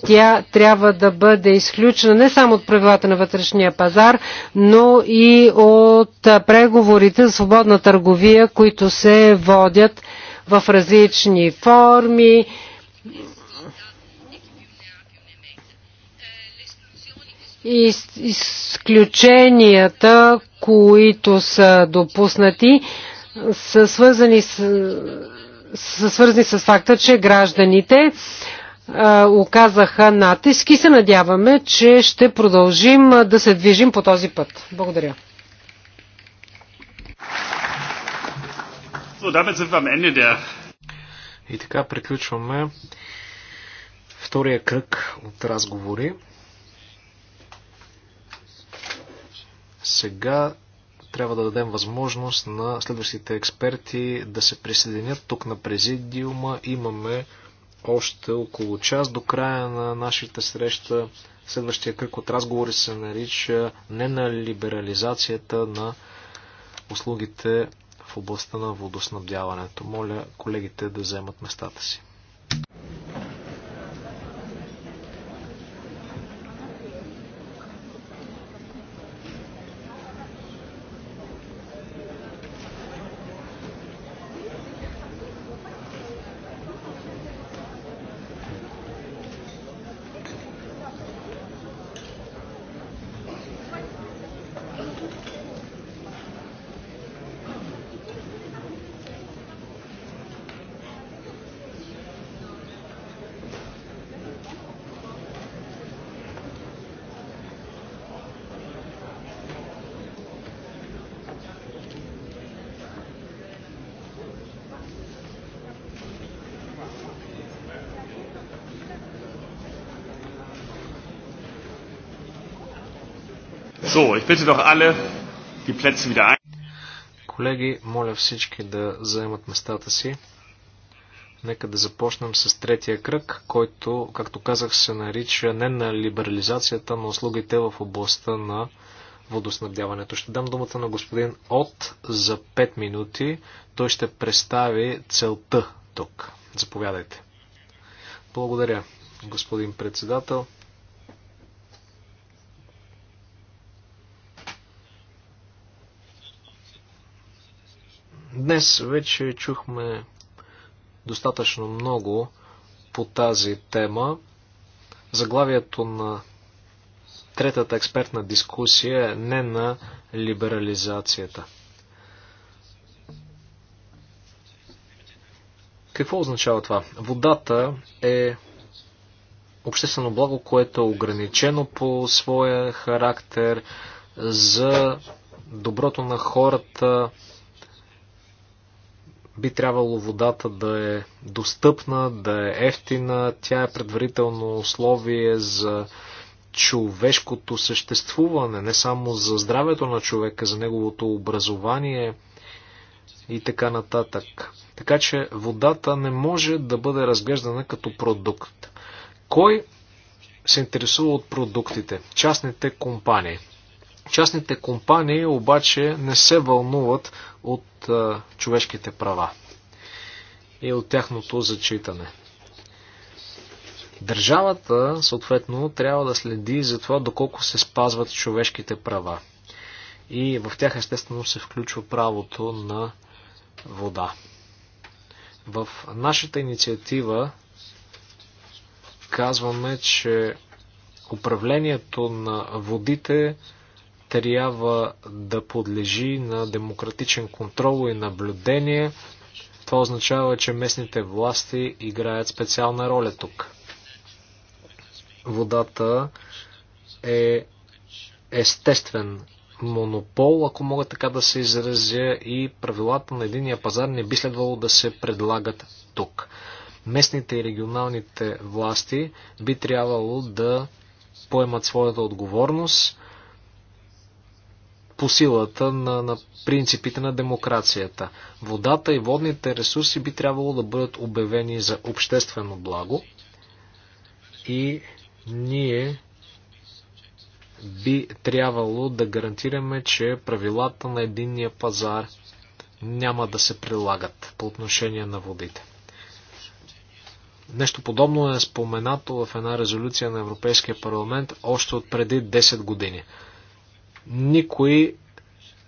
B: тя трябва да бъде изключена не само от правилата на вътрешния пазар, но и от преговорите за свободна търговия, които се водят в различни форми. изключенията, които са допуснати, са свързани с, са свързани с факта, че гражданите а, оказаха натиск и се надяваме, че ще продължим да се движим по този път. Благодаря.
D: И така приключваме втория кръг от разговори. Сега трябва да дадем възможност на следващите експерти да се присъединят тук на президиума. Имаме още около час до края на нашата среща. Следващия кръг от разговори се нарича не на либерализацията на услугите в областта на водоснабдяването. Моля колегите да вземат местата си. bitte doch alle, die Plätze wieder ein. Колеги, моля всички да заемат местата си. Нека да започнем с третия кръг, който, както казах, се нарича не на либерализацията на услугите в областта на водоснабдяването. Ще дам думата на господин От за 5 минути. Той ще представи целта тук. Заповядайте. Благодаря, господин председател. Днес вече чухме достатъчно много по тази тема. Заглавието на третата експертна дискусия е не на либерализацията. Какво означава това? Водата е обществено благо, което е ограничено по своя характер за доброто на хората, би трябвало водата да е достъпна, да е ефтина. Тя е предварително условие за човешкото съществуване, не само за здравето на човека, за неговото образование и така нататък. Така че водата не може да бъде разглеждана като продукт. Кой се интересува от продуктите? Частните компании. Частните компании обаче не се вълнуват от а, човешките права и от тяхното зачитане. Държавата, съответно, трябва да следи за това доколко се спазват човешките права. И в тях, естествено, се включва правото на вода. В нашата инициатива казваме, че управлението на водите трябва да подлежи на демократичен контрол и наблюдение. Това означава, че местните власти играят специална роля тук. Водата е естествен монопол, ако мога така да се изразя, и правилата на единия пазар не би следвало да се предлагат тук. Местните и регионалните власти би трябвало да поемат своята отговорност, по силата на, на принципите на демокрацията. Водата и водните ресурси би трябвало да бъдат обявени за обществено благо и ние би трябвало да гарантираме, че правилата на единния пазар няма да се прилагат по отношение на водите. Нещо подобно е споменато в една резолюция на Европейския парламент още от преди 10 години. Никой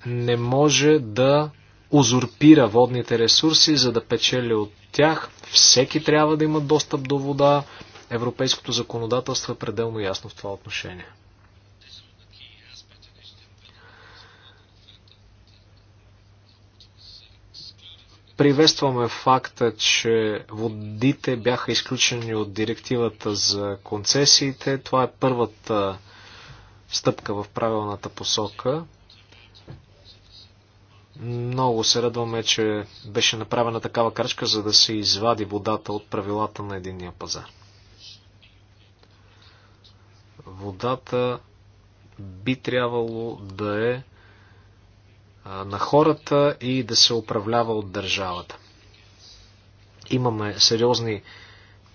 D: не може да узурпира водните ресурси, за да печели от тях. Всеки трябва да има достъп до вода. Европейското законодателство е пределно ясно в това отношение. Приветстваме факта, че водите бяха изключени от директивата за концесиите. Това е първата стъпка в правилната посока. Много се радваме, че беше направена такава крачка, за да се извади водата от правилата на единния пазар. Водата би трябвало да е на хората и да се управлява от държавата. Имаме сериозни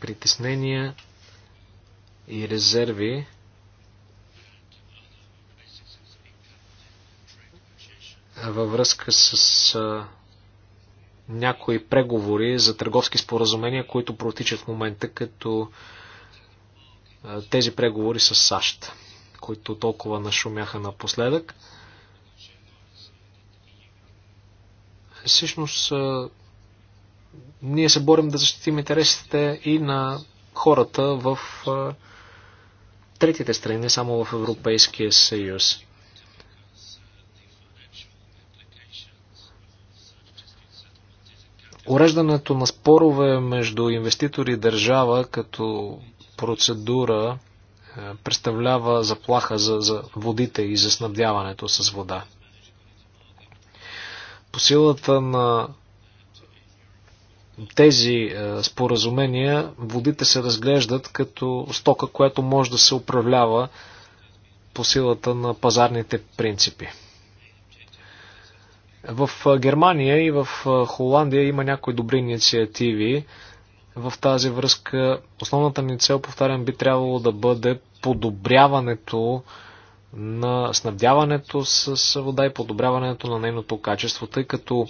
D: притеснения и резерви във връзка с а, някои преговори за търговски споразумения, които протичат в момента, като а, тези преговори с САЩ, които толкова нашумяха напоследък. Всъщност, а, ние се борим да защитим интересите и на хората в а, третите страни, не само в Европейския съюз. Уреждането на спорове между инвеститори и държава като процедура е, представлява заплаха за, за водите и за снабдяването с вода. По силата на тези е, споразумения водите се разглеждат като стока, която може да се управлява по силата на пазарните принципи. В Германия и в Холандия има някои добри инициативи. В тази връзка основната ни цел, повтарям, би трябвало да бъде подобряването на снабдяването с вода и подобряването на нейното качество, тъй като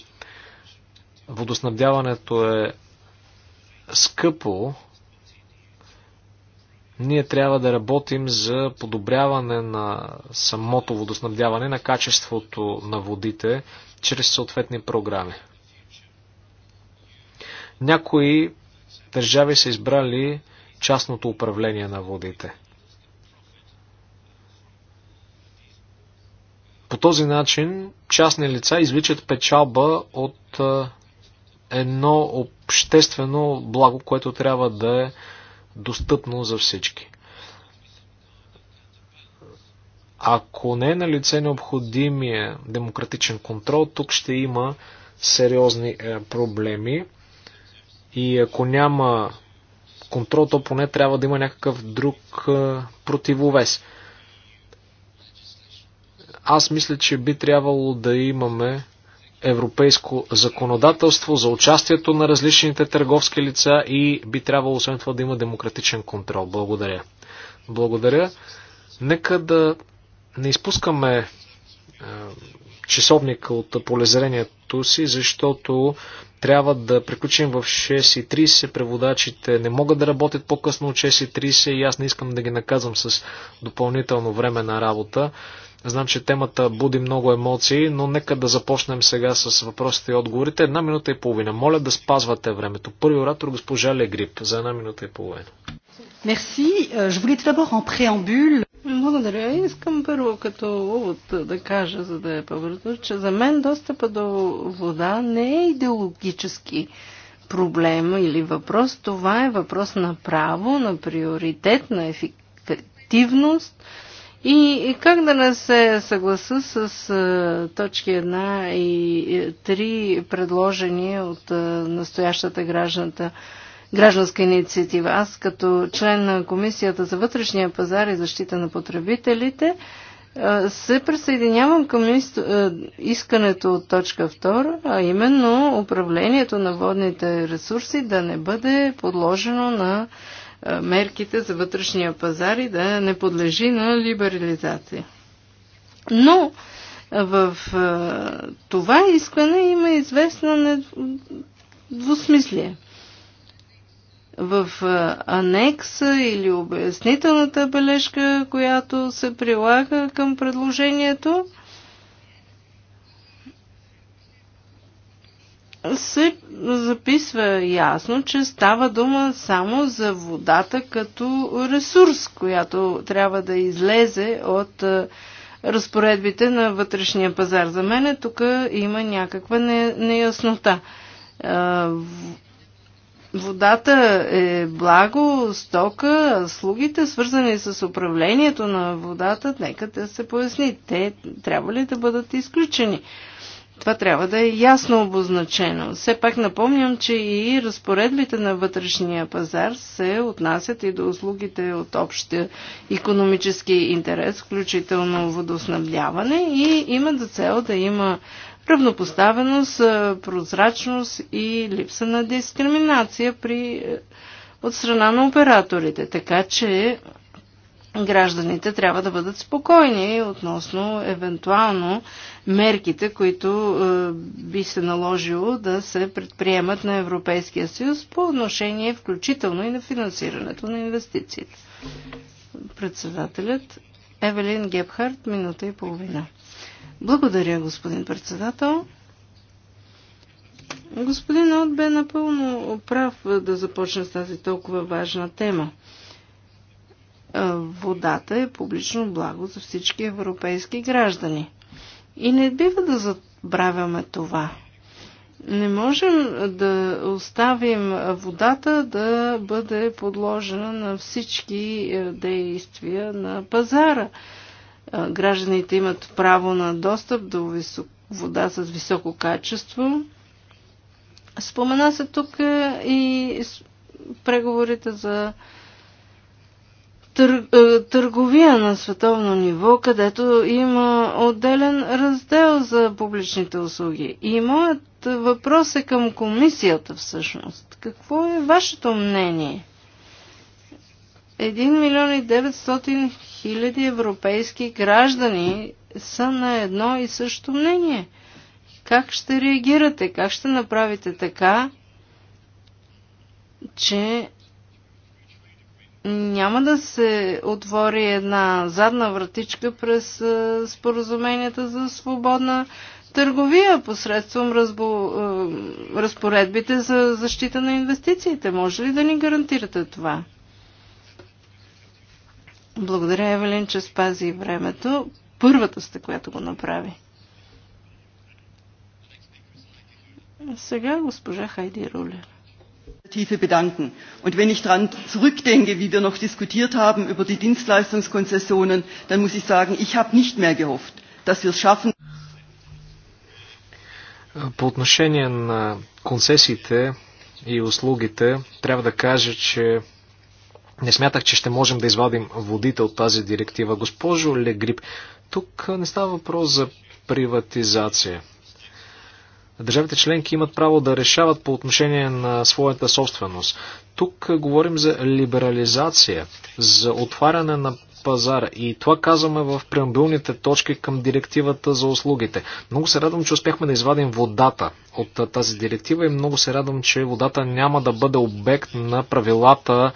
D: водоснабдяването е скъпо, ние трябва да работим за подобряване на самото водоснабдяване, на качеството на водите чрез съответни програми. Някои държави са избрали частното управление на водите. По този начин частни лица извличат печалба от едно обществено благо, което трябва да е достъпно за всички. Ако не е на лице необходимия демократичен контрол, тук ще има сериозни е, проблеми. И ако няма контрол, то поне трябва да има някакъв друг е, противовес. Аз мисля, че би трябвало да имаме европейско законодателство за участието на различните търговски лица и би трябвало освен това да има демократичен контрол. Благодаря. Благодаря. Нека да не изпускаме е, часовника от полезрението си, защото трябва да приключим в 6.30. Преводачите не могат да работят по-късно от 6.30 и аз не искам да ги наказвам с допълнително време на работа. Знам, че темата буди много емоции, но нека да започнем сега с въпросите и отговорите. Една минута и половина. Моля да спазвате времето. Първи оратор госпожа Легрип за една минута и половина.
C: Merci. Euh, je voulais tout d'abord en préambule благодаря. Искам първо като увод да кажа, за да е по-бързо, че за мен достъпа до вода не е идеологически проблем или въпрос. Това е въпрос на право, на приоритет, на ефективност. И как да не се съгласа с точки 1 и 3 предложения от настоящата гражданта гражданска инициатива. Аз като член на Комисията за вътрешния пазар и защита на потребителите се присъединявам към искането от точка 2, а именно управлението на водните ресурси да не бъде подложено на мерките за вътрешния пазар и да не подлежи на либерализация. Но в това искане има известна двусмислие в анекса или обяснителната бележка, която се прилага към предложението, се записва ясно, че става дума само за водата като ресурс, която трябва да излезе от разпоредбите на вътрешния пазар. За мен тук има някаква неяснота Водата е благо, стока, слугите, свързани с управлението на водата, нека да се поясни. Те трябва ли да бъдат изключени? Това трябва да е ясно обозначено. Все пак напомням, че и разпоредбите на вътрешния пазар се отнасят и до услугите от общия економически интерес, включително водоснабдяване и имат за цел да има равнопоставеност, прозрачност и липса на дискриминация при, е, от страна на операторите. Така че гражданите трябва да бъдат спокойни относно евентуално мерките, които е, би се наложило да се предприемат на Европейския съюз по отношение включително и на финансирането на инвестициите. Председателят Евелин Гепхарт, минута и половина. Благодаря, господин председател. Господин От бе напълно прав да започне с тази толкова важна тема. Водата е публично благо за всички европейски граждани. И не бива да забравяме това. Не можем да оставим водата да бъде подложена на всички действия на пазара. Гражданите имат право на достъп до висок, вода с високо качество. Спомена се тук е, и преговорите за тър, е, търговия на световно ниво, където има отделен раздел за публичните услуги. И моят въпрос е към комисията всъщност. Какво е вашето мнение? 1 милион и 900 хиляди европейски граждани са на едно и също мнение. Как ще реагирате? Как ще направите така, че няма да се отвори една задна вратичка през споразуменията за свободна търговия посредством разбо, разпоредбите за защита на инвестициите. Може ли да ни гарантирате това? Благодаря, Евелин, че спази времето. Първата сте, която го направи. Сега госпожа
A: Хайди Рулер. Tiefe bedanken. Und wenn ich daran zurückdenke, wie wir noch diskutiert haben über die Dienstleistungskonzessionen, dann muss ich sagen, ich habe nicht mehr gehofft, dass wir es schaffen.
D: По отношение на концесиите и услугите, трябва да кажа, че не смятах, че ще можем да извадим водите от тази директива. Госпожо Легрип, тук не става въпрос за приватизация. Държавите членки имат право да решават по отношение на своята собственост. Тук говорим за либерализация, за отваряне на пазара. И това казваме в преамбилните точки към директивата за услугите. Много се радвам, че успяхме да извадим водата от тази директива и много се радвам, че водата няма да бъде обект на правилата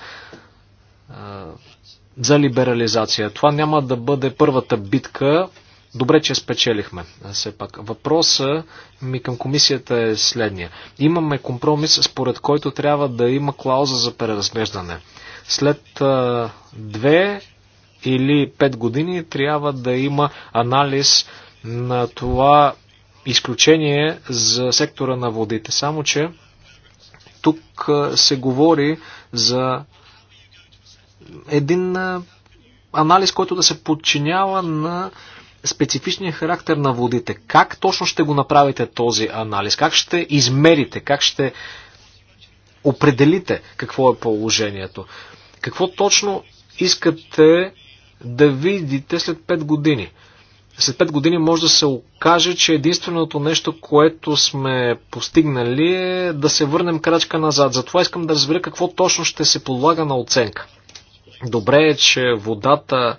D: за либерализация. Това няма да бъде първата битка. Добре, че спечелихме. Все пак. Въпросът ми към комисията е следния. Имаме компромис, според който трябва да има клауза за преразглеждане. След а, две или пет години трябва да има анализ на това изключение за сектора на водите. Само, че тук се говори за един анализ, който да се подчинява на специфичния характер на водите. Как точно ще го направите този анализ? Как ще измерите? Как ще определите какво е положението? Какво точно искате да видите след 5 години? След 5 години може да се окаже, че единственото нещо, което сме постигнали е да се върнем крачка назад. Затова искам да разбера какво точно ще се подлага на оценка. Добре е, че водата,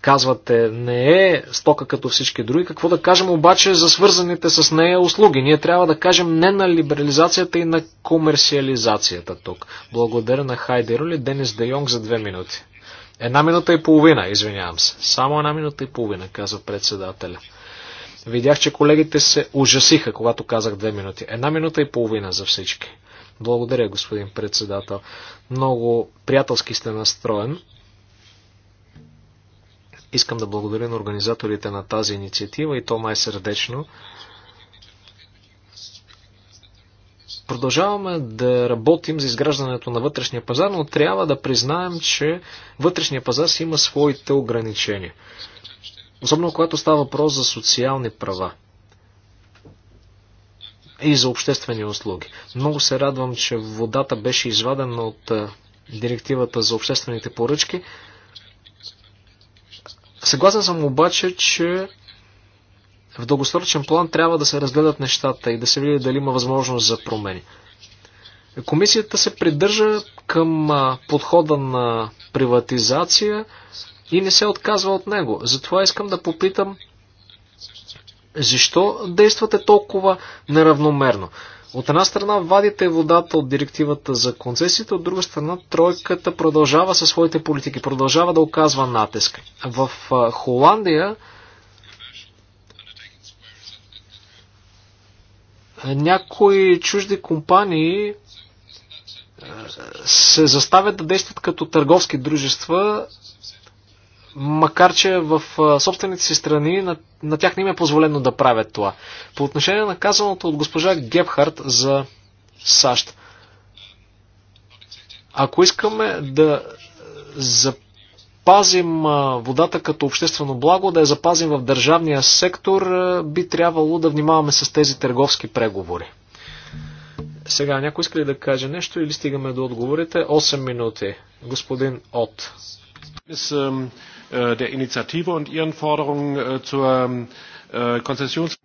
D: казвате, не е стока като всички други. Какво да кажем обаче за свързаните с нея услуги? Ние трябва да кажем не на либерализацията и на комерциализацията тук. Благодаря на Хайди Рули, Денис Де Йонг за две минути. Една минута и половина, извинявам се. Само една минута и половина, казва председателя. Видях, че колегите се ужасиха, когато казах две минути. Една минута и половина за всички. Благодаря, господин председател. Много приятелски сте настроен. Искам да благодаря на организаторите на тази инициатива и то май сърдечно Продължаваме да работим за изграждането на вътрешния пазар, но трябва да признаем, че вътрешния пазар си има своите ограничения. Особено когато става въпрос за социални права и за обществени услуги. Много се радвам, че водата беше извадена от директивата за обществените поръчки. Съгласен съм обаче, че в дългосрочен план трябва да се разгледат нещата и да се види дали има възможност за промени. Комисията се придържа към подхода на приватизация и не се отказва от него. Затова искам да попитам защо действате толкова неравномерно? От една страна вадите водата от директивата за концесиите, от друга страна тройката продължава със своите политики, продължава да оказва натиск. В Холандия някои чужди компании се заставят да действат като търговски дружества макар че в собствените си страни на, на тях не им е позволено да правят това. По отношение на казаното от госпожа Гебхарт за САЩ. Ако искаме да запазим водата като обществено благо, да я запазим в държавния сектор, би трябвало да внимаваме с тези търговски преговори. Сега, някой иска ли да каже нещо или стигаме до да отговорите? 8 минути. Господин
A: От. Ähm, äh, der Initiative und ihren Forderungen äh, zur äh, Konzessions...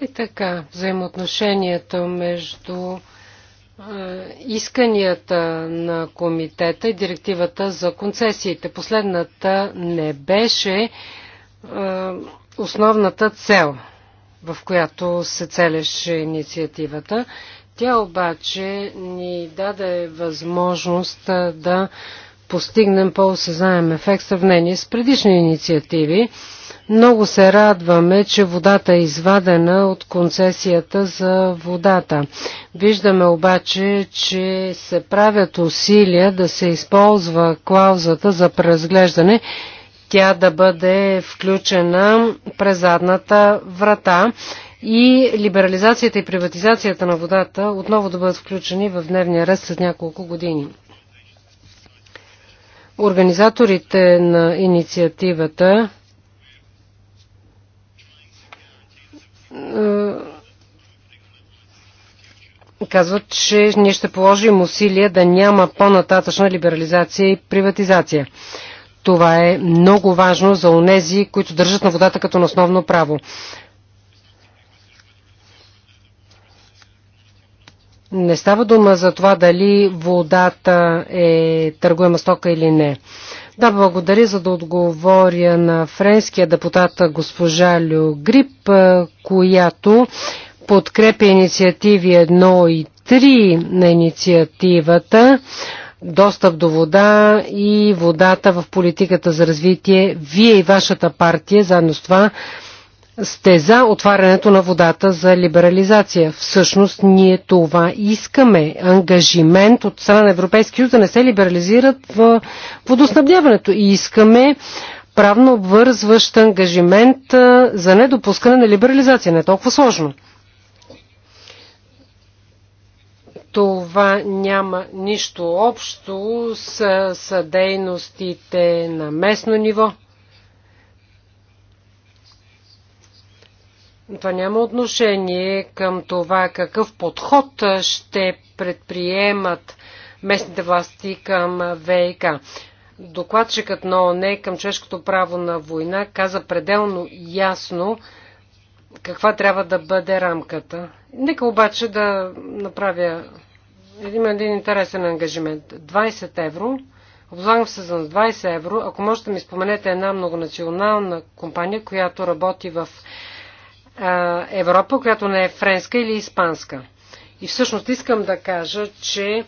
B: И така, взаимоотношението между э, исканията на комитета и директивата за концесиите. Последната не беше э, основната цел, в която се целеше инициативата. Тя обаче ни даде възможност э, да постигнем по-осезаем ефект в сравнение с предишни инициативи. Много се радваме, че водата е извадена от концесията за водата. Виждаме обаче, че се правят усилия да се използва клаузата за преразглеждане, тя да бъде включена през задната врата и либерализацията и приватизацията на водата отново да бъдат включени в дневния ред след няколко години. Организаторите на инициативата е, казват, че ние ще положим усилия да няма по-нататъчна либерализация и приватизация. Това е много важно за онези, които държат на водата като на основно право. Не става дума за това дали водата е търгуема стока или не. Да, благодаря за да отговоря на френския депутат госпожа Лю Грип, която подкрепя инициативи 1 и 3 на инициативата достъп до вода и водата в политиката за развитие. Вие и вашата партия, заедно с това, сте за отварянето на водата за либерализация. Всъщност ние това искаме. Ангажимент от страна на Европейския съюз да не се либерализират в водоснабдяването. И искаме правно обвързващ ангажимент за недопускане на либерализация. Не е толкова сложно. Това няма нищо общо с, с дейностите на местно ниво. Това няма отношение към това какъв подход ще предприемат местните власти към ВИК. Докладчикът на ОНЕ към чешкото право на война каза пределно ясно каква трябва да бъде рамката. Нека обаче да направя има един интересен ангажимент. 20 евро. Облагам се за 20 евро. Ако можете да ми споменете една многонационална компания, която работи в Европа, която не е френска или испанска. И всъщност искам да кажа, че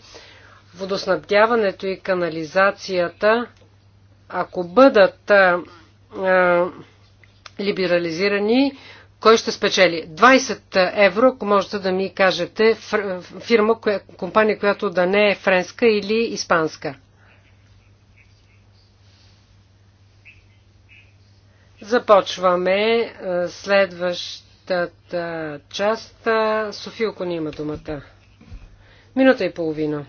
B: водоснабдяването и канализацията, ако бъдат а, а, либерализирани, кой ще спечели? 20 евро, ако можете да ми кажете, фирма, компания, която да не е френска или испанска. Започваме е, следващата част. Е, Софилко ни има думата. Минута и половина.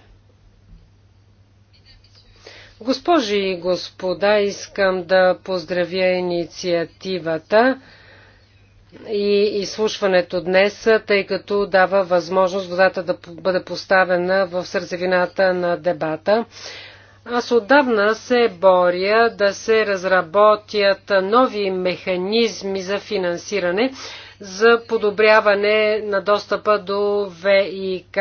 B: Госпожи и господа, искам да поздравя инициативата и изслушването днес, тъй като дава възможност водата да бъде поставена в сърцевината на дебата. Аз отдавна се боря да се разработят нови механизми за финансиране за подобряване на достъпа до ВИК.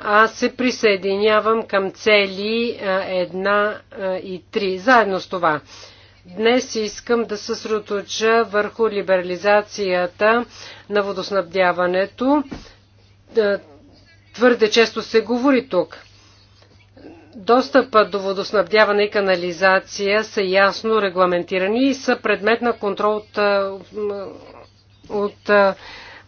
B: Аз се присъединявам към цели 1 и 3. Заедно с това, днес искам да се сроточа върху либерализацията на водоснабдяването. Твърде често се говори тук – Достъпа до водоснабдяване и канализация са ясно регламентирани и са предмет на контрол от, от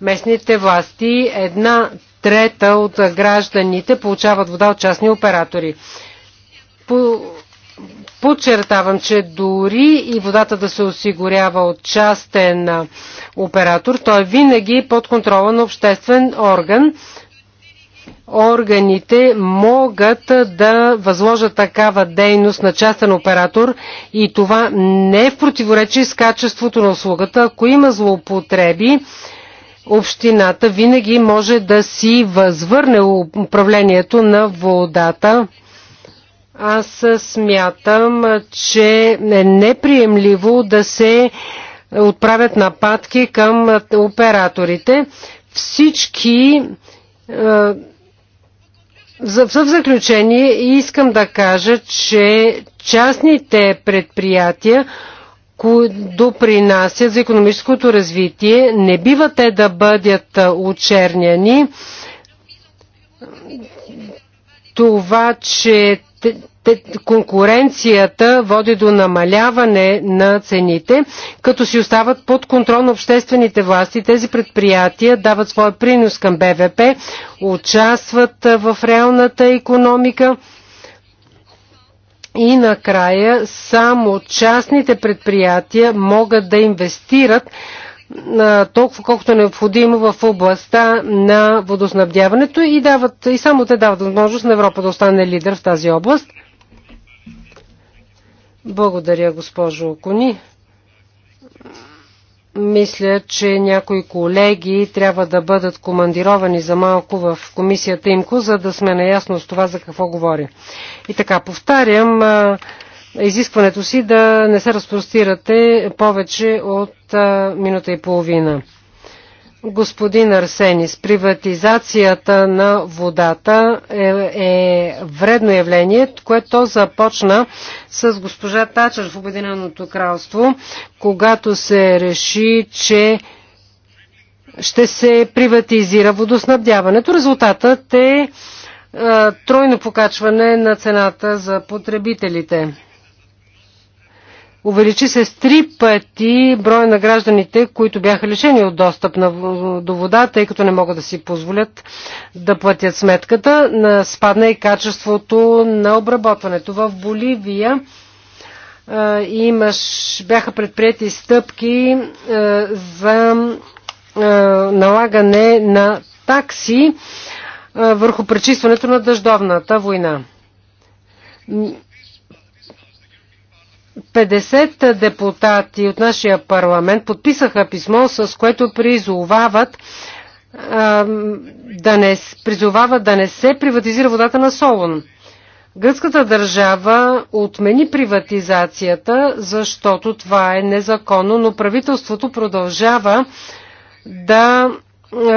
B: местните власти. Една трета от гражданите получават вода от частни оператори. По, подчертавам, че дори и водата да се осигурява от частен оператор, той винаги е под контрола на обществен орган, органите могат да възложат такава дейност на частен оператор и това не е в противоречие с качеството на услугата. Ако има злоупотреби, общината винаги може да си възвърне управлението на водата. Аз смятам, че е неприемливо да се отправят нападки към операторите. Всички е, за, в заключение искам да кажа, че частните предприятия допринасят за економическото развитие, не бива те да бъдат очерняни. Това, че конкуренцията води до намаляване на цените, като си остават под контрол на обществените власти. Тези предприятия дават своя принос към БВП, участват в реалната економика. И накрая само частните предприятия могат да инвестират толкова колкото е необходимо в областта на водоснабдяването и, дават, и само те дават възможност на Европа да остане лидер в тази област. Благодаря, госпожо Кони. Мисля, че някои колеги трябва да бъдат командировани за малко в комисията ИМКО, за да сме наясно с това за какво говори. И така, повтарям изискването си да не се разпростирате повече от минута и половина господин Арсенис, приватизацията на водата е, е вредно явление, което започна с госпожа Тачър в Обединеното кралство, когато се реши, че ще се приватизира водоснабдяването. Резултатът е, е тройно покачване на цената за потребителите. Увеличи се с три пъти броя на гражданите, които бяха лишени от достъп на, до вода, тъй като не могат да си позволят да платят сметката. Спадна и качеството на обработването. В Боливия е, имаш, бяха предприяти стъпки е, за е, налагане на такси е, върху пречистването на дъждовната война 50 депутати от нашия парламент подписаха писмо, с което призовават да не, призовава да не се приватизира водата на Солон. Гръцката държава отмени приватизацията, защото това е незаконно, но правителството продължава да е,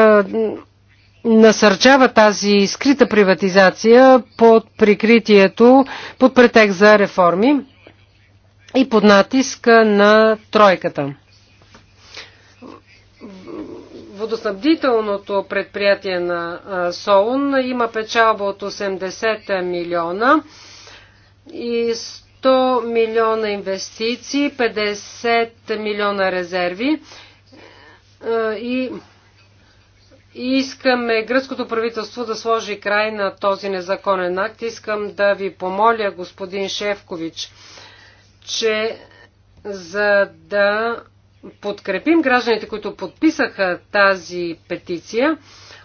B: насърчава тази скрита приватизация под прикритието, под претекст за реформи и под натиска на тройката. Водоснабдителното предприятие на Солун има печалба от 80 милиона и 100 милиона инвестиции, 50 милиона резерви и искаме гръцкото правителство да сложи край на този незаконен акт. Искам да ви помоля, господин Шевкович, че за да подкрепим гражданите, които подписаха тази петиция,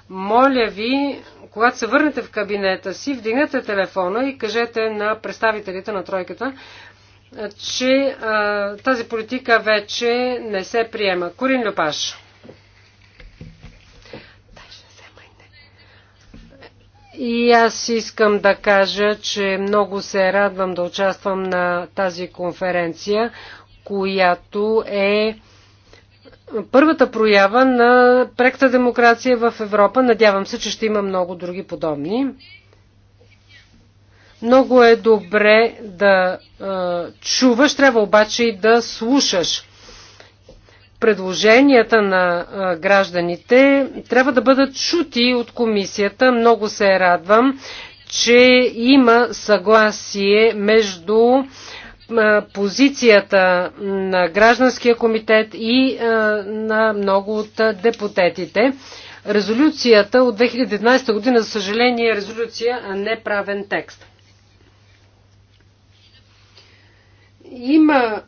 B: моля ви, когато се върнете в кабинета си, вдигнете телефона и кажете на представителите на тройката, че а, тази политика вече не се приема. Корин Люпаш. И аз искам да кажа, че много се радвам да участвам на тази конференция, която е първата проява на проекта демокрация в Европа. Надявам се, че ще има много други подобни. Много е добре да а, чуваш, трябва обаче и да слушаш предложенията на гражданите трябва да бъдат чути от комисията. Много се радвам, че има съгласие между позицията на гражданския комитет и на много от депутетите. Резолюцията от 2011 година, за съжаление, е резолюция, а не правен текст. Има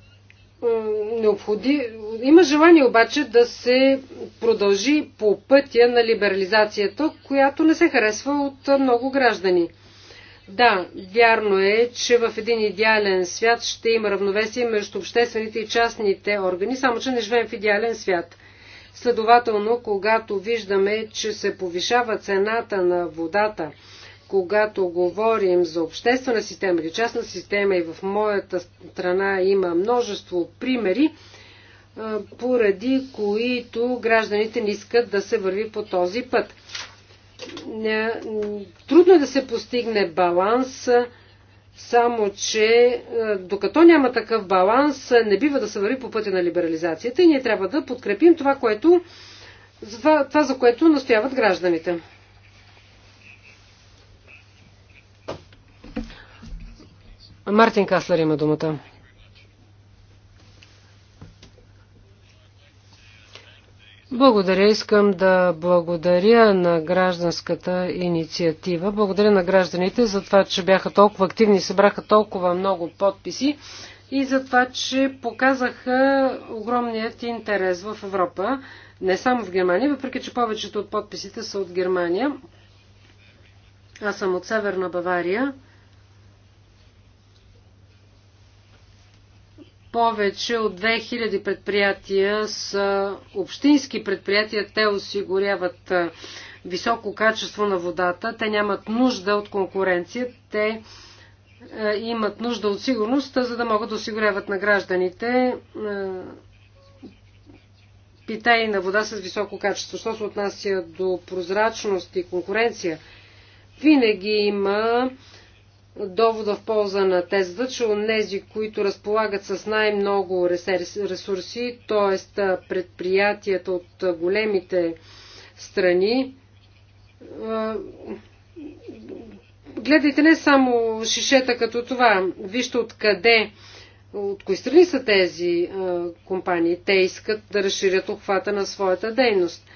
B: необходи... Има желание обаче да се продължи по пътя на либерализацията, която не се харесва от много граждани. Да, вярно е, че в един идеален свят ще има равновесие между обществените и частните органи, само че не живеем в идеален свят. Следователно, когато виждаме, че се повишава цената на водата, когато говорим за обществена система или частна система и в моята страна има множество примери, поради които гражданите не искат да се върви по този път. Трудно е да се постигне баланс, само че докато няма такъв баланс, не бива да се върви по пътя на либерализацията и ние трябва да подкрепим това, което, това за което настояват гражданите. Мартин Каслер има думата. Благодаря. Искам да благодаря на гражданската инициатива. Благодаря на гражданите за това, че бяха толкова активни, и събраха толкова много подписи и за това, че показаха огромният интерес в Европа, не само в Германия, въпреки че повечето от подписите са от Германия. Аз съм от Северна Бавария. Повече от 2000 предприятия са общински предприятия. Те осигуряват високо качество на водата. Те нямат нужда от конкуренция. Те имат нужда от сигурност, за да могат да осигуряват на гражданите питейна вода с високо качество. Що се отнася до прозрачност и конкуренция, винаги има довода в полза на тезата, че от тези, които разполагат с най-много ресурси, т.е. предприятията от големите страни, гледайте не само шишета като това, вижте откъде, от кои страни са тези компании. Те искат да разширят обхвата на своята дейност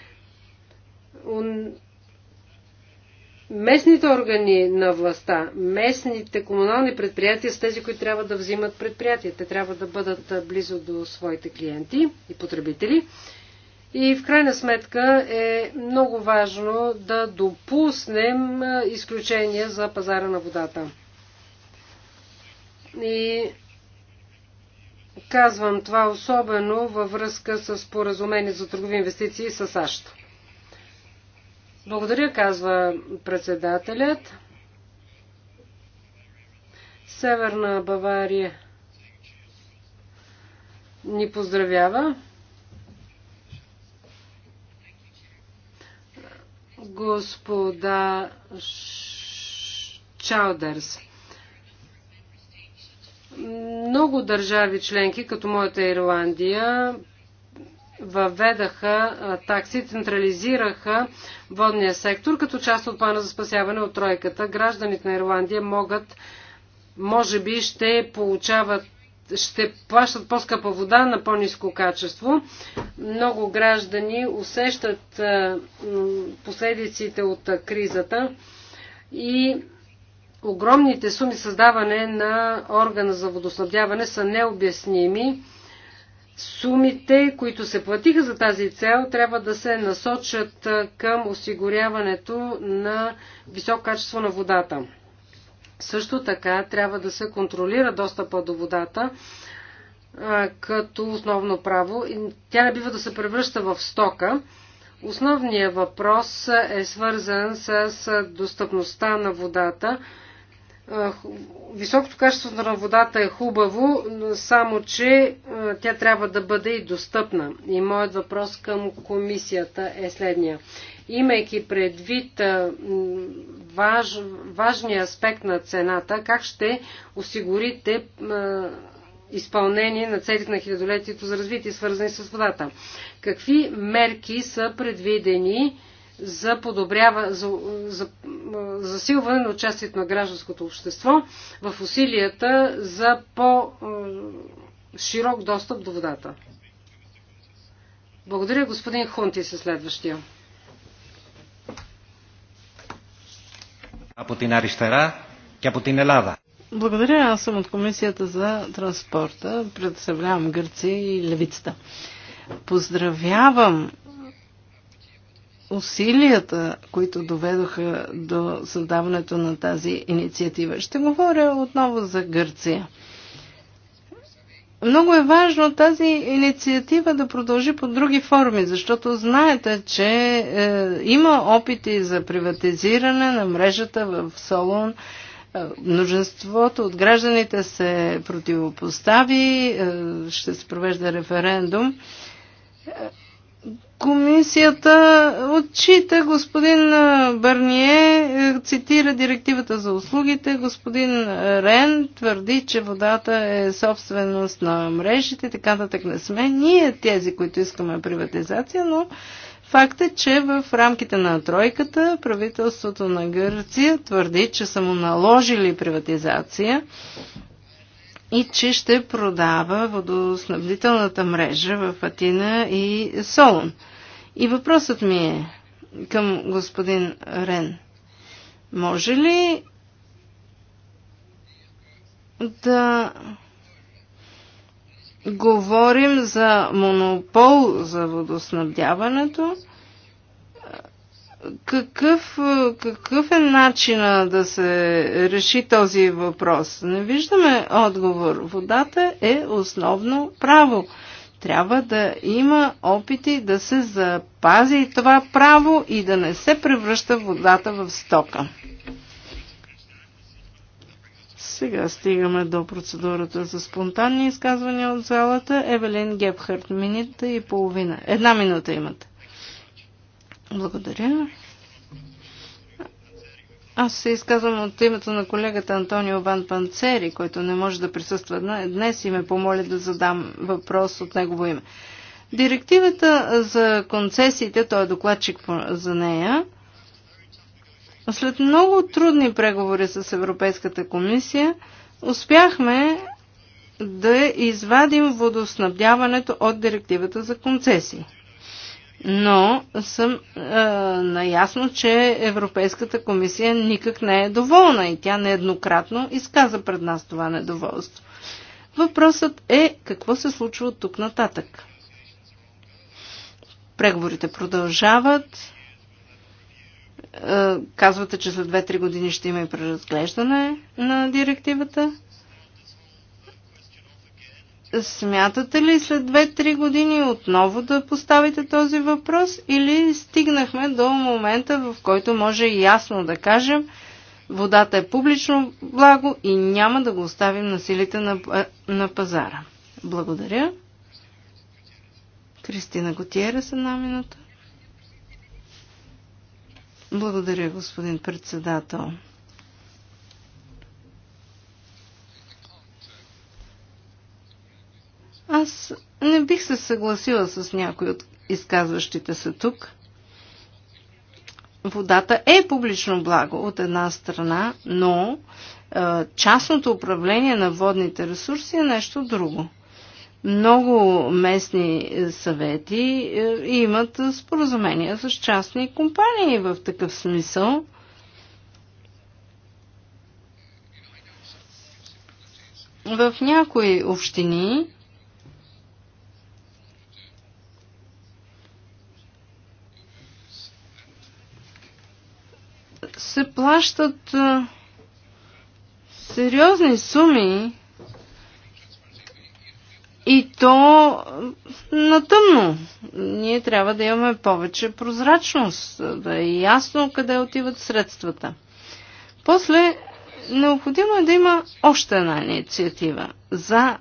B: местните органи на властта, местните комунални предприятия са тези, които трябва да взимат предприятия. Те трябва да бъдат близо до своите клиенти и потребители. И в крайна сметка е много важно да допуснем изключения за пазара на водата. И казвам това особено във връзка с поразумение за търгови инвестиции с САЩ. Благодаря, казва председателят. Северна Бавария ни поздравява. Господа Чаудърс. Много държави членки, като моята Ирландия, въведаха такси, централизираха водния сектор като част от плана за спасяване от тройката. Гражданите на Ирландия могат, може би, ще получават ще плащат по-скъпа вода на по-низко качество. Много граждани усещат последиците от кризата и огромните суми създаване на органа за водоснабдяване са необясними Сумите, които се платиха за тази цел, трябва да се насочат към осигуряването на високо качество на водата. Също така трябва да се контролира достъпа до водата а, като основно право. Тя не бива да се превръща в стока. Основният въпрос е свързан с достъпността на водата високото качество на водата е хубаво, само че тя трябва да бъде и достъпна. И моят въпрос към комисията е следния. Имайки предвид важ, важния аспект на цената, как ще осигурите изпълнение на целите на хилядолетието за развитие, свързани с водата? Какви мерки са предвидени? за, подобрява, за, за, засилване на участието на гражданското общество в усилията за по-широк достъп до водата. Благодаря, господин Хунти, със следващия.
D: Από την αριστερά και
C: Благодаря, аз съм от Комисията за транспорта. Представлявам Гърция и Левицата. Поздравявам усилията, които доведоха до създаването на тази инициатива. Ще говоря отново за Гърция. Много е важно тази инициатива да продължи по други форми, защото знаете, че е, има опити за приватизиране на мрежата в Солон. Е, множеството от гражданите се противопостави, е, ще се провежда референдум. Е, Комисията отчита господин Бърние, е, цитира директивата за услугите. Господин Рен твърди, че водата е собственост на мрежите, така так не сме. Ние тези, които искаме приватизация, но факт е, че в рамките на тройката правителството на Гърция твърди, че са му наложили приватизация и че ще продава водоснабдителната мрежа в Атина и Солон. И въпросът ми е към господин Рен. Може ли да говорим за монопол за водоснабдяването? какъв, какъв е начина да се реши този въпрос? Не виждаме отговор. Водата е основно право. Трябва да има опити да се запази това право и да не се превръща водата в стока. Сега стигаме до процедурата за спонтанни изказвания от залата. Евелин Гепхарт, минута и половина. Една минута имате. Благодаря. Аз се изказвам от името на колегата Антонио Ван Панцери, който не може да присъства днес и ме помоли да задам въпрос от негово име. Директивата за концесиите, той е докладчик за нея, след много трудни преговори с Европейската комисия, успяхме да извадим водоснабдяването от директивата за концесии но съм е, наясно, че Европейската комисия никак не е доволна и тя нееднократно изказа пред нас това недоволство. Въпросът е какво се случва от тук нататък. Преговорите продължават. Е, казвате, че след 2-3 години ще има и преразглеждане на директивата. Смятате ли след 2-3 години отново да поставите този въпрос или стигнахме до момента, в който може ясно да кажем, водата е публично благо и няма да го оставим на силите на, на пазара? Благодаря. Кристина с една минута. Благодаря, господин председател. Аз не бих се съгласила с някой от изказващите се тук. Водата е публично благо от една страна, но е, частното управление на водните ресурси е нещо друго. Много местни съвети е, имат споразумения с частни компании в такъв смисъл. В някои общини се плащат сериозни суми и то на тъмно. Ние трябва да имаме повече прозрачност, да е ясно къде отиват средствата. После необходимо е да има още една инициатива за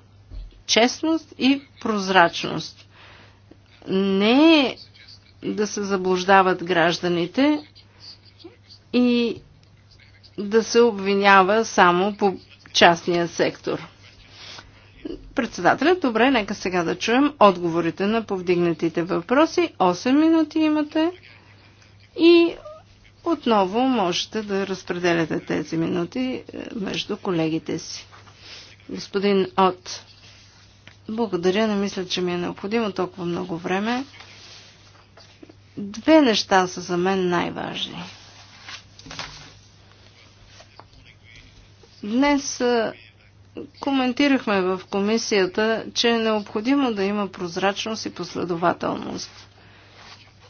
C: честност и прозрачност. Не е да се заблуждават гражданите, и да се обвинява само по частния сектор. Председателят, добре, нека сега да чуем отговорите на повдигнатите въпроси. 8 минути имате и отново можете да разпределяте тези минути е, между колегите си. Господин От, благодаря, не мисля, че ми е необходимо толкова много време. Две неща са за мен най-важни. Днес коментирахме в комисията, че е необходимо да има прозрачност и последователност.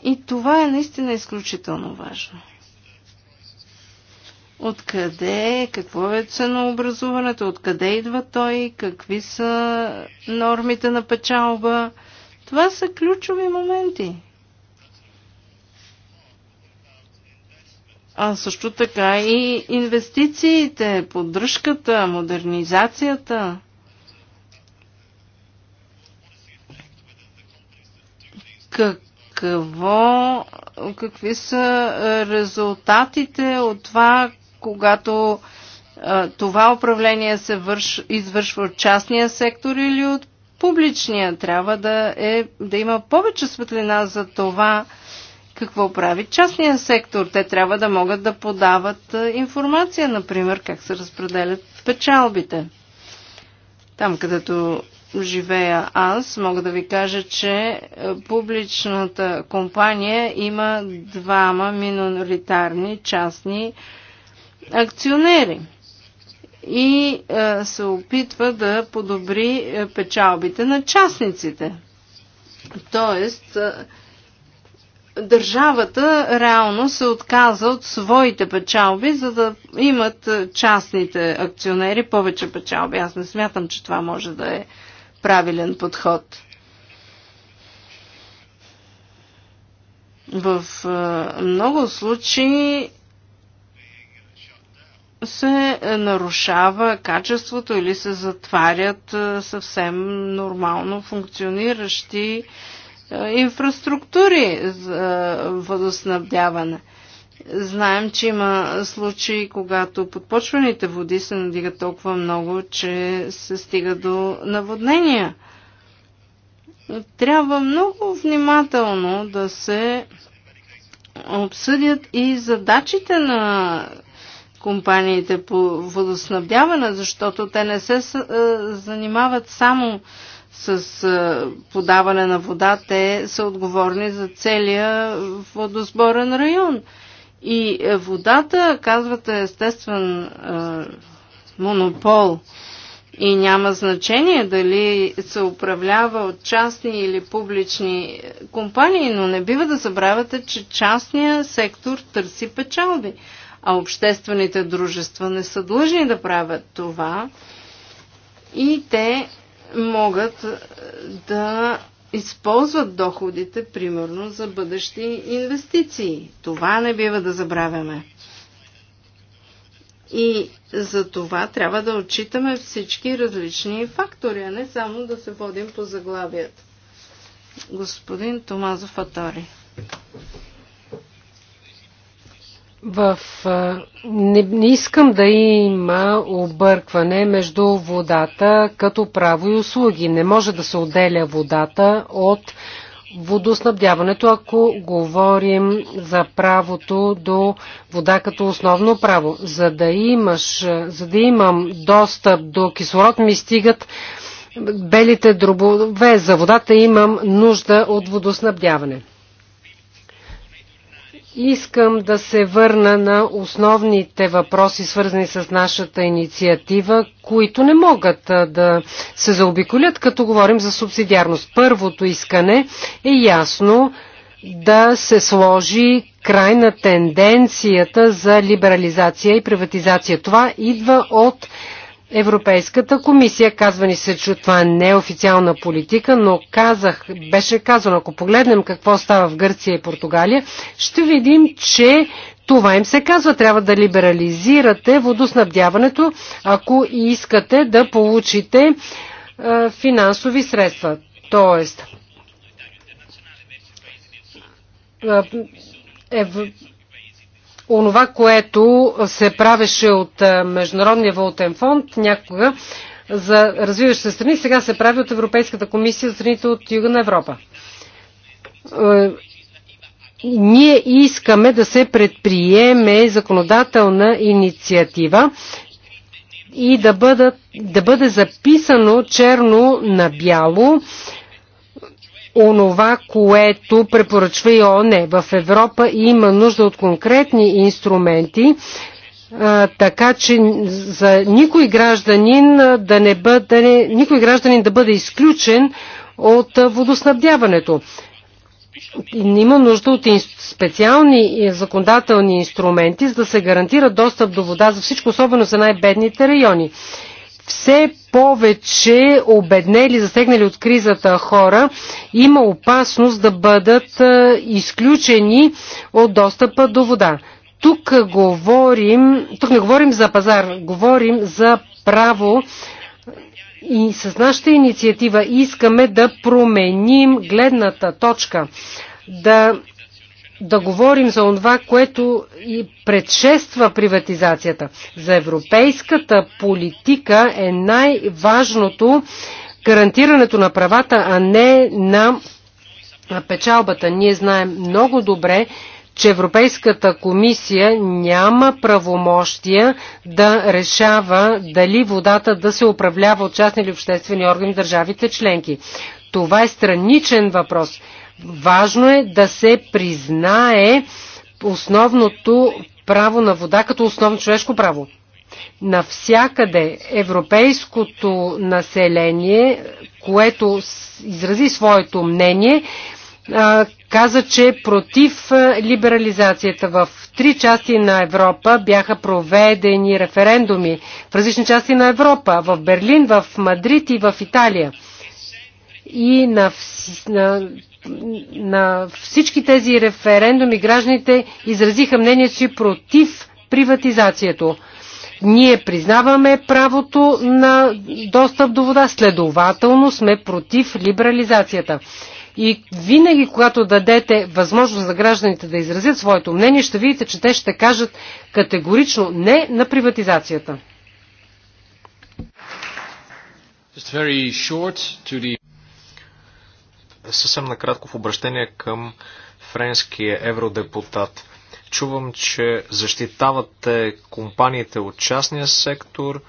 C: И това е наистина изключително важно. Откъде, какво е ценообразуването, откъде идва той, какви са нормите на печалба. Това са ключови моменти. а също така и инвестициите, поддръжката, модернизацията. Какво, какви са резултатите от това, когато това управление се върш, извършва от частния сектор или от публичния? Трябва да, е, да има повече светлина за това, какво прави частния сектор? Те трябва да могат да подават е, информация, например, как се разпределят печалбите. Там, където живея аз, мога да ви кажа, че е, публичната компания има двама миноритарни частни акционери и е, се опитва да подобри печалбите на частниците. Тоест, държавата реално се отказа от своите печалби, за да имат частните акционери повече печалби. Аз не смятам, че това може да е правилен подход. В много случаи се нарушава качеството или се затварят съвсем нормално функциониращи е, инфраструктури за водоснабдяване. Знаем, че има случаи, когато подпочваните води се надигат толкова много, че се стига до наводнения. Трябва много внимателно да се обсъдят и задачите на компаниите по водоснабдяване, защото те не се е, занимават само с подаване на вода, те са отговорни за целия водосборен район. И е, водата, казвате, е естествен е, монопол и няма значение дали се управлява от частни или публични е, компании, но не бива да забравяте, че частния сектор търси печалби, а обществените дружества не са длъжни да правят това и те могат е, да използват доходите, примерно, за бъдещи инвестиции. Това не бива да забравяме. И за това трябва да отчитаме всички различни фактори, а не само да се водим по заглавията. Господин Томазов Атори в...
B: Не, не искам да има объркване между водата като право и услуги. Не може да се отделя водата от водоснабдяването, ако говорим за правото до вода като основно право. За да, имаш, за да имам достъп до кислород ми стигат белите дробове. За водата имам нужда от водоснабдяване. Искам да се върна на основните въпроси, свързани с нашата инициатива, които не могат да се заобиколят, като говорим за субсидиарност. Първото искане е ясно да се сложи край на тенденцията за либерализация и приватизация. Това идва от Европейската комисия. Казва ни се, че това не е официална политика, но казах, беше казано, ако погледнем какво става в Гърция и Португалия, ще видим, че това им се казва. Трябва да либерализирате водоснабдяването, ако искате да получите е, финансови средства. Тоест, е, онова, което се правеше от Международния валутен фонд някога за развиващи се страни, сега се прави от Европейската комисия за страните от Юга на Европа. Е, ние искаме да се предприеме законодателна инициатива и да, бъдат, да бъде записано черно на бяло онова, което препоръчва и ООН. В Европа има нужда от конкретни инструменти, така че за никой гражданин да не бъде, никой гражданин да бъде изключен от водоснабдяването. Има нужда от специални законодателни инструменти, за да се гарантира достъп до вода за всичко, особено за най-бедните райони все повече обеднели, засегнали от кризата хора, има опасност да бъдат изключени от достъпа до вода. Тук, говорим, тук не говорим за пазар, говорим за право и с нашата инициатива искаме да променим гледната точка, да да говорим за това, което и предшества приватизацията. За европейската политика е най-важното гарантирането на правата, а не на печалбата. Ние знаем много добре, че Европейската комисия няма правомощия да решава дали водата да се управлява от частни или обществени органи в държавите членки. Това е страничен въпрос. Важно е да се признае основното право на вода като основно човешко право. Навсякъде европейското население, което изрази своето мнение, каза, че против либерализацията. В три части на Европа бяха проведени референдуми в различни части на Европа, в Берлин, в Мадрид и в Италия. И на, на на всички тези референдуми гражданите изразиха мнение си против приватизацията. Ние признаваме правото на достъп до вода, следователно сме против либерализацията. И винаги, когато дадете възможност за гражданите да изразят своето мнение, ще видите, че те ще кажат категорично не на приватизацията.
D: The съвсем накратко в обращение към френския евродепутат. Чувам, че защитавате компаниите от частния сектор.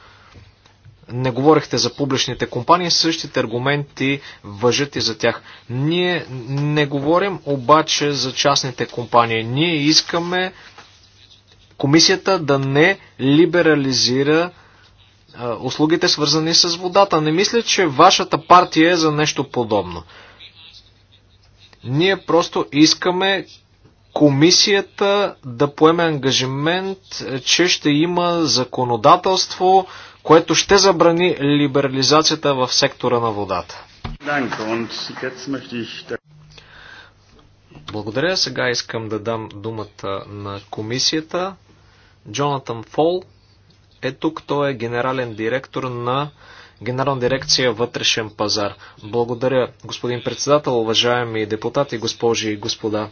D: Не говорихте за публичните компании, същите аргументи въжат и за тях. Ние не говорим обаче за частните компании. Ние искаме комисията да не либерализира услугите свързани с водата. Не мисля, че вашата партия е за нещо подобно. Ние просто искаме комисията да поеме ангажимент, че ще има законодателство, което ще забрани либерализацията в сектора на водата. Благодаря. Сега искам да дам думата на комисията. Джонатан Фол е тук. Той е генерален директор на Генерална дирекция Вътрешен пазар. Благодаря, господин председател, уважаеми депутати, госпожи и господа.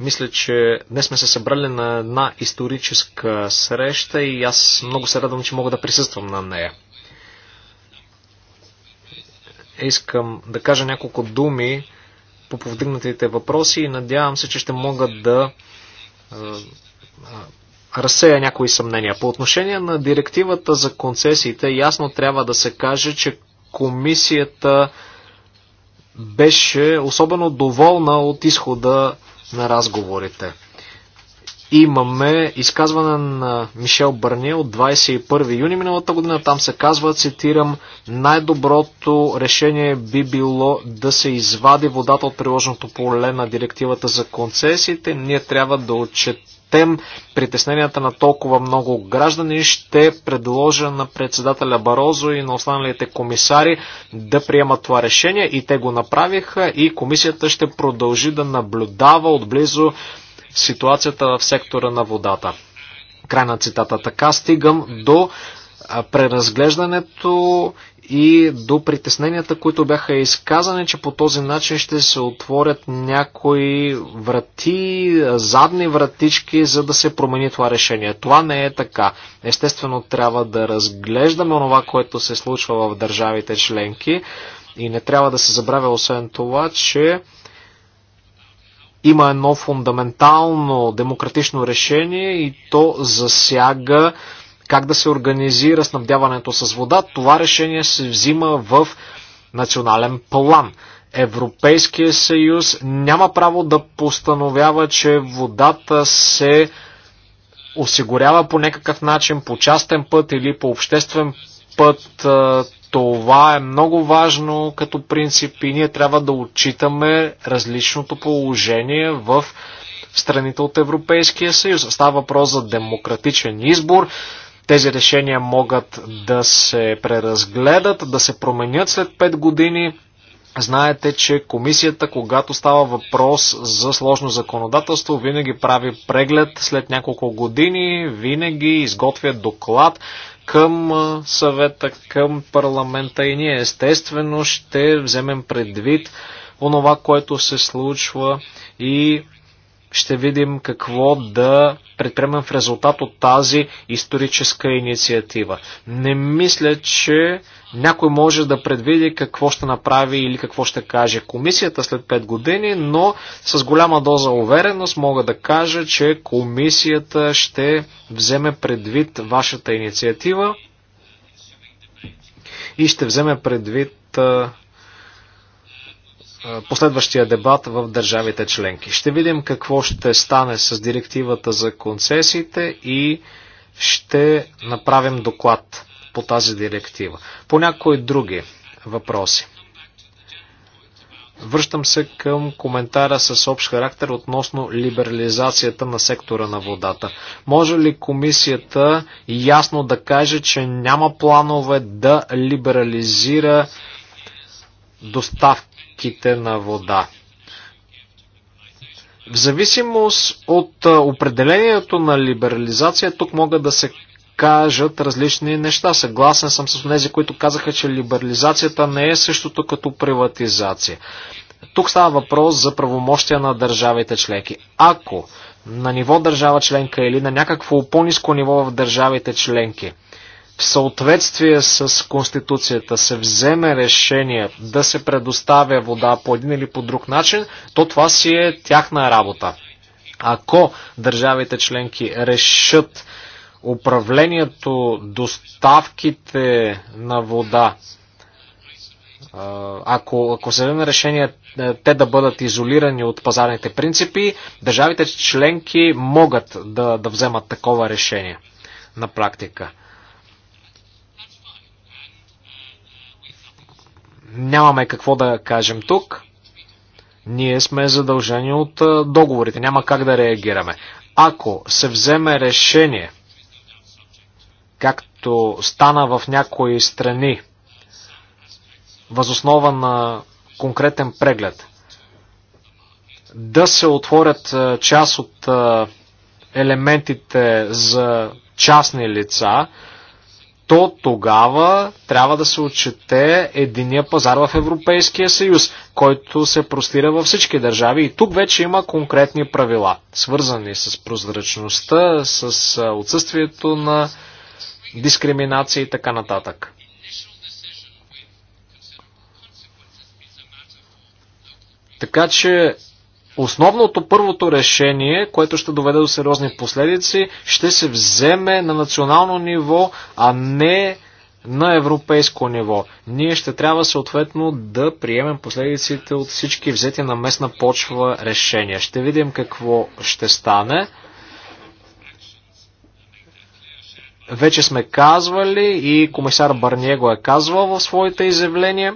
D: Мисля, че днес сме се събрали на една историческа среща и аз много се радвам, че мога да присъствам на нея. Искам да кажа няколко думи по повдигнатите въпроси и надявам се, че ще мога да разсея някои съмнения. По отношение на директивата за концесиите, ясно трябва да се каже, че комисията беше особено доволна от изхода на разговорите. Имаме изказване на Мишел Бърни от 21 юни миналата година. Там се казва, цитирам, най-доброто решение би било да се извади водата от приложеното поле на директивата за концесиите. Ние трябва да отчетем отчетем притесненията на толкова много граждани. Ще предложа на председателя Барозо и на останалите комисари да приемат това решение и те го направиха и комисията ще продължи да наблюдава отблизо ситуацията в сектора на водата. Край на цитата. Така стигам до преразглеждането и до притесненията, които бяха изказани, че по този начин ще се отворят някои врати, задни вратички, за да се промени това решение. Това не е така. Естествено, трябва да разглеждаме това, което се случва в държавите членки и не трябва да се забравя освен това, че има едно фундаментално демократично решение и то засяга как да се организира снабдяването с вода, това решение се взима в национален план. Европейския съюз няма право да постановява, че водата се осигурява по някакъв начин, по частен път или по обществен път. Това е много важно като принцип и ние трябва да отчитаме различното положение в страните от Европейския съюз. Става въпрос за демократичен избор, тези решения могат да се преразгледат, да се променят след 5 години. Знаете, че комисията, когато става въпрос за сложно законодателство, винаги прави преглед след няколко години, винаги изготвя доклад към съвета, към парламента и ние естествено ще вземем предвид онова, което се случва и ще видим какво да предприемем в резултат от тази историческа инициатива. Не мисля, че някой може да предвиди какво ще направи или какво ще каже комисията след 5 години, но с голяма доза увереност мога да кажа, че комисията ще вземе предвид вашата инициатива и ще вземе предвид е, последващия дебат в държавите членки. Ще видим какво ще стане с директивата за концесиите и ще направим доклад по тази директива. По някои други въпроси. Връщам се към коментара с общ характер относно либерализацията на сектора на водата. Може ли комисията ясно да каже, че няма планове да либерализира доставка? реките на вода. В зависимост от определението на либерализация, тук могат да се кажат различни неща. Съгласен съм с тези, които казаха, че либерализацията не е същото като приватизация. Тук става въпрос за правомощия на държавите членки. Ако на ниво държава членка или на някакво по-низко ниво в държавите членки – в съответствие с Конституцията се вземе решение да се предоставя вода по един или по друг начин, то това си е тяхна работа. Ако държавите членки решат управлението, доставките на вода, ако, ако се вземе решение е, те да бъдат изолирани от пазарните принципи, държавите членки могат да, да вземат такова решение на практика. нямаме какво да кажем тук. Ние сме задължени от договорите. Няма как да реагираме. Ако се вземе решение, както стана в някои страни, възоснова на конкретен преглед, да се отворят част от елементите за частни лица, то тогава трябва да се отчете единия пазар в Европейския съюз, който се простира във всички държави. И тук вече има конкретни правила, свързани с прозрачността, с отсъствието на дискриминация и така нататък. Така че Основното първото решение, което ще доведе до сериозни последици, ще се вземе на национално ниво, а не на европейско ниво. Ние ще трябва съответно да приемем последиците от всички взети на местна почва решения. Ще видим какво ще стане. Вече сме казвали и комисар Барниего е казвал в своите изявления,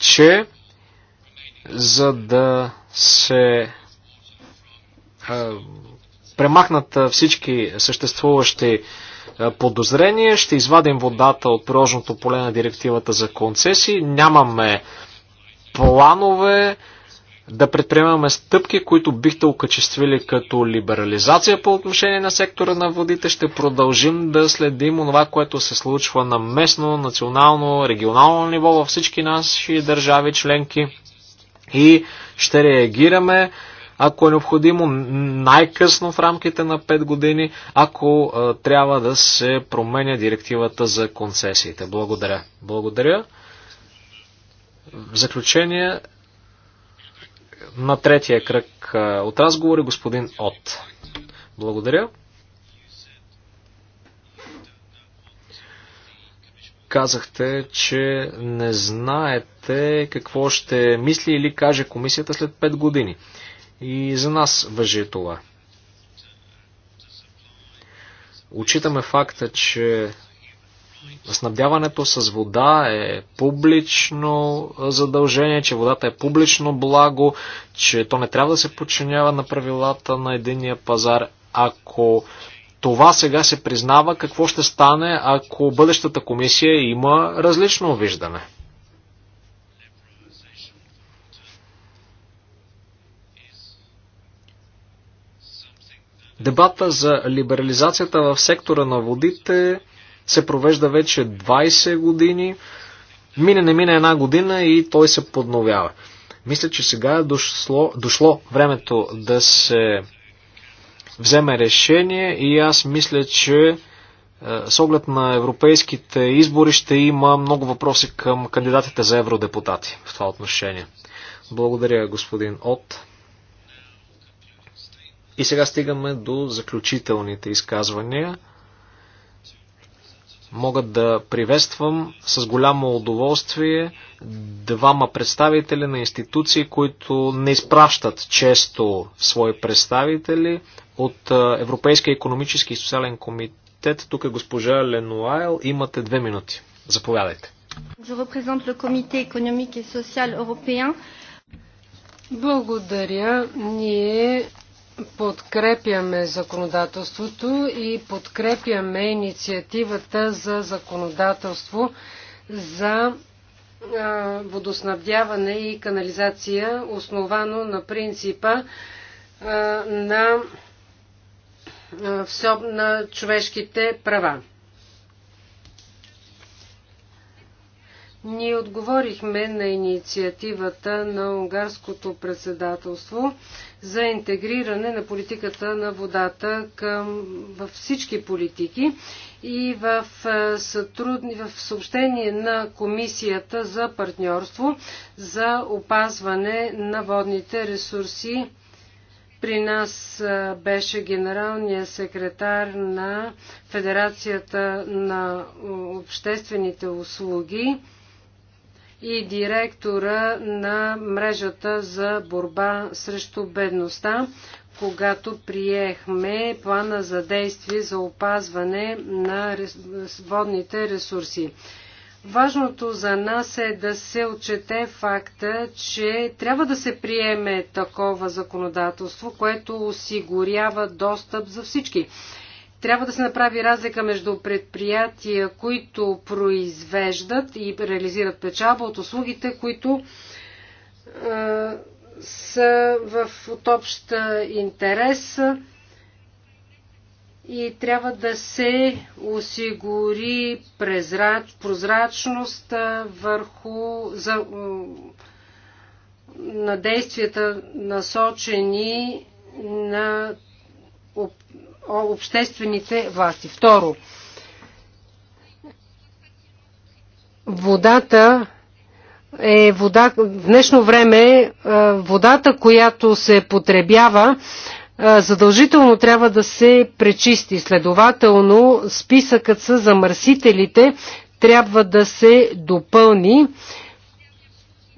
D: че за да се премахнат всички съществуващи подозрения, ще извадим водата от прожното поле на директивата за концесии, нямаме планове да предприемаме стъпки, които бихте окачествили като либерализация по отношение на сектора на водите. Ще продължим да следим това, което се случва на местно, национално, регионално ниво във всички наши държави членки и ще реагираме, ако е необходимо, най-късно в рамките на 5 години, ако а, трябва да се променя директивата за концесиите. Благодаря. Благодаря. В заключение на третия кръг от разговори господин От. Благодаря. казахте, че не знаете какво ще мисли или каже комисията след 5 години. И за нас въжи това. Очитаме факта, че снабдяването с вода е публично задължение, че водата е публично благо, че то не трябва да се подчинява на правилата на единия пазар. Ако това сега се признава какво ще стане, ако бъдещата комисия има различно виждане. Дебата за либерализацията в сектора на водите се провежда вече 20 години. Мине не мине една година и той се подновява. Мисля, че сега е дошло, дошло времето да се вземе решение и аз мисля, че е, с оглед на европейските избори ще има много въпроси към кандидатите за евродепутати в това отношение. Благодаря, господин От. И сега стигаме до заключителните изказвания. Мога да приветствам с голямо удоволствие двама представители на институции, които не изпращат често свои представители от Европейския економически и социален комитет. Тук е госпожа Ленуайл. Имате две минути. Заповядайте.
B: Je représente le Comité économique et social européen. Благодаря. Ние подкрепяме законодателството и подкрепяме инициативата за законодателство за водоснабдяване и канализация, основано на принципа на е, на човешките права. Ние отговорихме на инициативата на унгарското председателство за интегриране на политиката на водата към, във всички политики и в, е, сътруд... в съобщение на Комисията за партньорство за опазване на водните ресурси при нас беше генералният секретар на Федерацията на обществените услуги и директора на мрежата за борба срещу бедността, когато приехме плана за действие за опазване на водните ресурси. Важното за нас е да се отчете факта, че трябва да се приеме такова законодателство, което осигурява достъп за всички. Трябва да се направи разлика между предприятия, които произвеждат и реализират печалба от услугите, които е, са в от общ интерес. Е, и трябва да се осигури презрач, прозрачност върху за, на действията насочени на обществените власти. Второ, водата е вода, в днешно време водата, която се потребява, задължително трябва да се пречисти. Следователно, списъкът с замърсителите трябва да се допълни.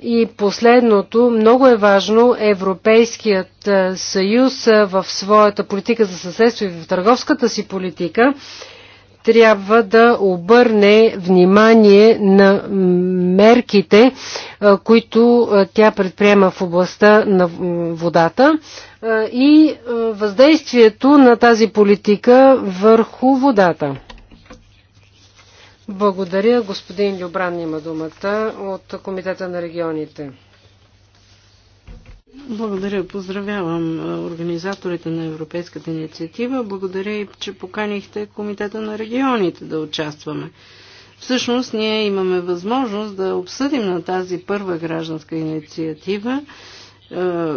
B: И последното, много е важно Европейският съюз в своята политика за съседство и в търговската си политика трябва да обърне внимание на мерките, които тя предприема в областта на водата и въздействието на тази политика върху водата. Благодаря. Господин Любран има думата от Комитета на регионите.
C: Благодаря. Поздравявам организаторите на Европейската инициатива. Благодаря и, че поканихте Комитета на регионите да участваме. Всъщност ние имаме възможност да обсъдим на тази първа гражданска инициатива.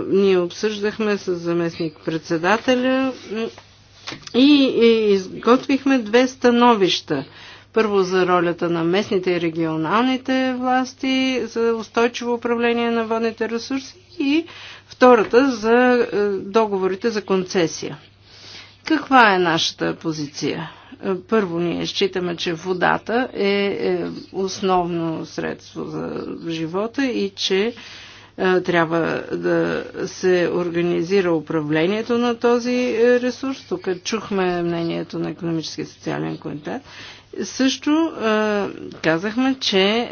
C: Ние обсъждахме с заместник председателя и изготвихме две становища. Първо за ролята на местните и регионалните власти за устойчиво управление на водните ресурси и втората за е, договорите за концесия. Каква е нашата позиция? Е, първо, ние считаме, че водата е, е основно средство за живота и че трябва да се организира управлението на този ресурс. Тук чухме мнението на економически и социален комитет. Също е, казахме, че е,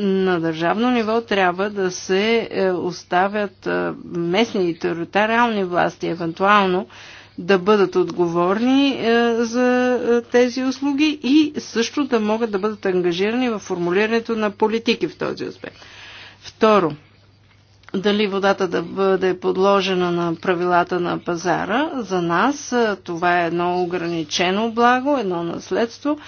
C: на държавно ниво трябва да се е, оставят местни и териториални власти, евентуално да бъдат отговорни за тези услуги и също да могат да бъдат ангажирани в формулирането на политики в този аспект. Второ, дали водата да бъде подложена на правилата на пазара. За нас това е едно ограничено благо, едно наследство,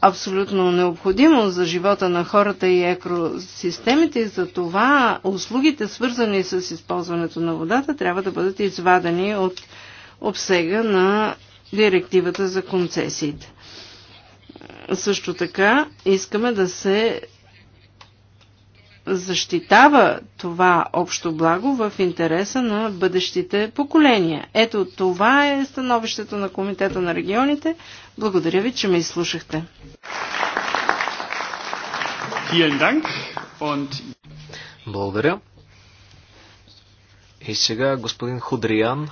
C: абсолютно необходимо за живота на хората и екосистемите. И за това услугите, свързани с използването на водата, трябва да бъдат извадени от обсега на директивата за концесиите. Също така искаме да се защитава това общо благо в интереса на бъдещите поколения. Ето това е становището на Комитета на регионите. Благодаря ви, че ме изслушахте.
D: Благодаря. И сега господин Худриян,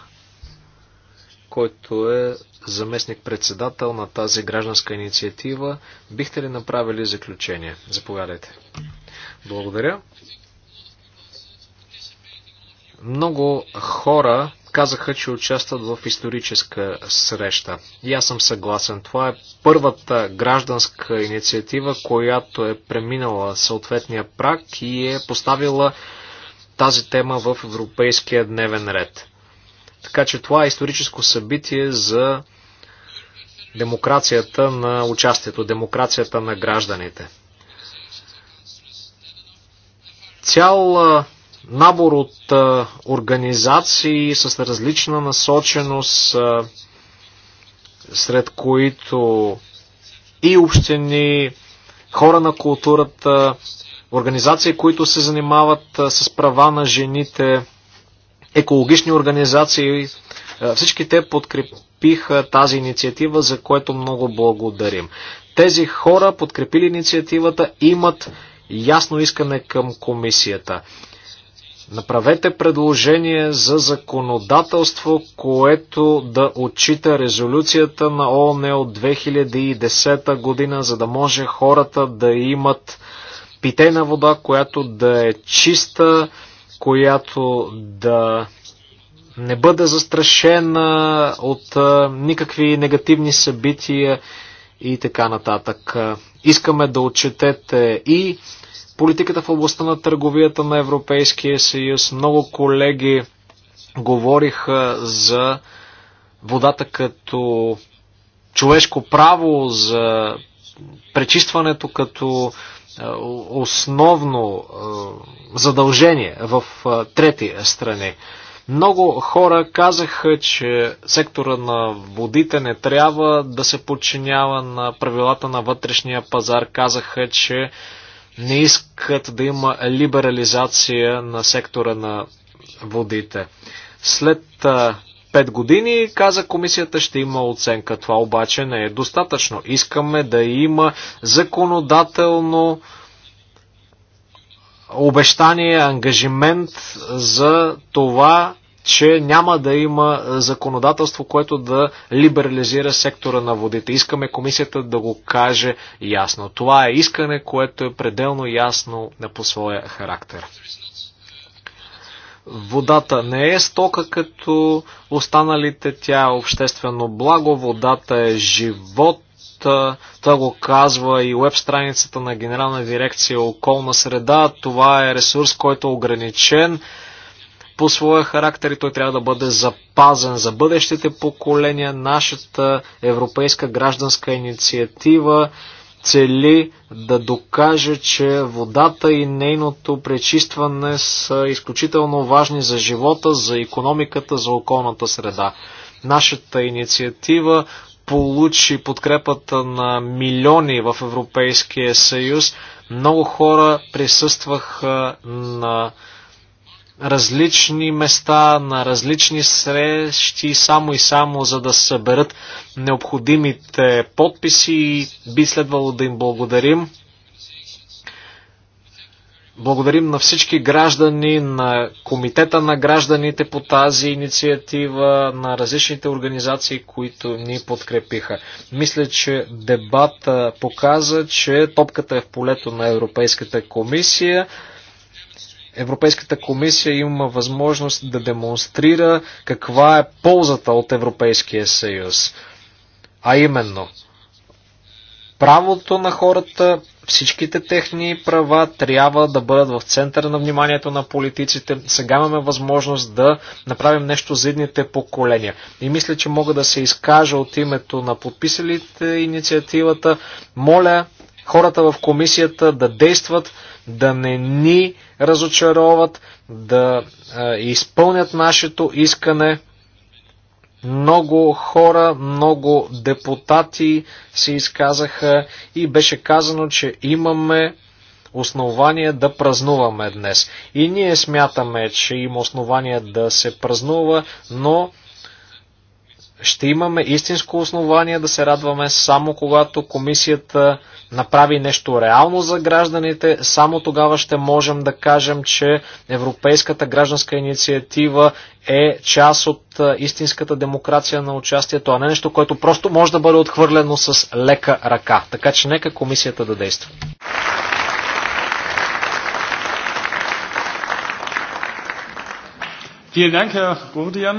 D: който е заместник-председател на тази гражданска инициатива, бихте ли направили заключение? Заповядайте. Благодаря. Много хора казаха, че участват в историческа среща. И аз съм съгласен. Това е първата гражданска инициатива, която е преминала съответния прак и е поставила тази тема в европейския дневен ред. Така че това е историческо събитие за демокрацията на участието, демокрацията на гражданите цял набор от организации с различна насоченост, сред които и общини, хора на културата, организации, които се занимават с права на жените, екологични организации. Всички те подкрепиха тази инициатива, за което много благодарим. Тези хора, подкрепили инициативата, имат ясно искане към комисията. Направете предложение за законодателство, което да отчита резолюцията на ООН от 2010 година, за да може хората да имат питейна вода, която да е чиста, която да не бъде застрашена от никакви негативни събития и така нататък. Искаме да отчетете и политиката в областта на търговията на Европейския съюз. Много колеги говориха за водата като човешко право, за пречистването като основно задължение в трети страни. Много хора казаха, че сектора на водите не трябва да се подчинява на правилата на вътрешния пазар. Казаха, че не искат да има либерализация на сектора на водите. След 5 години, каза комисията, ще има оценка. Това обаче не е достатъчно. Искаме да има законодателно обещание, ангажимент за това, че няма да има законодателство, което да либерализира сектора на водите. Искаме комисията да го каже ясно. Това е искане, което е пределно ясно по своя характер. Водата не е стока като останалите, тя е обществено благо, водата е живот, това го казва и веб страницата на Генерална дирекция околна среда. Това е ресурс, който е ограничен по своя характер и той трябва да бъде запазен за бъдещите поколения. Нашата европейска гражданска инициатива цели да докаже, че водата и нейното пречистване са изключително важни за живота, за економиката, за околната среда. Нашата инициатива получи подкрепата на милиони в Европейския съюз. Много хора присъстваха на различни места, на различни срещи, само и само за да съберат необходимите подписи. и Би следвало да им благодарим Благодарим на всички граждани, на комитета на гражданите по тази инициатива, на различните организации, които ни подкрепиха. Мисля, че дебат показа, че топката е в полето на Европейската комисия. Европейската комисия има възможност да демонстрира каква е ползата от Европейския съюз. А именно – правото на хората, всичките техни права трябва да бъдат в центъра на вниманието на политиците. Сега имаме възможност да направим нещо за едните поколения. И мисля, че мога да се изкажа от името на подписалите инициативата. Моля хората в комисията да действат, да не ни разочароват, да изпълнят нашето искане много хора, много депутати се изказаха и беше казано, че имаме основание да празнуваме днес. И ние смятаме, че има основание да се празнува, но ще имаме истинско основание да се радваме само когато комисията направи нещо реално за гражданите, само тогава ще можем да кажем, че Европейската гражданска инициатива е част от истинската демокрация на участието, а не нещо, което просто може да бъде отхвърлено с лека ръка. Така че нека комисията да действа.
A: Vielen Dank, Herr Gordian.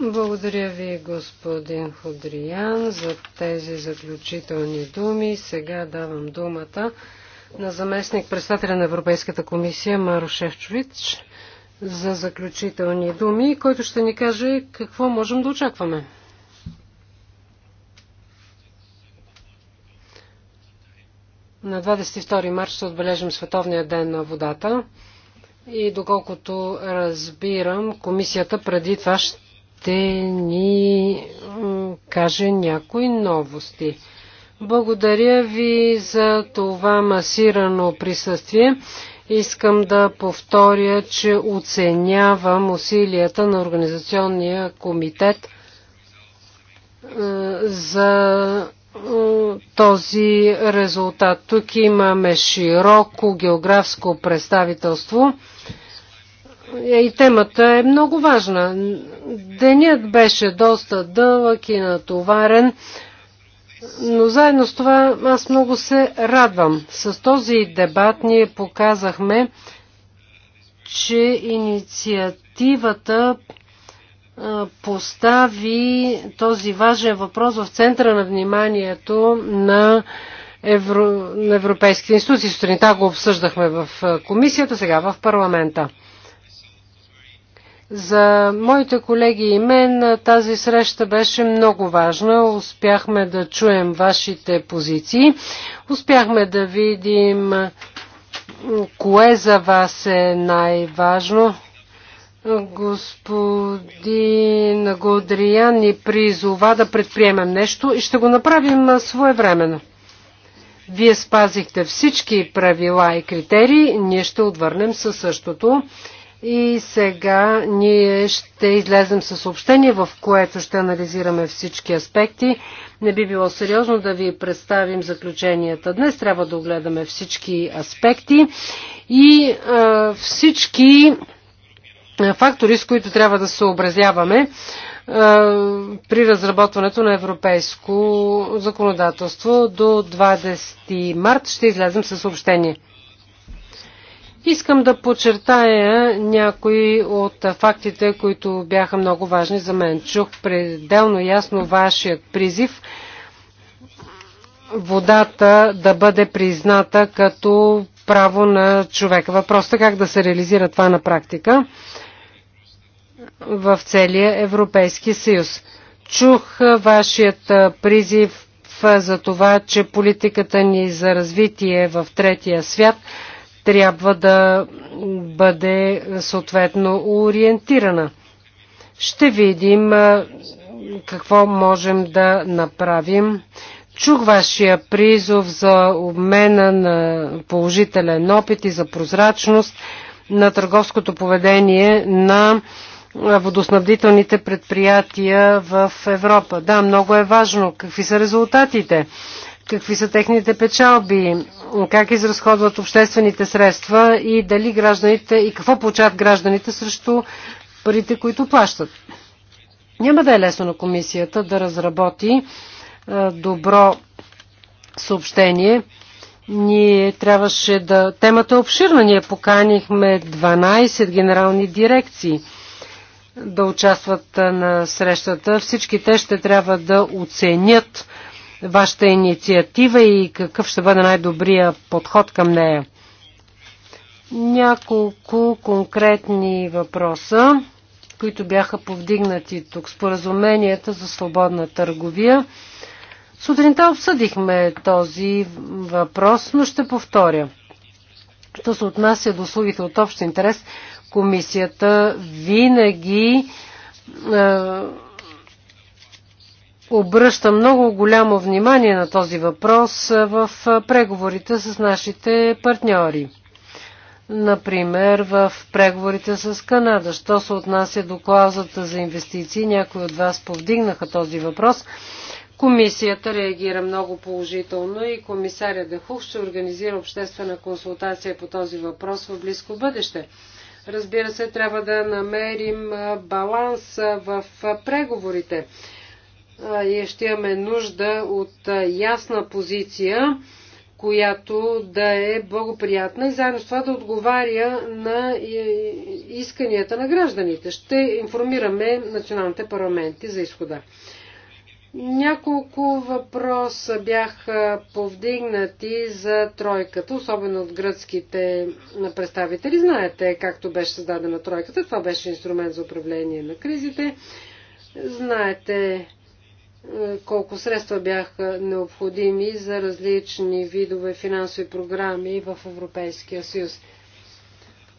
B: Благодаря ви, господин Ходриян, за тези заключителни думи. Сега давам думата на заместник председателя на Европейската комисия Маро Шефчович за заключителни думи, който ще ни каже какво можем да очакваме. На 22 марта ще отбележим Световния ден на водата и доколкото разбирам, комисията преди това ще ще ни каже някои новости. Благодаря ви за това масирано присъствие. Искам да повторя, че оценявам усилията на Организационния комитет е, за е, този резултат. Тук имаме широко географско представителство. Е, и темата е много важна. Денят беше доста дълъг и натоварен, но заедно с това аз много се радвам. С този дебат ние показахме, че инициативата постави този важен въпрос в центъра на вниманието на, евро, на европейските институции. Сутринта го обсъждахме в комисията, сега в парламента. За моите колеги и мен тази среща беше много важна. Успяхме да чуем вашите позиции. Успяхме да видим кое за вас е най-важно. Господин Годриян ни призова да предприемем нещо и ще го направим своевременно. Вие спазихте всички правила и критерии, ние ще отвърнем със същото. И сега ние ще излезем със съобщение, в което ще анализираме всички аспекти. Не би било сериозно да ви представим заключенията днес. Трябва да огледаме всички аспекти и а, всички фактори, с които трябва да се образяваме при разработването на европейско законодателство. До 20 март ще излезем със съобщение. Искам да подчертая някои от фактите, които бяха много важни за мен. Чух пределно ясно вашият призив водата да бъде призната като право на човека. Въпросът е как да се реализира това на практика в целия Европейски съюз. Чух вашият призив за това, че политиката ни за развитие в третия свят – трябва да бъде съответно ориентирана. Ще видим какво можем да направим. Чух вашия призов за обмена на положителен опит и за прозрачност на търговското поведение на водоснабдителните предприятия в Европа. Да, много е важно какви са резултатите какви са техните печалби, как изразходват обществените средства и дали гражданите и какво получават гражданите срещу парите, които плащат. Няма да е лесно на комисията да разработи е, добро съобщение. Ние трябваше да... Темата е обширна. Ние поканихме 12 генерални дирекции да участват е, на срещата. Всички те ще трябва да оценят вашата инициатива и какъв ще бъде най-добрия подход към нея? Няколко конкретни въпроса, които бяха повдигнати тук. Споразуменията за свободна търговия. Сутринта обсъдихме този въпрос, но ще повторя. Що се отнася до услугите от общ интерес, комисията винаги е, обръща много голямо внимание на този въпрос в преговорите с нашите партньори. Например, в преговорите с Канада. Що се отнася до клаузата за инвестиции, някои от вас повдигнаха този въпрос. Комисията реагира много положително и комисаря Дехух ще организира обществена консултация по този въпрос в близко бъдеще. Разбира се, трябва да намерим баланс в преговорите и ще имаме нужда от ясна позиция, която да е благоприятна и заедно с това да отговаря на исканията на гражданите. Ще информираме националните парламенти за изхода. Няколко въпроса бяха повдигнати за тройката, особено от гръцките представители. Знаете както беше създадена тройката. Това беше инструмент за управление на кризите. Знаете колко средства бяха необходими за различни видове финансови програми в Европейския съюз.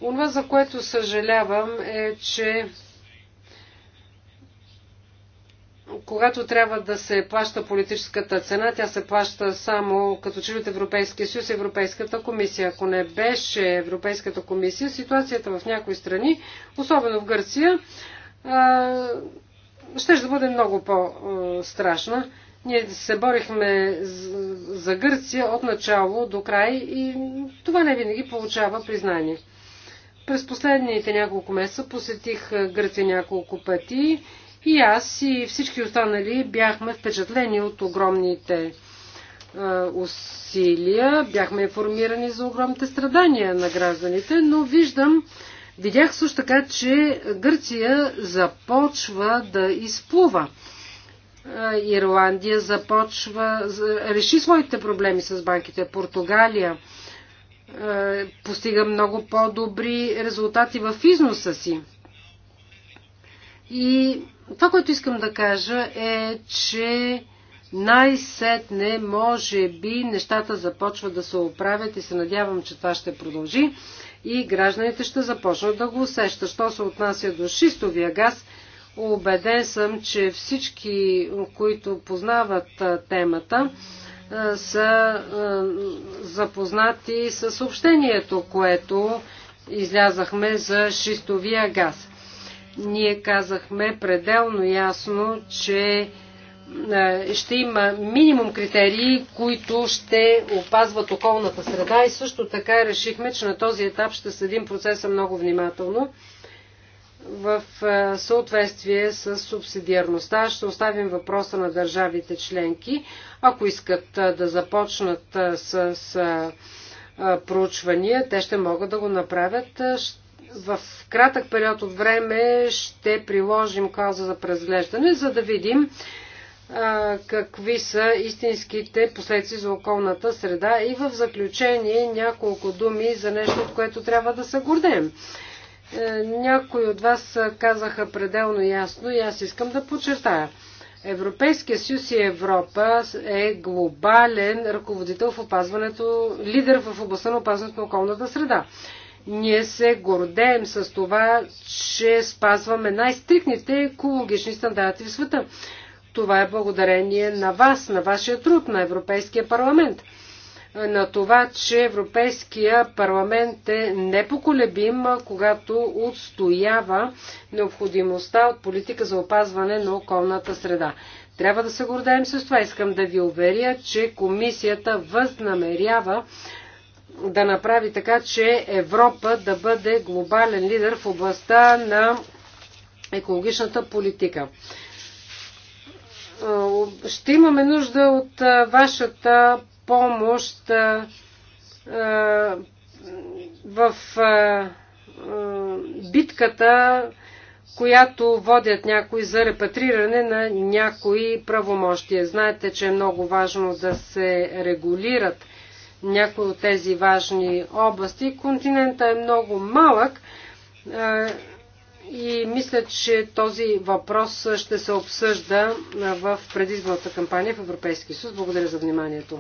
B: Онова, за което съжалявам е, че когато трябва да се плаща политическата цена, тя се плаща само като че от Европейския съюз, Европейската комисия. Ако не беше Европейската комисия, ситуацията в някои страни, особено в Гърция, ще да бъде много по-страшна. Ние се борихме за Гърция от начало до край и това не винаги получава признание. През последните няколко месеца посетих Гърция няколко пъти и аз и всички останали бяхме впечатлени от огромните усилия, бяхме информирани за огромните страдания на гражданите, но виждам, Видях също така, че Гърция започва да изплува. Ирландия започва, реши своите проблеми с банките. Португалия постига много по-добри резултати в износа си. И това, което искам да кажа е, че най-сетне, може би, нещата започват да се оправят и се надявам, че това ще продължи и гражданите ще започнат да го усещат. Що се отнася до шистовия газ, убеден съм, че всички, които познават темата, са запознати с съобщението, което излязахме за шистовия газ. Ние казахме пределно ясно, че е, ще има минимум критерии, които ще опазват околната среда и също така решихме, че на този етап ще следим процеса много внимателно в е, съответствие с субсидиарността. Ще оставим въпроса на държавите членки, ако искат е, да започнат с проучвания, те ще могат да го направят. В кратък период от време ще приложим клауза за презглеждане, за да видим какви са истинските последици за околната среда и в заключение няколко думи за нещо, от което трябва да се гордеем. Е, някои от вас казаха пределно ясно и аз искам да подчертая. Европейския съюз и Европа е глобален ръководител в опазването, лидер в областта на опазването на околната среда. Ние се гордеем с това, че спазваме най-стрикните екологични стандарти в света. Това е благодарение на вас, на вашия труд, на Европейския парламент. На това, че Европейския парламент е непоколебим, когато отстоява необходимостта от политика за опазване на околната среда. Трябва да се гордаем с това. Искам да ви уверя, че комисията възнамерява да направи така, че Европа да бъде глобален лидер в областта на екологичната политика ще имаме нужда от вашата помощ в битката, която водят някои за репатриране на някои правомощия. Знаете, че е много важно да се регулират някои от тези важни области. Континента е много малък и мисля, че този въпрос ще се обсъжда в предизборната кампания в Европейски съюз. Благодаря за вниманието.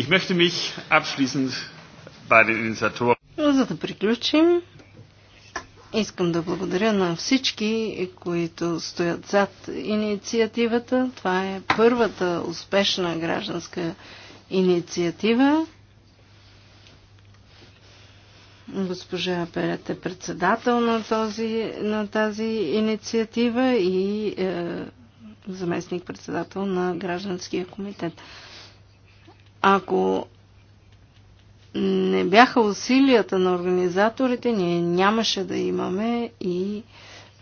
A: Ich möchte mich abschließend bei den Initiatoren. За да приключим,
C: искам да благодаря на всички, които стоят зад инициативата. Това е първата успешна гражданска инициатива. Госпожа Перет е председател на, този, на тази инициатива и е, заместник-председател на Гражданския комитет. Ако не бяха усилията на организаторите, ние нямаше да имаме и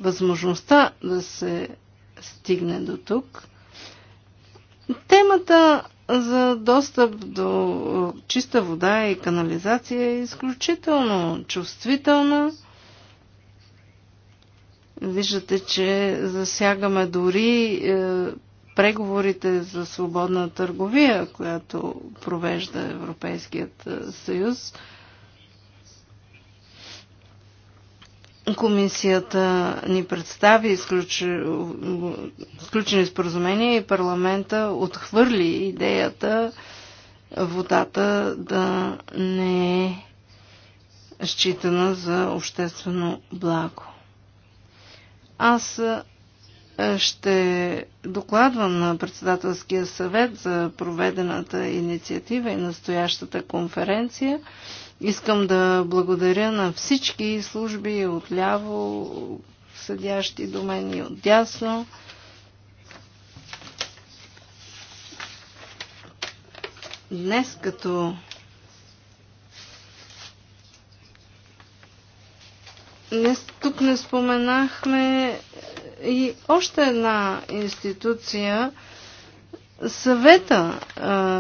C: възможността да се стигне до тук. Темата за достъп до е, чиста вода и канализация е изключително чувствителна. Виждате, че засягаме дори е, преговорите за свободна търговия, която провежда Европейският е, съюз. Е, Комисията ни представи изключ... сключени споразумения и парламента отхвърли идеята водата да не е считана за обществено благо. Аз ще докладвам на председателския съвет за проведената инициатива и настоящата конференция Искам да благодаря на всички служби отляво, съдящи до мен и отдясно. Днес като Днес тук не споменахме и още една институция, Съвета,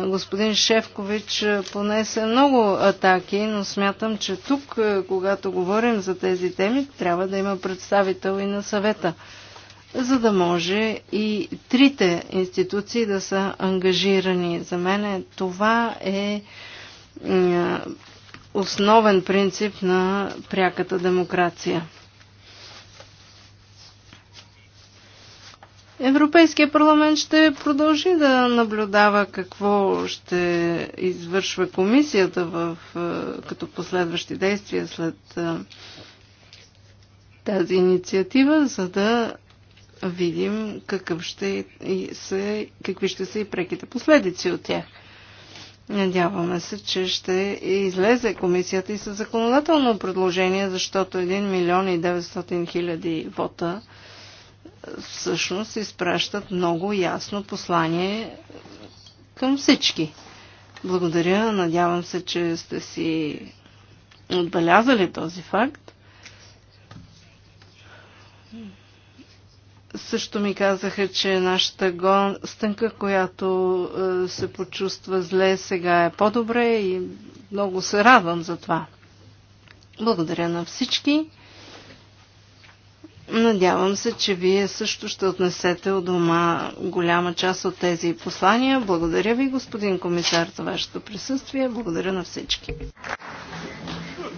C: господин Шевкович, понесе много атаки, но смятам, че тук, когато говорим за тези теми, трябва да има представител и на съвета, за да може и трите институции да са ангажирани. За мен това е основен принцип на пряката демокрация. Европейския парламент ще продължи да наблюдава какво ще извършва комисията в, е, като последващи действия след е, тази инициатива, за да видим какъв ще се, какви ще са и преките последици от тях. Надяваме се, че ще излезе комисията и със законодателно предложение, защото 1 милион и 900 хиляди вота всъщност изпращат много ясно послание към всички. Благодаря, надявам се, че сте си отбелязали този факт. Също ми казаха, че нашата гостънка, която е, се почувства зле, сега е по-добре и много се радвам за това. Благодаря на всички. Надявам се, че вие също ще отнесете от дома голяма част от тези послания. Благодаря ви, господин комисар, за вашето присъствие. Благодаря на всички.